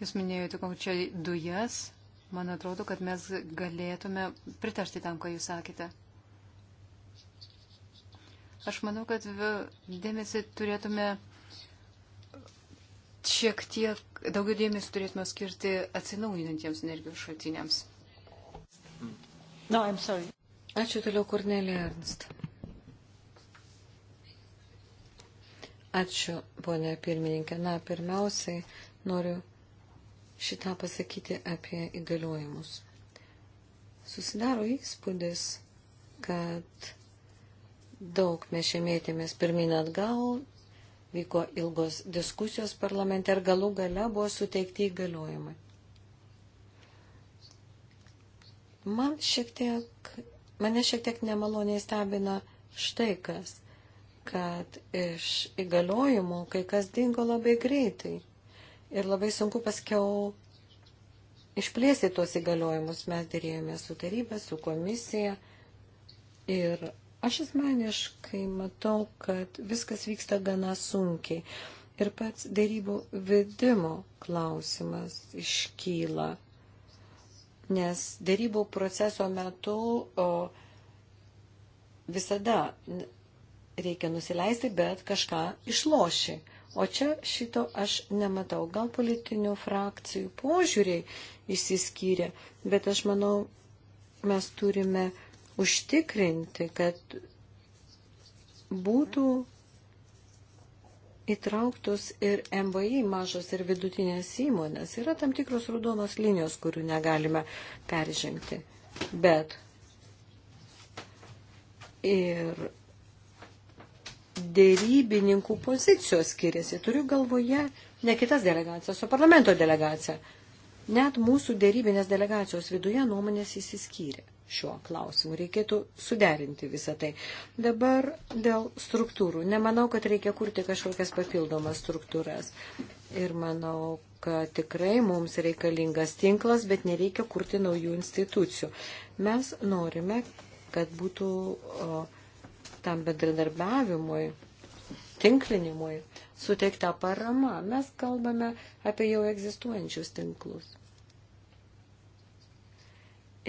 Jūs minėjote konkrečiai dujas. Man atrodo, kad mes galėtume pritarti tam, ką jūs sakėte. Aš manau, kad dėmesį turėtume šiek tiek daugiau dėmesio turėtume skirti atsinaujinantiems energijos šaltiniams. No, I'm sorry. Ačiū toliau, Kornelija Ernst. Ačiū, ponė pirmininkė. Na, pirmiausiai noriu šitą pasakyti apie įgaliojimus. Susidaro įspūdis, kad daug mes šiemėtėmės pirmin atgal, vyko ilgos diskusijos parlamente ir galų gale buvo suteikti įgaliojimai. Man šiek tiek, mane šiek tiek nemaloniai stebina štai kas, kad iš įgaliojimų kai kas dingo labai greitai ir labai sunku paskiau išplėsti tuos įgaliojimus. Mes dėrėjome su taryba, su komisija ir Aš asmeniškai matau, kad viskas vyksta gana sunkiai ir pats dėrybų vedimo klausimas iškyla, nes dėrybų proceso metu o, visada reikia nusileisti, bet kažką išloši. O čia šito aš nematau. Gal politinių frakcijų požiūriai išsiskyrė, bet aš manau, mes turime užtikrinti, kad būtų įtrauktus ir MVI mažos ir vidutinės įmonės. Yra tam tikros raudonos linijos, kurių negalime peržengti. Bet ir dėrybininkų pozicijos skiriasi. Turiu galvoje ne kitas delegacijas, o parlamento delegaciją. Net mūsų dėrybinės delegacijos viduje nuomonės įsiskyrė šiuo klausimu. Reikėtų suderinti visą tai. Dabar dėl struktūrų. Nemanau, kad reikia kurti kažkokias papildomas struktūras. Ir manau, kad tikrai mums reikalingas tinklas, bet nereikia kurti naujų institucijų. Mes norime, kad būtų o, tam bendradarbiavimui, tinklinimui suteikta parama. Mes kalbame apie jau egzistuojančius tinklus.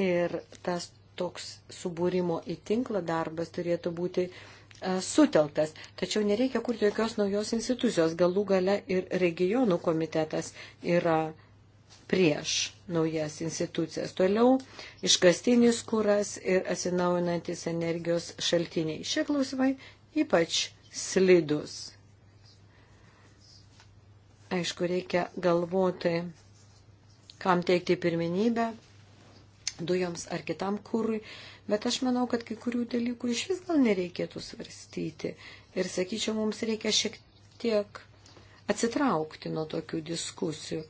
Ir tas toks subūrimo į tinklą darbas turėtų būti e, suteltas. Tačiau nereikia kurti jokios naujos institucijos. Galų gale ir regionų komitetas yra prieš naujas institucijas. Toliau iškastinis kuras ir atsinaujinantis energijos šaltiniai. Šie klausimai ypač slidus. Aišku, reikia galvoti, kam teikti pirmenybę, dujoms ar kitam kūrui, bet aš manau, kad kai kurių dalykų iš vis gal nereikėtų svarstyti. Ir sakyčiau, mums reikia šiek tiek atsitraukti nuo tokių diskusijų.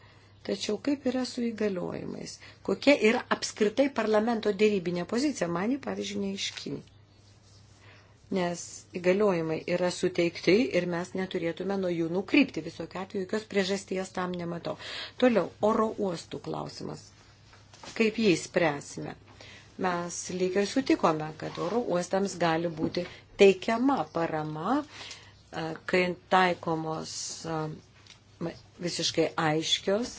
Tačiau kaip yra su įgaliojimais? Kokia yra apskritai parlamento dėrybinė pozicija? Man jį, pavyzdžiui, neiškini. Nes įgaliojimai yra suteikti ir mes neturėtume nuo jų nukrypti. Visokiu atveju jokios priežasties tam nematau. Toliau, oro uostų klausimas kaip jį spręsime. Mes lyg ir sutikome, kad oro uostams gali būti teikiama parama, kai taikomos visiškai aiškios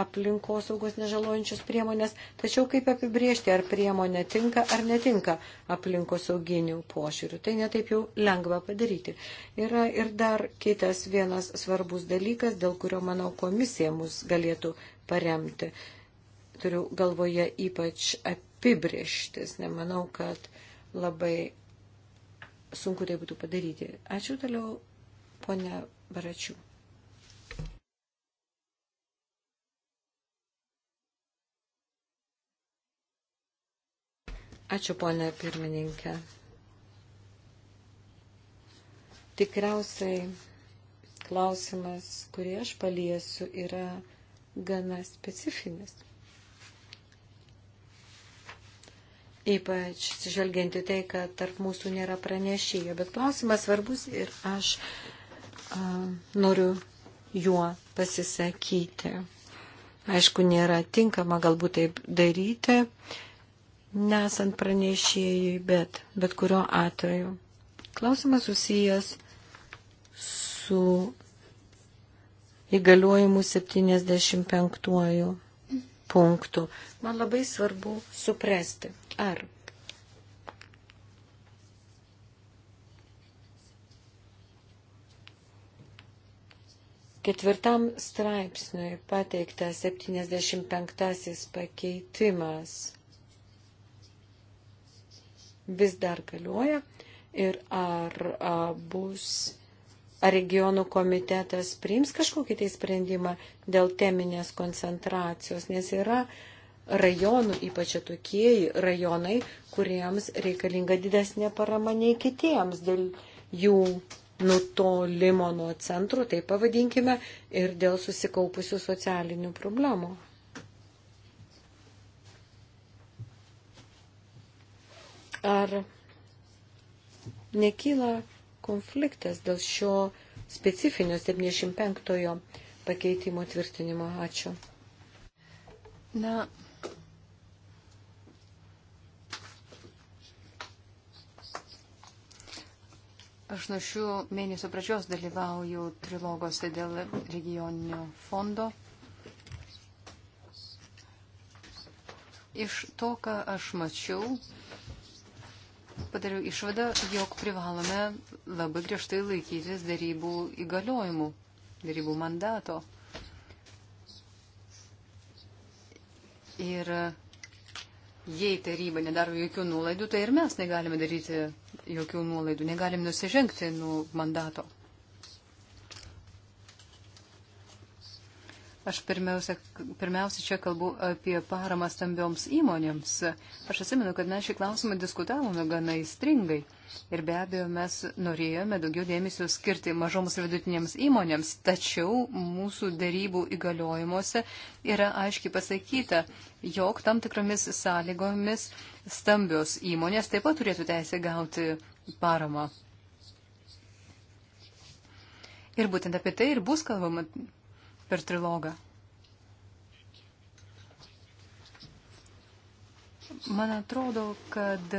aplinkos saugos nežalojančios priemonės, tačiau kaip apibriežti, ar priemonė tinka ar netinka aplinkos sauginių pošiūrių. Tai netaip jau lengva padaryti. Yra ir dar kitas vienas svarbus dalykas, dėl kurio, manau, komisija mus galėtų paremti. Uh, Turiu galvoje ypač apibrieštis. Nemanau, kad labai sunku tai būtų padaryti. Ačiū toliau, ponia Baračių. Ačiū, ponė pirmininkė. Tikriausiai klausimas, kurį aš paliesiu, yra gana specifinis. Ypač žvelgianti tai, kad tarp mūsų nėra pranešėjo, bet klausimas svarbus ir aš a, noriu juo pasisakyti. Aišku, nėra tinkama galbūt taip daryti, nesant pranešėjai, bet, bet kurio atveju. Klausimas susijęs su įgaliojimu 75 punktu. Man labai svarbu suprasti, ECR. Ketvirtam straipsniui pateiktas 75 pakeitimas vis dar galioja ir ar a, bus, ar regionų komitetas priims kažkokį tai sprendimą dėl teminės koncentracijos, nes yra a, rajonų, ypač tokieji rajonai, kuriems reikalinga didesnė parama nei kitiems dėl jų nutolimo nuo centrų, tai pavadinkime, ir dėl susikaupusių socialinių problemų. Ar nekyla konfliktas dėl šio specifinio 75 pakeitimo tvirtinimo? Ačiū. Na, Aš nuo šių mėnesių pradžios dalyvauju trilogose dėl regioninio fondo. Iš to, ką aš mačiau, padariau išvadą, jog privalome labai griežtai laikytis darybų įgaliojimų, darybų mandato. Ir jei taryba nedaro jokių nuolaidų, tai ir mes negalime daryti jokių nuolaidų, negalime nusižengti nuo mandato. Aš pirmiausia, pirmiausia čia kalbu apie paramą stambioms įmonėms. Aš atsimenu, kad mes šį klausimą diskutavome gana įstringai. Ir be abejo, mes norėjome daugiau dėmesio skirti mažoms ir vidutinėms įmonėms, tačiau mūsų darybų įgaliojimuose yra aiškiai pasakyta, jog tam tikromis sąlygomis stambios įmonės taip pat turėtų teisę gauti paramą. Ir būtent apie tai ir bus kalbama per trilogą. Man atrodo, kad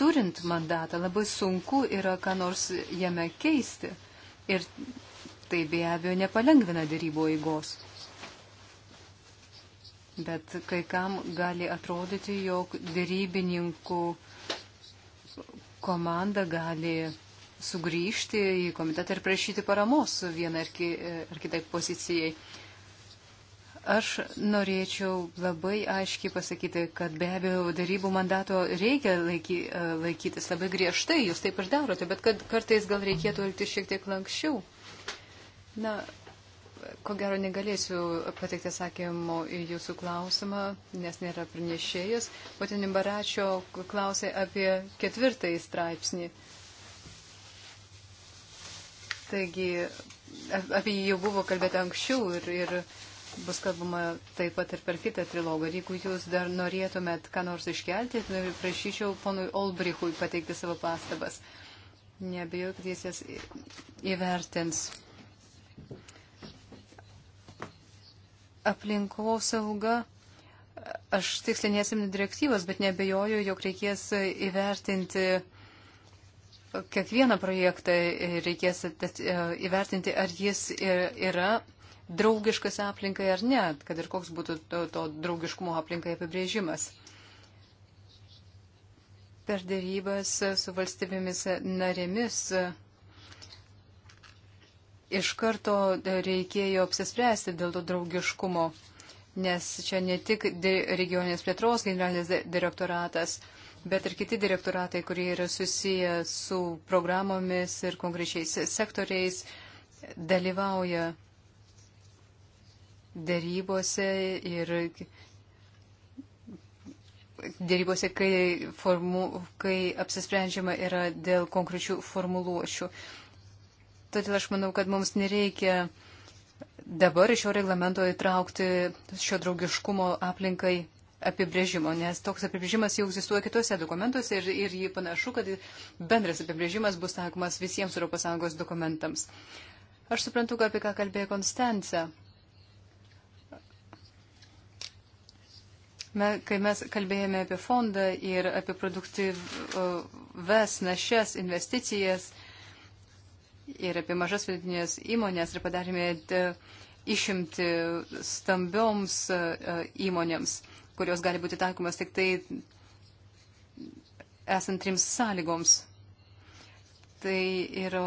turint mandatą, labai sunku yra ką nors jame keisti. Ir tai be abejo nepalengvina dėrybo eigos. Bet kai kam gali atrodyti, jog dėrybininkų komanda gali sugrįžti į komitetą ir prašyti paramos vieną ar, ki, ar kitai pozicijai. Aš norėčiau labai aiškiai pasakyti, kad be abejo darybų mandato reikia laiky, e, laikytis labai griežtai, jūs taip ir darote, bet kad kartais gal reikėtų elgtis šiek tiek lankščiau. Na, ko gero negalėsiu pateikti atsakymo į jūsų klausimą, nes nėra pranešėjas. Potin Imbaračio klausė apie ketvirtąjį straipsnį. Taigi, apie jį jau buvo kalbėta anksčiau ir. ir bus kalbama taip pat ir per kitą trilogą. Ir jeigu jūs dar norėtumėt ką nors iškelti, tai prašyčiau ponui Olbrichui pateikti savo pastabas. Nebijau, kad jis jas įvertins. Aplinkosauga. Aš tiksliai nesimnu direktyvos, bet nebejoju, jog reikės įvertinti kiekvieną projektą, reikės įvertinti, ar jis yra draugiškas aplinkai ar ne, kad ir koks būtų to, to draugiškumo aplinkai apibrėžimas. Per dėrybas su valstybėmis narėmis iš karto reikėjo apsispręsti dėl to draugiškumo, nes čia ne tik regioninės plėtros generalinis direktoratas, bet ir kiti direktoratai, kurie yra susiję su programomis ir konkrečiais sektoriais, dalyvauja dėrybose ir dėrybose, kai, formu, kai apsisprendžiama yra dėl konkrečių formuluočių. Todėl aš manau, kad mums nereikia dabar iš šio reglamento įtraukti šio draugiškumo aplinkai apibrėžimo, nes toks apibrėžimas jau egzistuoja kitose dokumentuose ir, ir jį panašu, kad bendras apibrėžimas bus taikomas visiems ES dokumentams. Aš suprantu, apie ką kalbėjo Konstancija. kai mes kalbėjome apie fondą ir apie produktyves našias investicijas ir apie mažas vidinės įmonės ir padarėme e, išimti stambioms e, e, įmonėms, kurios gali būti taikomas tik tai esant trims sąlygoms. Tai yra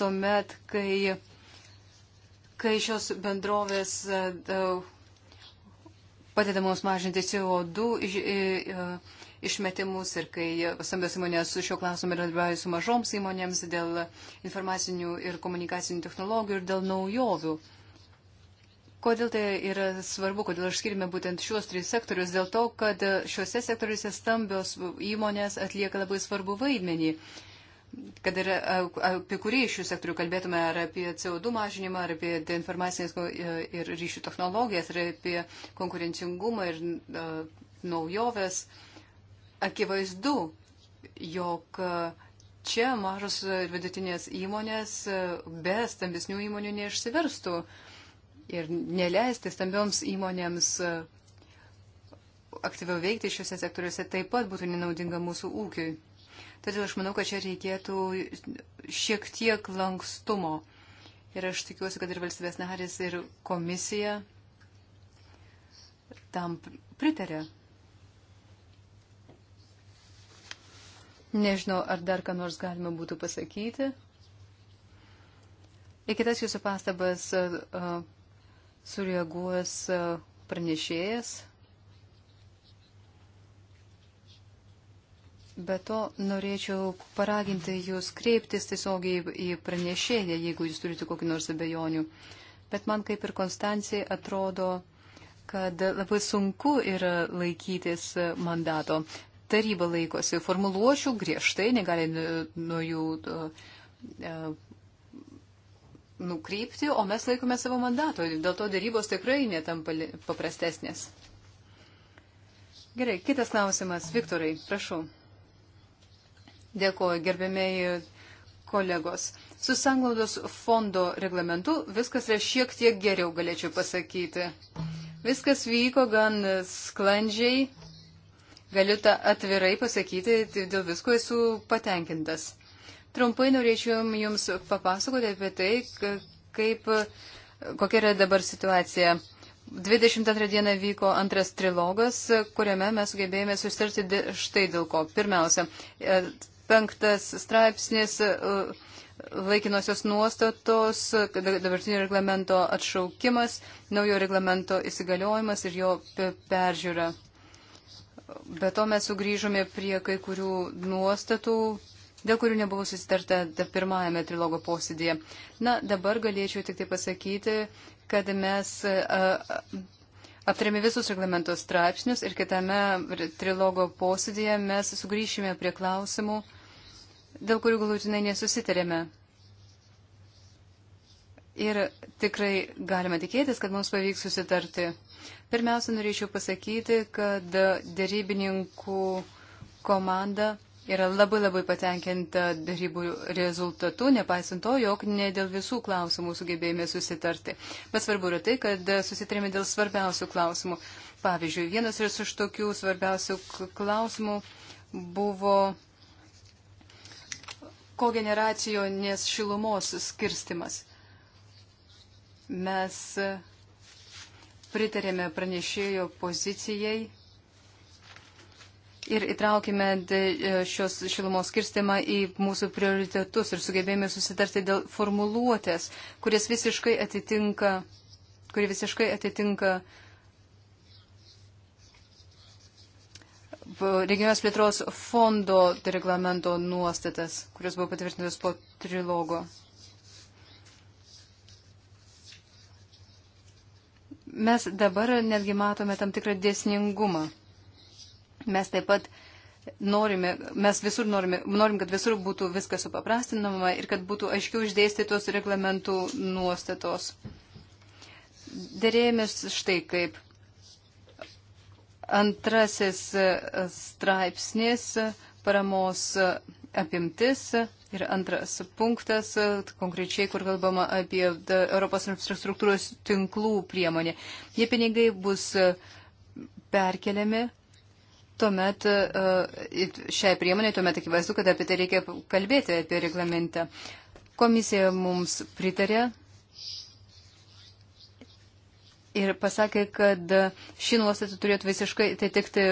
tuomet, kai, kai šios bendrovės daug padeda mums mažinti CO2 išmetimus ir kai stambios įmonės su šio klausimu bendradarbiauja su mažoms įmonėms dėl informacinių ir komunikacinių technologijų ir dėl naujovių. Kodėl tai yra svarbu, kodėl išskirime būtent šiuos tris sektorius? Dėl to, kad šiuose sektoriuose stambios įmonės atlieka labai svarbu vaidmenį. Uh, kad ir e, apie kurį iš šių sektorių kalbėtume, ar apie CO2 mažinimą, ar apie informacinės e, ir ryšių technologijas, ar apie konkurencingumą ir e, naujoves, akivaizdu, jog čia mažos ir vidutinės įmonės be stambesnių įmonių neišsiverstų ir neleisti stambioms įmonėms aktyviau veikti šiuose sektoriuose taip pat būtų nenaudinga mūsų ūkiui. Todėl aš manau, kad čia reikėtų šiek tiek lankstumo. Ir aš tikiuosi, kad ir valstybės narės, ir komisija tam pritarė. Nežinau, ar dar ką nors galima būtų pasakyti. Į kitas jūsų pastabas uh, sureaguos uh, pranešėjas. Be to, norėčiau paraginti jūs kreiptis tiesiogiai į pranešėją, jeigu jūs turite kokį nors abejonių. Bet man kaip ir Konstancijai atrodo, kad labai sunku yra laikytis mandato. Taryba laikosi formuluošių griežtai, negali nu, nuo jų e, nukrypti, o mes laikome savo mandato. Dėl to darybos tikrai netampa paprastesnės. Gerai, kitas klausimas. Viktorai, prašau. Dėkuoju, gerbėmėjai kolegos. Su sanglaudos fondo reglamentu viskas yra šiek tiek geriau, galėčiau pasakyti. Viskas vyko gan sklandžiai. Galiu tą atvirai pasakyti, tai dėl visko esu patenkintas. Trumpai norėčiau Jums papasakoti apie tai, kaip, kokia yra dabar situacija. 22 dieną vyko antras trilogas, kuriame mes sugebėjome susitarti štai dėl ko. Pirmiausia, e, penktas straipsnis laikinosios e, nuostatos, dabartinio reglamento atšaukimas, naujo reglamento įsigaliojimas ir jo peržiūra. Be to mes sugrįžome prie kai kurių nuostatų, dėl kurių nebuvo susitarta pirmajame trilogo posėdėje. Na, dabar galėčiau tik tai pasakyti, kad mes e, aptarėme visus reglamento straipsnius ir kitame trilogo posėdėje mes sugrįšime prie klausimų, dėl kurių galutinai nesusitarėme. Ir tikrai galime tikėtis, kad mums pavyks susitarti. Pirmiausia, norėčiau pasakyti, kad dėrybininkų komanda yra labai labai patenkinta darybų rezultatu, nepaisant to, jog ne dėl visų klausimų sugebėjome susitarti. Bet svarbu yra tai, kad susitarėme dėl svarbiausių klausimų. Pavyzdžiui, vienas iš tokių svarbiausių klausimų buvo kogeneracijonės šilumos skirstimas. Mes pritarėme pranešėjo pozicijai ir įtraukime e, šios šilumos skirstimą į mūsų prioritetus ir sugebėjome susitarti dėl formuluotės, kuris visiškai atitinka, kuri visiškai atitinka regionės plėtros fondo reglamento nuostatas, kuris buvo patvirtintas po trilogo. Mes dabar netgi matome tam tikrą dėsningumą. Mes taip pat norime, mes visur norime, norim, kad visur būtų viskas supaprastinama ir kad būtų aiškiau išdėstytos reglamentų nuostatos. Dėrėjomės štai kaip. Antrasis e, straipsnis e, paramos e, apimtis ir antras punktas, konkrečiai, kur kalbama apie Europos infrastruktūros tinklų priemonę. Jie pinigai bus perkeliami tuomet e, šiai priemonė, tuomet akivaizdu, kad apie tai reikia kalbėti, apie reglamentą. Komisija mums pritarė ir pasakė, kad ši nuostata turėtų visiškai atitikti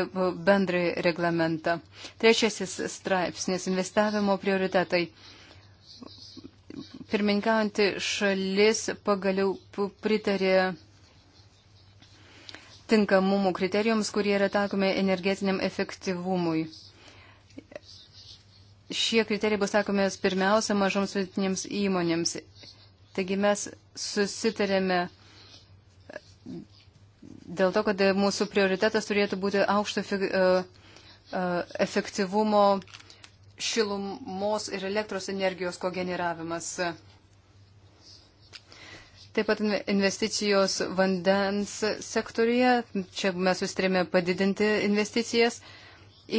bendrai reglamentą. Trečiasis straipsnis - investavimo prioritetai. Pirmininkaujantį šalis pagaliau pritarė tinkamumo kriterijams, kurie yra taikomi energetiniam efektyvumui. Šie kriterijai bus taikomi pirmiausia mažoms vidutinėms įmonėms. Taigi mes susitarėme dėl to, kad mūsų prioritetas turėtų būti aukšto e, e, efektyvumo šilumos ir elektros energijos kogeneravimas. generavimas. Taip pat investicijos vandens sektorija, čia mes sustrėmė padidinti investicijas.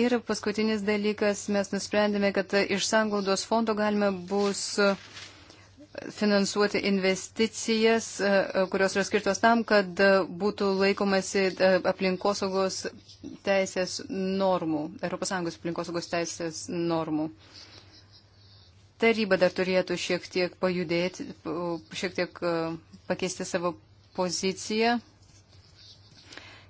Ir paskutinis dalykas, mes nusprendėme, kad iš sanglaudos fondo galime bus finansuoti investicijas, e, kurios yra skirtos tam, kad būtų laikomasi e, aplinkosaugos teisės normų, ES aplinkosaugos teisės normų taryba dar turėtų šiek tiek pajudėti, šiek tiek e, pakeisti savo poziciją,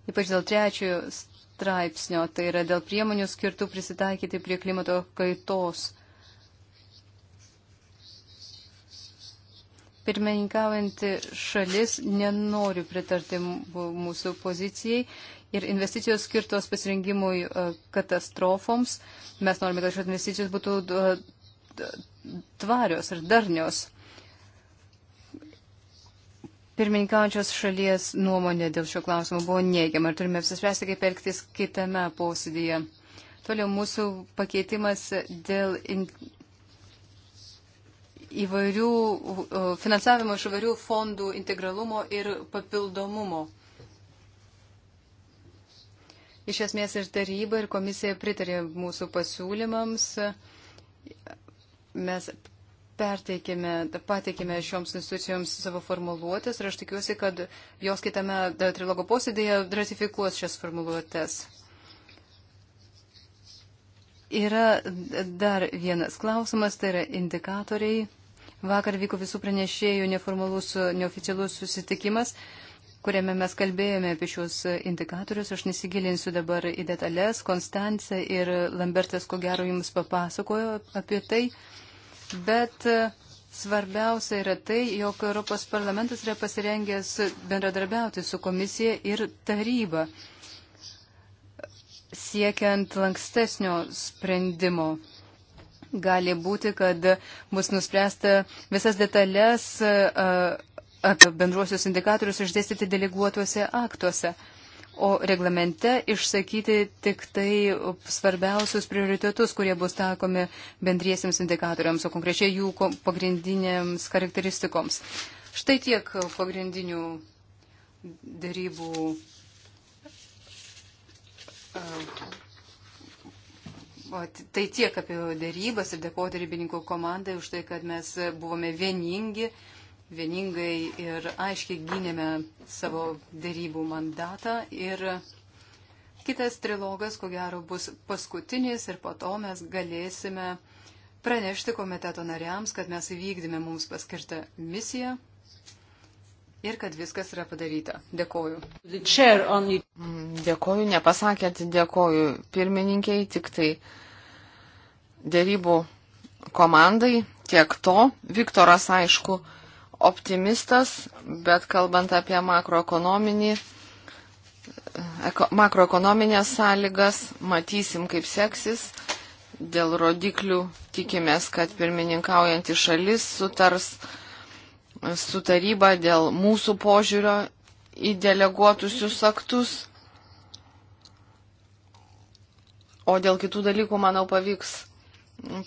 ypač dėl trečiojo straipsnio, tai yra dėl priemonių skirtų prisitaikyti prie klimato kaitos. Pirmininkaujanti šalis nenori pritarti mūsų pozicijai ir investicijos skirtos pasirengimui e, katastrofoms. Mes norime, kad šios investicijos būtų e, tvarios ir darnios. Pirmininkaujančios šalies nuomonė dėl šio klausimo buvo neigiama ir turime apsispręsti, kaip elgtis kitame posėdėje. Toliau mūsų pakeitimas dėl in... įvairių finansavimo iš įvairių fondų integralumo ir papildomumo. Iš esmės ir taryba, ir komisija pritarė mūsų pasiūlymams mes perteikėme, pateikėme šioms institucijoms savo formuluotės ir aš tikiuosi, kad jos kitame trilogo posėdėje ratifikuos šias formuluotės. Yra dar vienas klausimas, tai yra indikatoriai. Vakar vyko visų pranešėjų neformalus, neoficialus susitikimas, kuriame mes kalbėjome apie šios indikatorius. Aš nesigilinsiu dabar į detalės. Konstancija ir Lambertas, ko gero, jums papasakojo apie tai. Uh, bet e, svarbiausia yra tai, jog Europos parlamentas yra pasirengęs bendradarbiauti su komisija ir taryba siekiant lankstesnio sprendimo. Gali būti, kad bus nuspręsta visas detalės e, e, apie bendruosius indikatorius išdėstyti deleguotuose aktuose o reglamente išsakyti tik tai svarbiausius prioritetus, kurie bus takomi bendriesiams indikatoriams, o konkrečiai jų pagrindinėms charakteristikoms. Štai tiek pagrindinių dėrybų O tai tiek apie dėrybas ir dėkoju dėrybininkų komandai už tai, kad mes buvome vieningi vieningai ir aiškiai gynėme savo dėrybų mandatą ir kitas trilogas, ko gero, bus paskutinis ir po to mes galėsime pranešti komiteto nariams, kad mes įvykdėme mums paskirtą misiją ir kad viskas yra padaryta. Dėkoju. Dėkoju, nepasakėt dėkoju pirmininkiai, tik tai dėrybų komandai, tiek to. Viktoras, aišku, optimistas, bet kalbant apie makroekonominį, eko, makroekonominės sąlygas, matysim, kaip seksis. Dėl rodiklių tikimės, kad pirmininkaujantį šalis sutars su taryba dėl mūsų požiūrio į deleguotusius aktus. O dėl kitų dalykų, manau, pavyks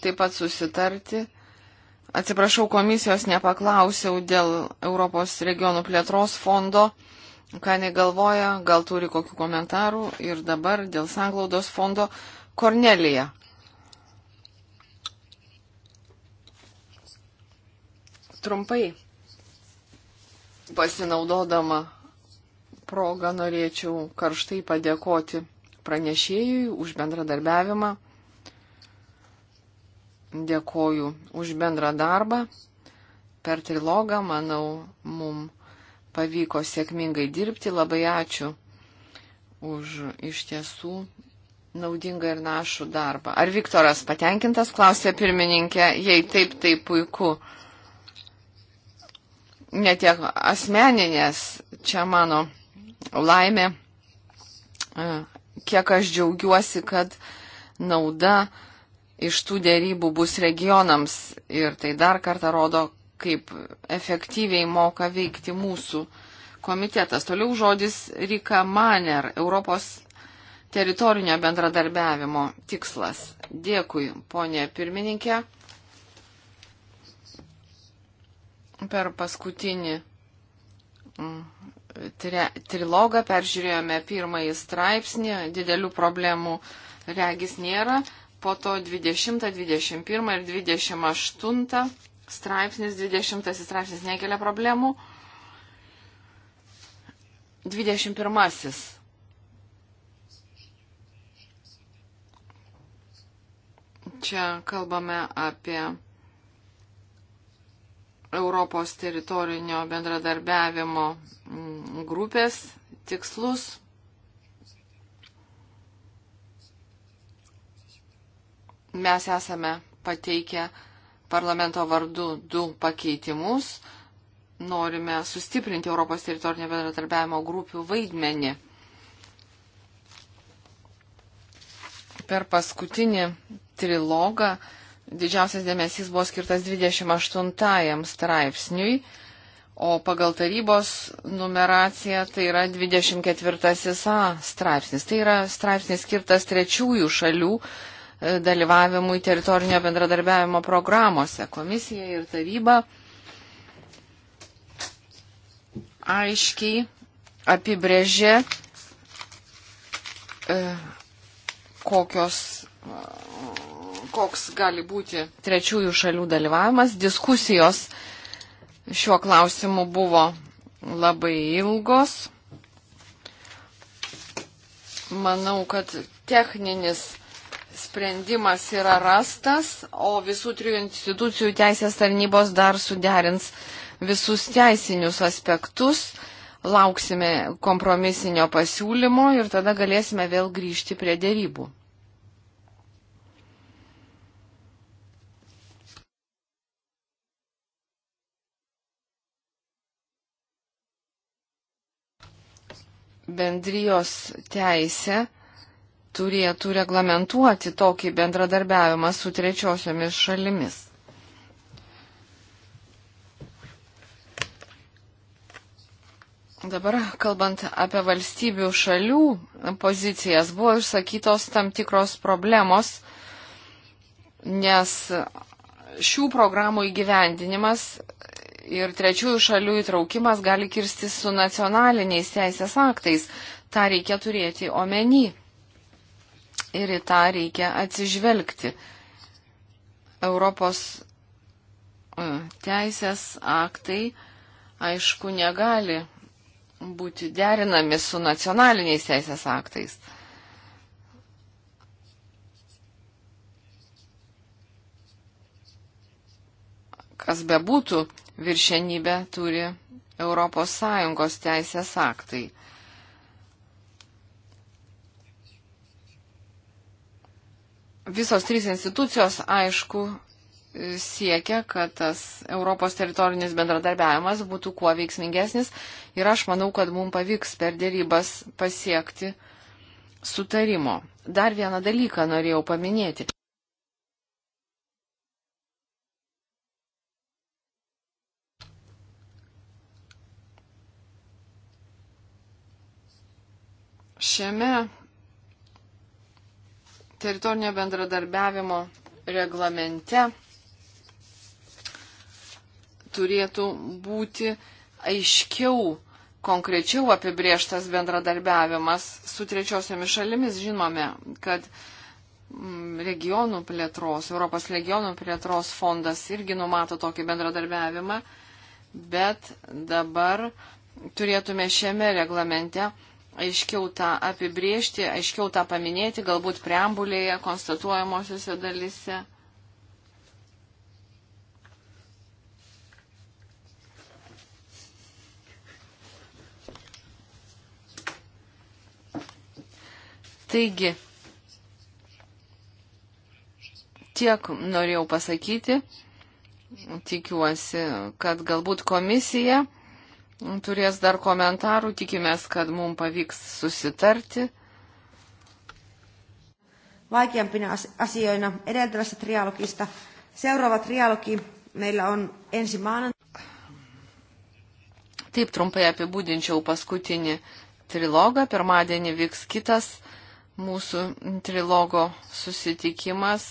taip pat susitarti. Atsiprašau, komisijos nepaklausiau dėl Europos regionų plėtros fondo, ką negalvoja, gal turi kokių komentarų ir dabar dėl sanglaudos fondo Kornelija. Trumpai pasinaudodama progą norėčiau karštai padėkoti pranešėjui už bendradarbiavimą dėkoju už bendrą darbą. Per trilogą, manau, mum pavyko sėkmingai dirbti. Labai ačiū už iš tiesų naudingą ir našų darbą. Ar Viktoras patenkintas, klausė pirmininkė, jei taip, tai puiku. Netiek asmeninės čia mano laimė, e, kiek aš džiaugiuosi, kad nauda uh, iš tų dėrybų bus regionams ir tai dar kartą rodo, kaip efektyviai moka veikti mūsų komitetas. Toliau žodis Rika Maner, Europos teritorinio bendradarbiavimo tikslas. Dėkui, ponė pirmininkė. Per paskutinį mm, tri trilogą peržiūrėjome pirmąjį straipsnį, didelių problemų regis nėra po to 20, 21 ir 28 straipsnis, 20 straipsnis nekelia problemų. 21. Čia kalbame apie Europos teritorinio bendradarbiavimo mm, grupės tikslus, Mes esame pateikę parlamento vardu du pakeitimus. Norime sustiprinti Europos teritorinio bendradarbiavimo grupių vaidmenį. Per paskutinį trilogą didžiausias dėmesys buvo skirtas 28 straipsniui, o pagal tarybos numeraciją tai yra 24a straipsnis. Tai yra straipsnis skirtas trečiųjų šalių dalyvavimui teritorinio bendradarbiavimo programuose. Komisija ir taryba aiškiai apibrėžė, e, kokios, koks gali būti trečiųjų šalių dalyvavimas. Diskusijos šiuo klausimu buvo labai ilgos. Manau, kad techninis sprendimas yra rastas, o visų trijų institucijų teisės tarnybos dar suderins visus teisinius aspektus. Lauksime kompromisinio pasiūlymo ir tada galėsime vėl grįžti prie dėrybų. Bendrijos teisė turėtų reglamentuoti tokį bendradarbiavimą su trečiosiomis šalimis. Dabar, kalbant apie valstybių šalių pozicijas, buvo išsakytos tam tikros problemos, nes šių programų įgyvendinimas ir trečiųjų šalių įtraukimas gali kirsti su nacionaliniais teisės aktais. Ta reikia turėti omeny ir į tą reikia atsižvelgti. Europos e, teisės aktai, aišku, negali būti derinami su nacionaliniais teisės aktais. Kas bebūtų, viršenybę turi ES teisės aktai. visos trys institucijos, aišku, siekia, kad tas Europos teritorinis bendradarbiavimas būtų kuo veiksmingesnis ir aš manau, kad mums pavyks per dėrybas pasiekti sutarimo. Dar vieną dalyką norėjau paminėti. Šiame teritorinio bendradarbiavimo reglamente turėtų būti aiškiau, konkrečiau apibrieštas bendradarbiavimas su trečiosiomis šalimis. Žinome, kad mm, regionų plėtros, Europos regionų plėtros fondas irgi numato tokį bendradarbiavimą, bet dabar turėtume šiame reglamente aiškiau tą apibriežti, aiškiau tą paminėti, galbūt preambulėje, konstatuojamosiose dalise. Taigi, tiek norėjau pasakyti. Tikiuosi, kad galbūt komisija turės dar komentarų, tikimės, kad mums pavyks susitarti. Vaikeampina asioina edeltävästä trialogista. Seuraava trialogi meillä on ensi maanantaina. Taip trumpai apibūdinčiau paskutinį trilogą. Pirmadienį vyks kitas mūsų trilogo susitikimas.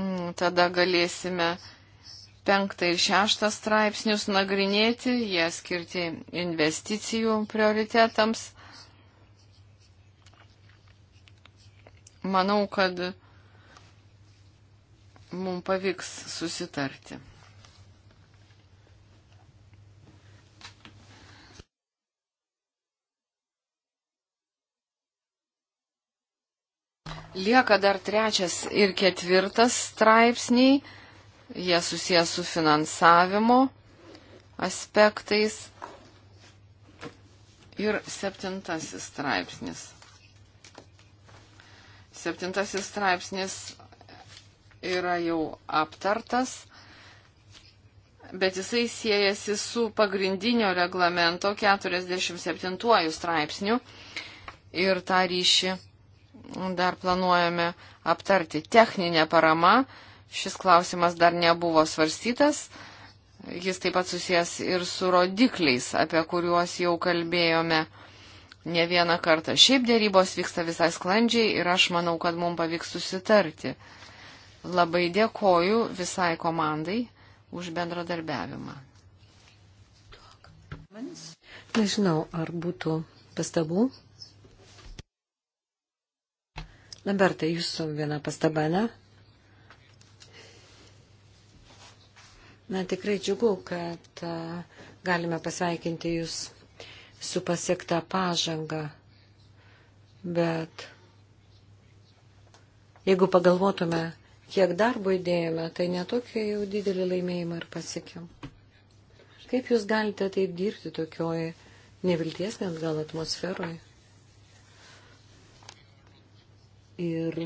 Mm, tada galėsime penktą ir šeštą straipsnius nagrinėti, jie skirti investicijų prioritetams. Manau, kad mums pavyks susitarti. Lieka dar trečias ir ketvirtas straipsniai Jie susijęs su finansavimo aspektais. Ir septintasis straipsnis. Septintasis straipsnis yra jau aptartas, bet jisai siejasi su pagrindinio reglamento 47 straipsniu ir tą ryšį dar planuojame aptarti. Techninė parama Šis klausimas dar nebuvo svarstytas. Jis taip pat susijęs ir su rodikliais, apie kuriuos jau kalbėjome ne vieną kartą. Šiaip dėrybos vyksta visai sklandžiai ir aš manau, kad mums pavyks susitarti. Labai dėkoju visai komandai už bendradarbiavimą. Nežinau, ar būtų pastabų. Lambertai, jūsų viena pastaba, ne? Na, tikrai džiugu, kad galime pasveikinti Jūs su pasiektą pažangą, bet jeigu pagalvotume, kiek darbo įdėjome, tai netokia jau didelį laimėjimą ir pasiekėm. Kaip jūs galite taip dirbti tokioj nevilties net gal atmosferoje? Ir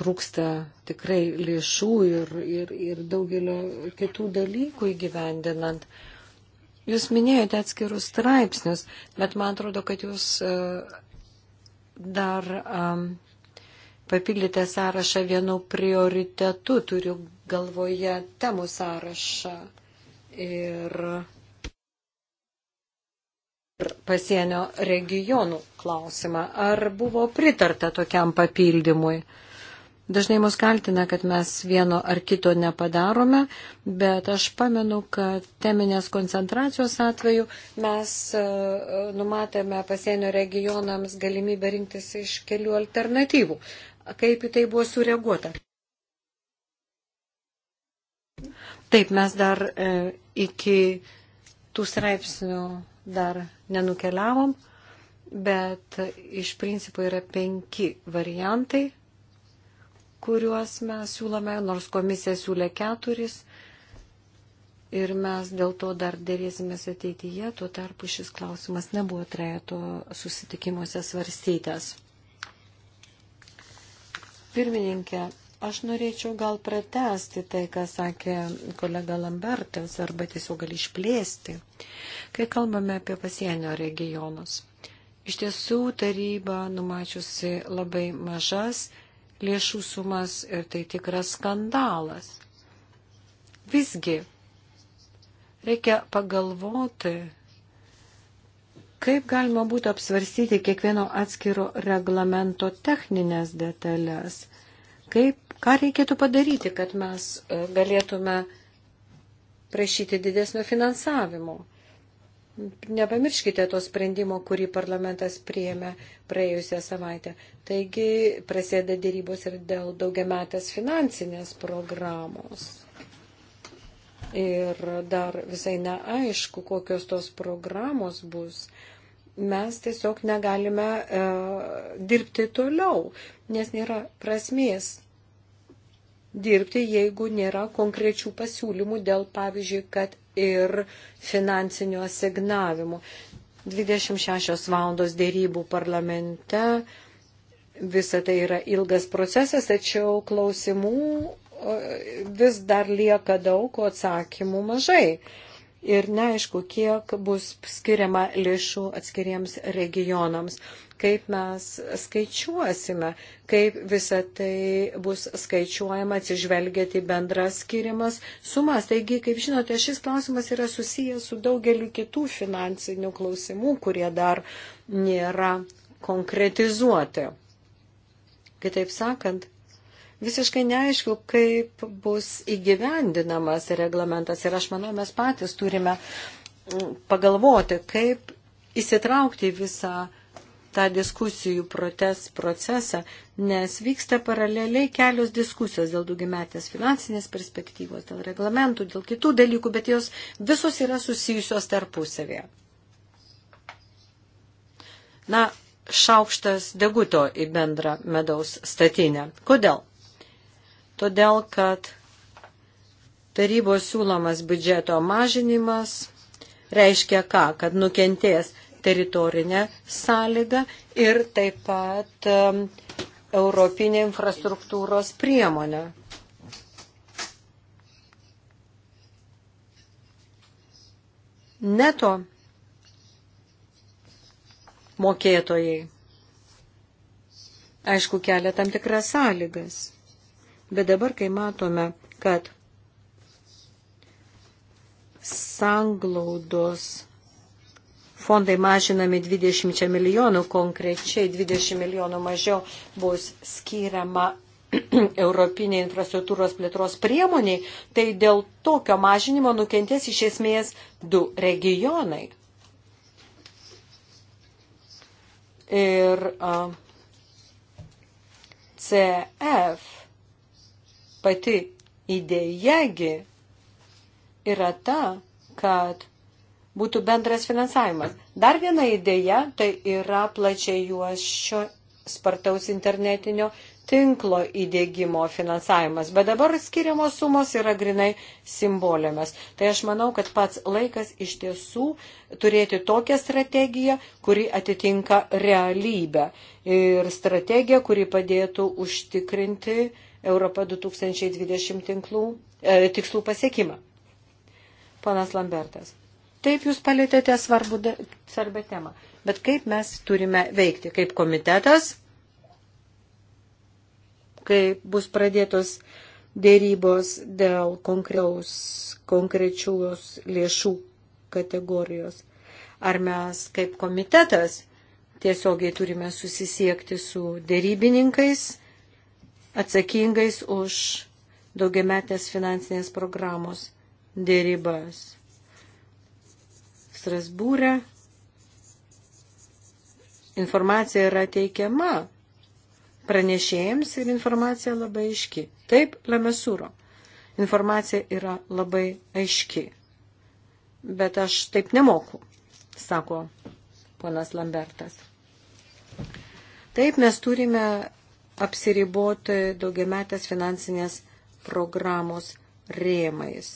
trūksta tikrai lėšų ir, ir, ir daugelio kitų dalykų įgyvendinant. Jūs minėjote atskirus straipsnius, bet man atrodo, kad jūs e, dar um, papildėte sąrašą vienu prioritetu, turiu galvoje temų sąrašą ir pasienio regionų klausimą. Ar buvo pritarta tokiam papildymui? Uh, Dažnai mus kaltina, kad mes vieno ar kito nepadarome, bet aš pamenu, kad teminės koncentracijos atveju mes e, numatėme pasienio regionams galimybę rinktis iš kelių alternatyvų. Kaip į tai buvo sureaguota? Taip, mes dar e, iki tų straipsnių dar nenukeliavom, bet iš principo yra penki variantai kuriuos mes siūlome, nors komisija siūlė keturis ir mes dėl to dar dėrėsimės ateityje, tuo tarpu šis klausimas nebuvo trejato susitikimuose svarstytas. Pirmininkė, aš norėčiau gal pratesti tai, ką sakė kolega Lambertas, arba tiesiog gal išplėsti, kai kalbame apie pasienio regionus. Iš tiesų taryba numačiusi labai mažas lėšų sumas ir tai tikras skandalas. Visgi reikia pagalvoti, kaip galima būtų apsvarstyti kiekvieno atskiro reglamento techninės detalės, kaip, ką reikėtų padaryti, kad mes e, galėtume prašyti didesnio finansavimo. Nepamirškite to sprendimo, kurį parlamentas priėmė praėjusią savaitę. Taigi prasideda dėrybos ir dėl daugiametės finansinės programos. Ir dar visai neaišku, kokios tos programos bus. Mes tiesiog negalime e, dirbti toliau, nes nėra prasmės dirbti, jeigu nėra konkrečių pasiūlymų dėl, pavyzdžiui, kad ir finansinio asignavimo. 26 valandos dėrybų parlamente. Visa tai yra ilgas procesas, tačiau klausimų vis dar lieka daug, o atsakymų mažai. Ir neaišku, kiek bus skiriama lėšų atskiriems regionams kaip mes skaičiuosime, kaip visa tai bus skaičiuojama atsižvelgiant į bendras skiriamas sumas. Taigi, kaip žinote, šis klausimas yra susijęs su daugeliu kitų finansinių klausimų, kurie dar nėra konkretizuoti. Kitaip sakant, visiškai neaišku, kaip bus įgyvendinamas reglamentas ir aš manau, mes patys turime pagalvoti, kaip įsitraukti visą tą diskusijų protes procesą, nes vyksta paraleliai kelios diskusijos dėl daugiametės finansinės perspektyvos, dėl reglamentų, dėl kitų dalykų, bet jos visos yra susijusios tarpusavėje. Na, šaukštas deguto į bendrą medaus statinę. Kodėl? Todėl, kad tarybos siūlomas biudžeto mažinimas reiškia ką? Kad nukentės teritorinę sąlygą ir taip pat um, Europinė infrastruktūros priemonė. Neto mokėtojai, aišku, kelia tam tikras sąlygas. Bet dabar, kai matome, kad sanglaudos fondai mažinami 20 milijonų, konkrečiai 20 milijonų mažiau bus skiriama [clears throat] Europinė infrastruktūros plėtros priemoniai, tai dėl tokio mažinimo nukentės iš esmės du regionai. Ir uh, CF pati idėjagi yra ta, kad būtų bendras finansavimas. Dar viena idėja tai yra plačiai juoščio spartaus internetinio tinklo įdėgymo finansavimas, bet dabar skiriamos sumos yra grinai simbolėmis. Tai aš manau, kad pats laikas iš tiesų turėti tokią strategiją, kuri atitinka realybę ir strategiją, kuri padėtų užtikrinti Europą 2020 tinklų, e, tikslų pasiekimą. Panas Lambertas. Taip jūs palėtėte svarbu, svarbę temą. Bet kaip mes turime veikti? Kaip komitetas, kai bus pradėtos dėrybos dėl konkrečios lėšų kategorijos. Ar mes kaip komitetas tiesiogiai turime susisiekti su dėrybininkais, atsakingais už daugiametės finansinės programos dėrybas? Strasbūrė informacija yra teikiama pranešėjams ir informacija labai aiški. Taip, Lemesūro. Informacija yra labai aiški. Bet aš taip nemoku, sako ponas Lambertas. Taip, mes turime apsiriboti daugiametės finansinės programos rėmais.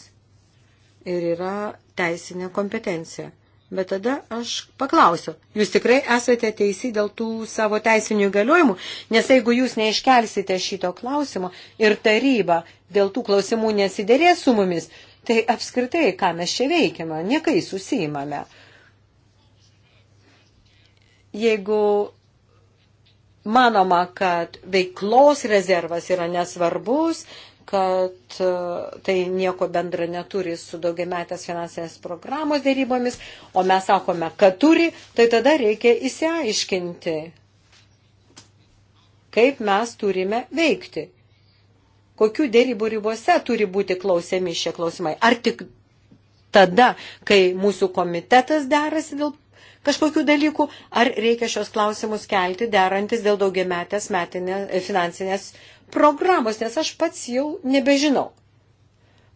Ir yra teisinę kompetenciją. Bet tada aš paklausiu, jūs tikrai esate teisi dėl tų savo teisinių įgaliojimų, nes jeigu jūs neiškelsite šito klausimo ir taryba dėl tų klausimų nesidėrės su mumis, tai apskritai, ką mes čia veikiame, niekai susijimame. Jeigu manoma, kad veiklos rezervas yra nesvarbus, kad e, tai nieko bendra neturi su daugiametės finansinės programos dėrybomis, o mes sakome, kad turi, tai tada reikia įsiaiškinti, kaip mes turime veikti. Kokių dėrybų ribose turi būti klausiami šie klausimai? Ar tik tada, kai mūsų komitetas derasi dėl kažkokių dalykų, ar reikia šios klausimus kelti derantis dėl daugiametės metinės finansinės programos, nes aš pats jau nebežinau.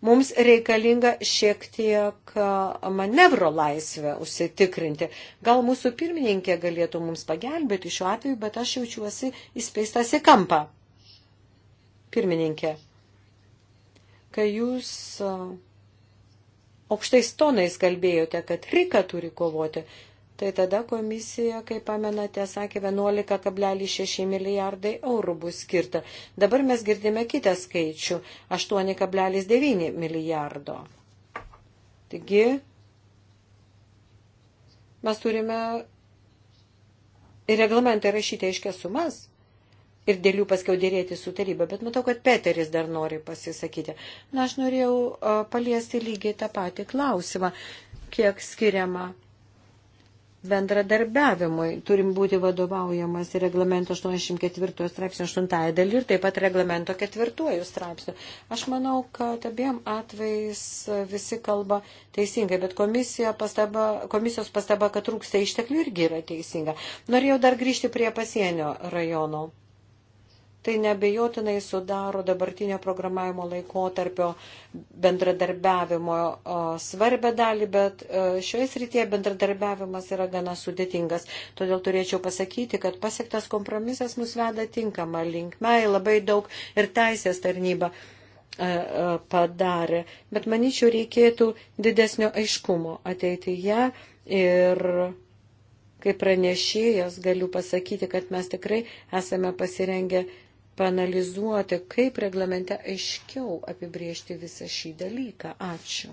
Mums reikalinga šiek tiek manevro laisvę užsitikrinti. Gal mūsų pirmininkė galėtų mums pagelbėti šiuo atveju, bet aš jaučiuosi įspeistas į kampą. Pirmininkė, kai jūs aukštais tonais kalbėjote, kad Rika turi kovoti, tai tada komisija, kaip pamenate, sakė 11,6 milijardai eurų bus skirta. Dabar mes girdime kitą skaičių - 8,9 milijardo. Taigi, mes turime ir reglamentą rašyti aiškias sumas ir dėl jų paskiau dėrėti su taryba, bet matau, kad Peteris dar nori pasisakyti. Na, aš norėjau paliesti lygiai tą patį klausimą, kiek skiriama bendradarbiavimui turim būti vadovaujamas reglamento 84 straipsnio 8 dalį ir taip pat reglamento 4 straipsnio. Aš manau, kad abiem atvejais visi kalba teisingai, bet komisija pastaba, komisijos pastaba, kad trūksta išteklių irgi yra teisinga. Norėjau dar grįžti prie pasienio rajono tai nebejotinai sudaro dabartinio programavimo laikotarpio bendradarbiavimo svarbę dalį, bet šioje srityje bendradarbiavimas yra gana sudėtingas. Todėl turėčiau pasakyti, kad pasiektas kompromisas mus veda tinkamą linkmę, labai daug ir teisės tarnyba e, e, padarė. Bet manyčiau, reikėtų didesnio aiškumo ateityje ir kaip pranešėjas galiu pasakyti, kad mes tikrai esame pasirengę panalizuoti, kaip reglamente aiškiau apibriežti visą šį dalyką. Ačiū.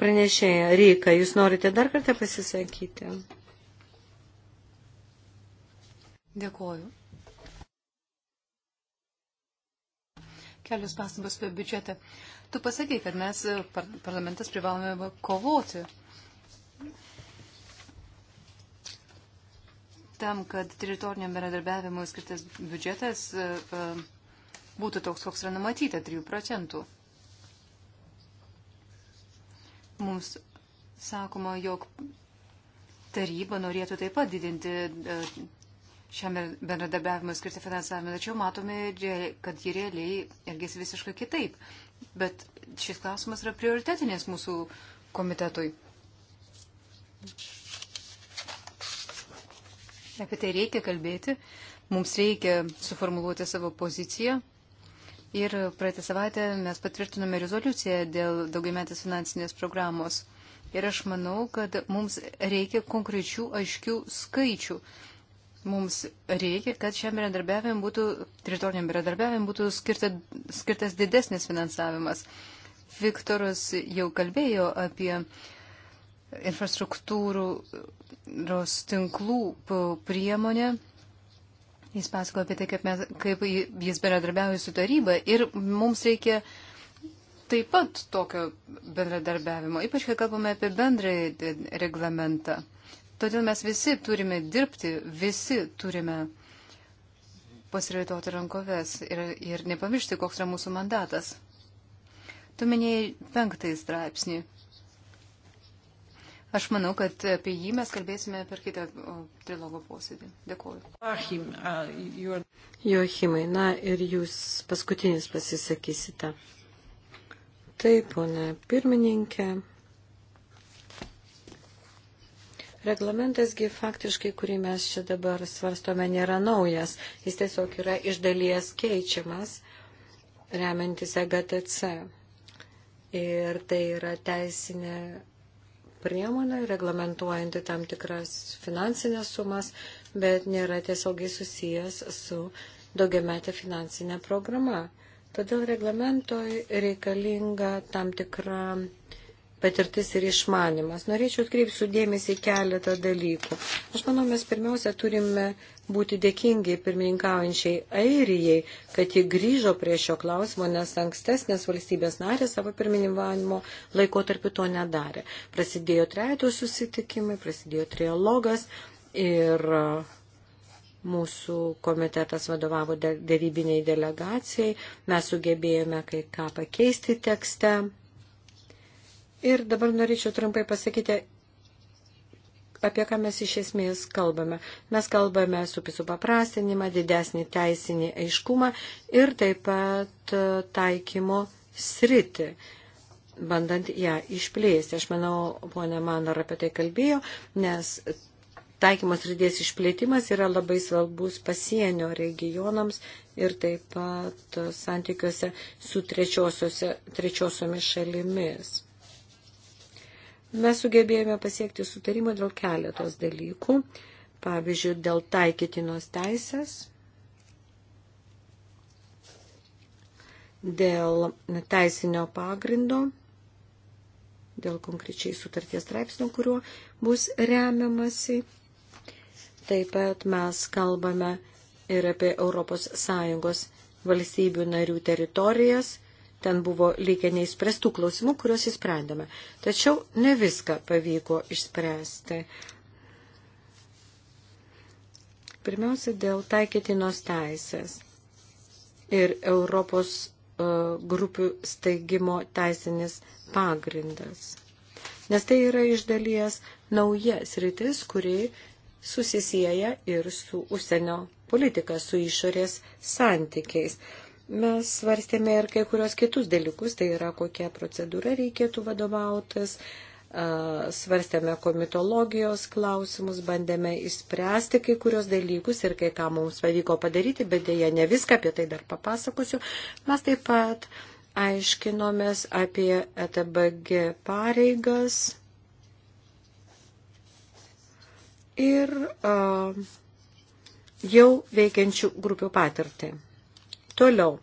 Pranešėja, Ryka, jūs norite dar kartą pasisakyti? Dėkuoju. Kelios pastabos apie biudžetą. Tu pasakai, kad mes, parlamentas, privalome kovoti tam, kad teritoriniam bendradarbiavimui skirtas biudžetas e, e, būtų toks, koks yra numatyta, 3 procentų. Mums sakoma, jog taryba norėtų taip pat didinti e, šiam bendradarbiavimui skirti finansavimą, tačiau matome, kad ji realiai elgesi visiškai kitaip. Bet šis klausimas yra prioritetinis mūsų komitetui. Apie tai reikia kalbėti, mums reikia suformuluoti savo poziciją. Ir praeitą savaitę mes patvirtinome rezoliuciją dėl daugiametės finansinės programos. Ir aš manau, kad mums reikia konkrečių aiškių skaičių. Mums reikia, kad šiam bendradarbiavimui būtų, teritoriniam bendradarbiavimui būtų skirta, skirtas didesnis finansavimas. Viktoras jau kalbėjo apie uh, infrastruktūros tinklų priemonė. Jis pasakojo apie tai, kaip, mes, kaip jis bendradarbiauja su taryba ir mums reikia taip pat tokio bendradarbiavimo, ypač kai kalbame apie bendrąjį reglamentą. Todėl mes visi turime dirbti, visi turime pasiraitoti rankoves ir, ir nepamiršti, koks yra mūsų mandatas. Tu minėjai penktąjį straipsnį. Aš manau, kad apie jį mes kalbėsime per kitą trilogo posėdį. Dėkuoju. Joachimai, na ir jūs paskutinis pasisakysite. Taip, ponė pirmininkė. Reglamentasgi faktiškai, kurį mes čia dabar svarstome, nėra naujas. Jis tiesiog yra iš dalies keičiamas, remiantis EGTC. Ir tai yra teisinė priemonė, reglamentuojanti tam tikras finansinės sumas, bet nėra tiesiogiai susijęs su daugiametė finansinė programa. Todėl reglamentoj reikalinga tam tikra uh, patirtis ir išmanimas. Norėčiau atkreipsiu dėmesį keletą dalykų. Aš manau, mes pirmiausia turime būti dėkingi pirmininkaujančiai Airijai, kad ji grįžo prie šio klausimo, nes ankstesnės valstybės narės savo pirmininkavimo laikotarpiu to nedarė. Prasidėjo trejato susitikimai, prasidėjo trialogas ir mūsų komitetas vadovavo dėrybiniai delegacijai, mes sugebėjome kai ką pakeisti tekste Ir dabar norėčiau trumpai pasakyti, apie ką mes iš esmės kalbame. Mes kalbame su pisų paprastinimą, didesnį teisinį aiškumą ir taip pat e, taikymo sritį bandant ją išplėsti. Aš manau, ponė Manar apie tai kalbėjo, nes taikymos rydės išplėtimas yra labai svarbus pasienio regionams ir taip pat santykiuose su trečiosiomis šalimis. Mes sugebėjome pasiekti sutarimą dėl keletos dalykų, pavyzdžiui, dėl taikytinos teisės, dėl teisinio pagrindo, dėl konkrečiai sutarties straipsnio, kuriuo bus remiamasi. Taip pat mes kalbame ir apie ES valstybių narių teritorijas Ten buvo likę neįspręstų klausimų, kuriuos įsprendėme. Tačiau ne viską pavyko išspręsti. Pirmiausia, dėl taikytinos teisės ir Europos e, grupių steigimo teisinis pagrindas. Nes tai yra iš dalies naujas rytis, kuri susisieja ir su užsienio politika, su išorės santykiais. Mes svarstėme ir kai kurios kitus dalykus, tai yra kokia procedūra reikėtų vadovautis, svarstėme komitologijos klausimus, bandėme įspręsti kai kurios dalykus ir kai ką mums pavyko padaryti, bet dėja ne viską, apie tai dar papasakosiu. Mes taip pat aiškinomės apie ETBG pareigas ir uh, jau veikiančių grupių patirtį. Toliau.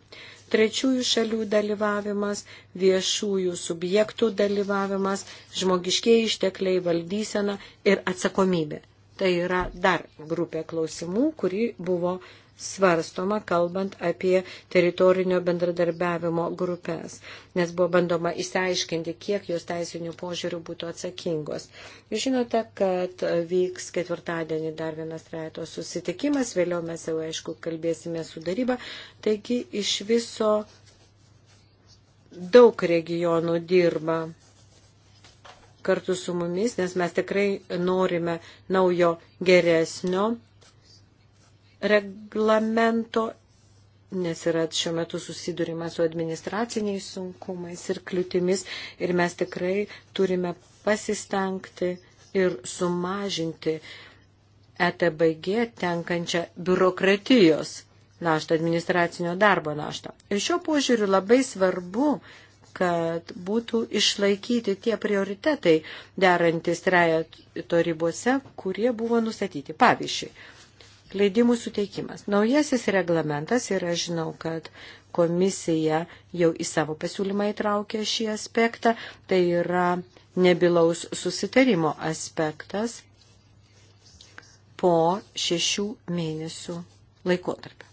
Trečiųjų šalių dalyvavimas, viešųjų subjektų dalyvavimas, žmogiškieji ištekliai, valdysena ir atsakomybė. Tai yra dar grupė klausimų, kuri buvo svarstoma, kalbant apie teritorinio bendradarbiavimo grupės, nes buvo bandoma įsiaiškinti, kiek jos teisinių požiūrių būtų atsakingos. Jūs žinote, kad vyks ketvirtadienį dar vienas reito susitikimas, vėliau mes jau aišku kalbėsime su daryba, taigi iš viso daug regionų dirba kartu su mumis, nes mes tikrai norime naujo geresnio reglamento, nes yra šiuo metu susidurima su administraciniais sunkumais ir kliūtimis ir mes tikrai turime pasistengti ir sumažinti ETBG tenkančią biurokratijos naštą, administracinio darbo naštą. Ir šiuo požiūriu labai svarbu, kad būtų išlaikyti tie prioritetai derantis trejato ribose, kurie buvo nustatyti. Pavyzdžiui, leidimų suteikimas. Naujasis reglamentas ir aš žinau, kad komisija jau į savo pasiūlymą įtraukė šį aspektą, tai yra nebilaus susitarimo aspektas po šešių mėnesių laikotarpio.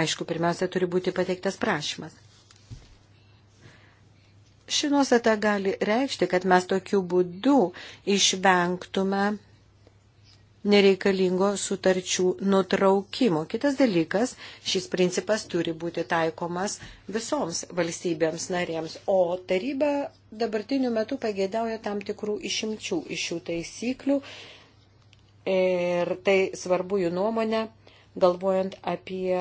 Aišku, pirmiausia, turi būti pateiktas prašymas. Ši nuostata gali reikšti, kad mes tokiu būdu išvengtume nereikalingo sutarčių nutraukimo. Kitas dalykas, šis principas turi būti taikomas visoms valstybėms narėms, o taryba dabartiniu metu pagėdauja tam tikrų išimčių iš šių taisyklių ir tai svarbu jų nuomonė, galvojant apie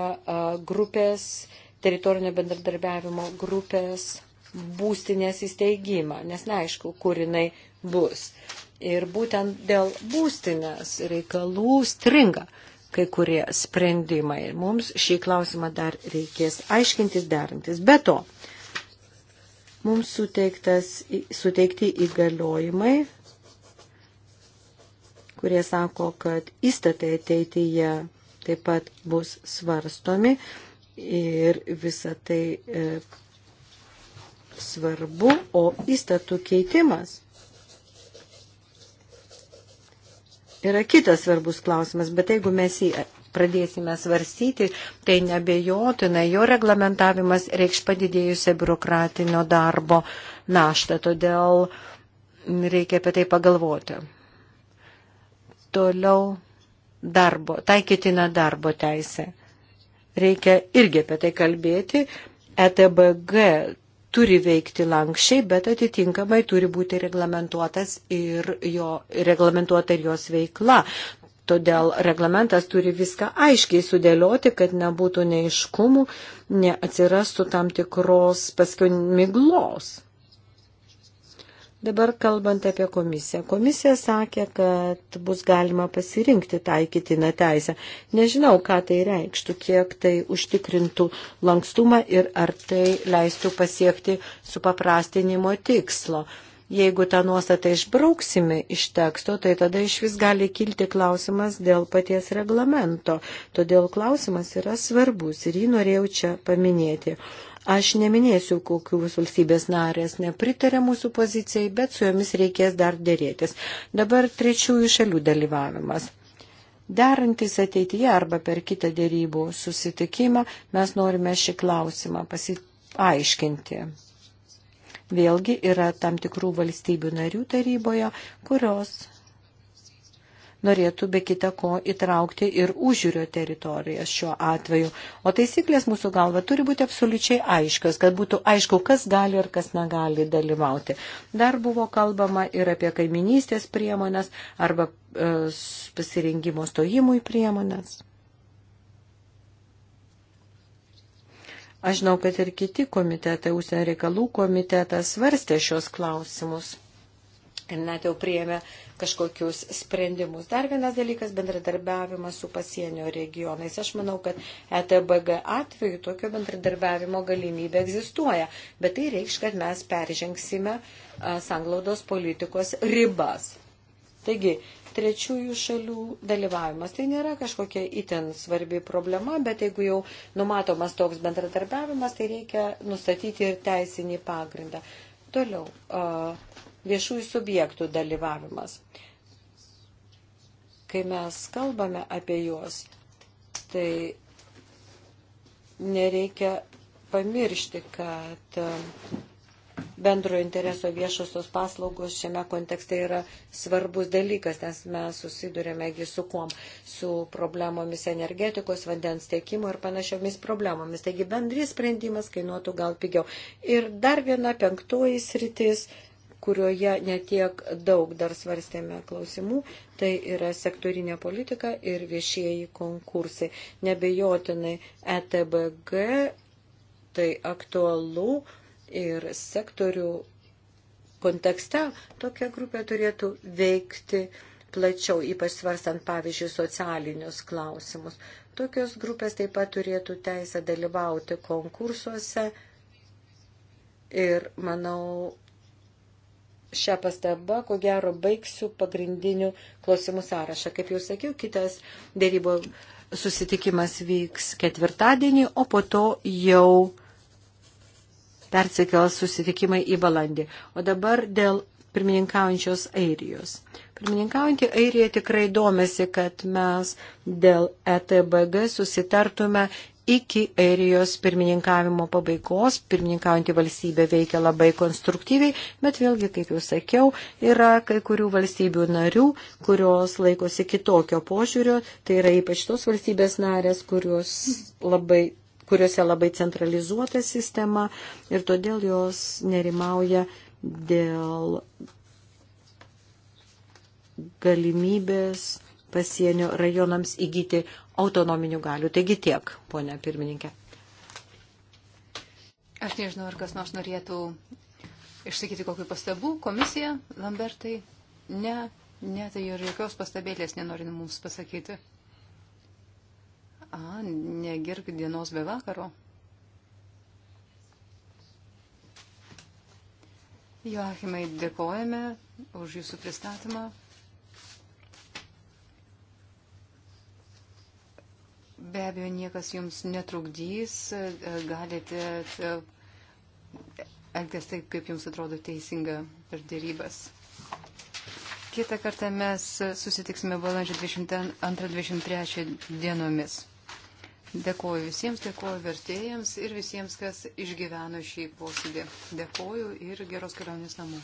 grupės, teritorinio bendradarbiavimo grupės būstinės įsteigimą, nes neaišku, kur jinai bus. Ir būtent dėl būstinės reikalų stringa kai kurie sprendimai. Ir mums šį klausimą dar reikės aiškintis, darantis. Be to, mums suteikti įgaliojimai, kurie sako, kad įstatai ateityje taip pat bus svarstomi ir visa tai e, svarbu, o įstatų keitimas yra kitas svarbus klausimas, bet jeigu mes jį pradėsime svarstyti, tai nebejotinai jo reglamentavimas reikš padidėjusią biurokratinio darbo naštą, todėl reikia apie tai pagalvoti. Toliau darbo, taikytina darbo teisė. Reikia irgi apie tai kalbėti. ETBG turi veikti lankščiai, bet atitinkamai turi būti reglamentuotas ir jo, reglamentuota ir jos veikla. Todėl reglamentas turi viską aiškiai sudėlioti, kad nebūtų neiškumų, neatsirastų tam tikros paskui miglos. Dabar kalbant apie komisiją. Komisija sakė, kad bus galima pasirinkti taikytiną teisę. Nežinau, ką tai reikštų, kiek tai užtikrintų lankstumą ir ar tai leistų pasiekti supaprastinimo tikslo. Jeigu tą nuostatą išbrauksime iš teksto, tai tada iš vis gali kilti klausimas dėl paties reglamento. Todėl klausimas yra svarbus ir jį norėjau čia paminėti. Aš neminėsiu, kokius valstybės narės nepritarė mūsų pozicijai, bet su jomis reikės dar dėrėtis. Dabar trečiųjų šalių dalyvavimas. Darantis ateityje arba per kitą dėrybų susitikimą mes norime šį klausimą pasiaiškinti. Vėlgi yra tam tikrų valstybių narių taryboje, kurios norėtų be kita ko įtraukti ir užžiūrio teritorijas šiuo atveju. O taisyklės mūsų galva turi būti absoliučiai aiškios, kad būtų aišku, kas gali ir kas negali dalyvauti. Dar buvo kalbama ir apie kaiminystės priemonės arba e, pasirinkimo stojimui priemonės. Aš žinau, kad ir kiti komitetai, ūsienio reikalų komitetas svarstė šios klausimus ir net jau priėmė kažkokius sprendimus. Dar vienas dalykas - bendradarbiavimas su pasienio regionais. Aš manau, kad ETBG atveju tokio bendradarbiavimo galimybė egzistuoja, bet tai reikš, kad mes peržengsime sanglaudos politikos ribas. Taigi, trečiųjų šalių dalyvavimas. Tai nėra kažkokia itin svarbi problema, bet jeigu jau numatomas toks bendradarbiavimas, tai reikia nustatyti ir teisinį pagrindą. Toliau, viešųjų subjektų dalyvavimas. Kai mes kalbame apie juos, tai nereikia pamiršti, kad um, bendrojo intereso viešosios paslaugos šiame kontekste yra svarbus dalykas, nes mes susidurėmegi su kuom, su problemomis energetikos, vandens tiekimo ir panašiomis problemomis. Taigi bendris sprendimas kainuotų gal pigiau. Ir dar viena penktoji sritis kurioje netiek daug dar svarstėme klausimų, tai yra sektorinė politika ir viešieji konkursai. Nebejotinai ETBG tai aktualu ir sektorių kontekste tokia grupė turėtų veikti plačiau, ypač svarstant, pavyzdžiui, socialinius klausimus. Tokios grupės taip pat turėtų teisę dalyvauti konkursuose ir, manau, šią pastabą, ko gero, baigsiu pagrindinių klausimų sąrašą. Kaip jau sakiau, kitas dėrybo susitikimas vyks ketvirtadienį, o po to jau persikels susitikimai į balandį. O dabar dėl pirmininkaujančios Airijos. Pirmininkaujantį Airiją tikrai domisi, kad mes dėl ETBG susitartume iki Airijos pirmininkavimo pabaigos. Pirmininkaujantį valstybę veikia labai konstruktyviai, bet vėlgi, kaip jau sakiau, yra kai kurių valstybių narių, kurios laikosi kitokio požiūrio. Tai yra ypač tos valstybės narės, kurios labai kuriuose labai centralizuota sistema ir todėl jos nerimauja dėl galimybės pasienio rajonams įgyti autonominių galių. Taigi tiek, ponia pirmininkė. Aš nežinau, ar kas nors norėtų išsakyti kokiu pastabu. Komisija, Lambertai, ne, ne, tai ir jokios pastabėlės nenori mums pasakyti. A, negirk dienos be vakaro. Joachimai, dėkojame už jūsų pristatymą. Be abejo, niekas jums netrukdys, galite e, elgtis taip, kaip jums atrodo teisinga per dėrybas. Kitą kartą mes susitiksime balandžio 22-23 dienomis. Dėkoju visiems, dėkoju vertėjams ir visiems, kas išgyveno šį posėdį. Dėkoju ir geros kelionės namų.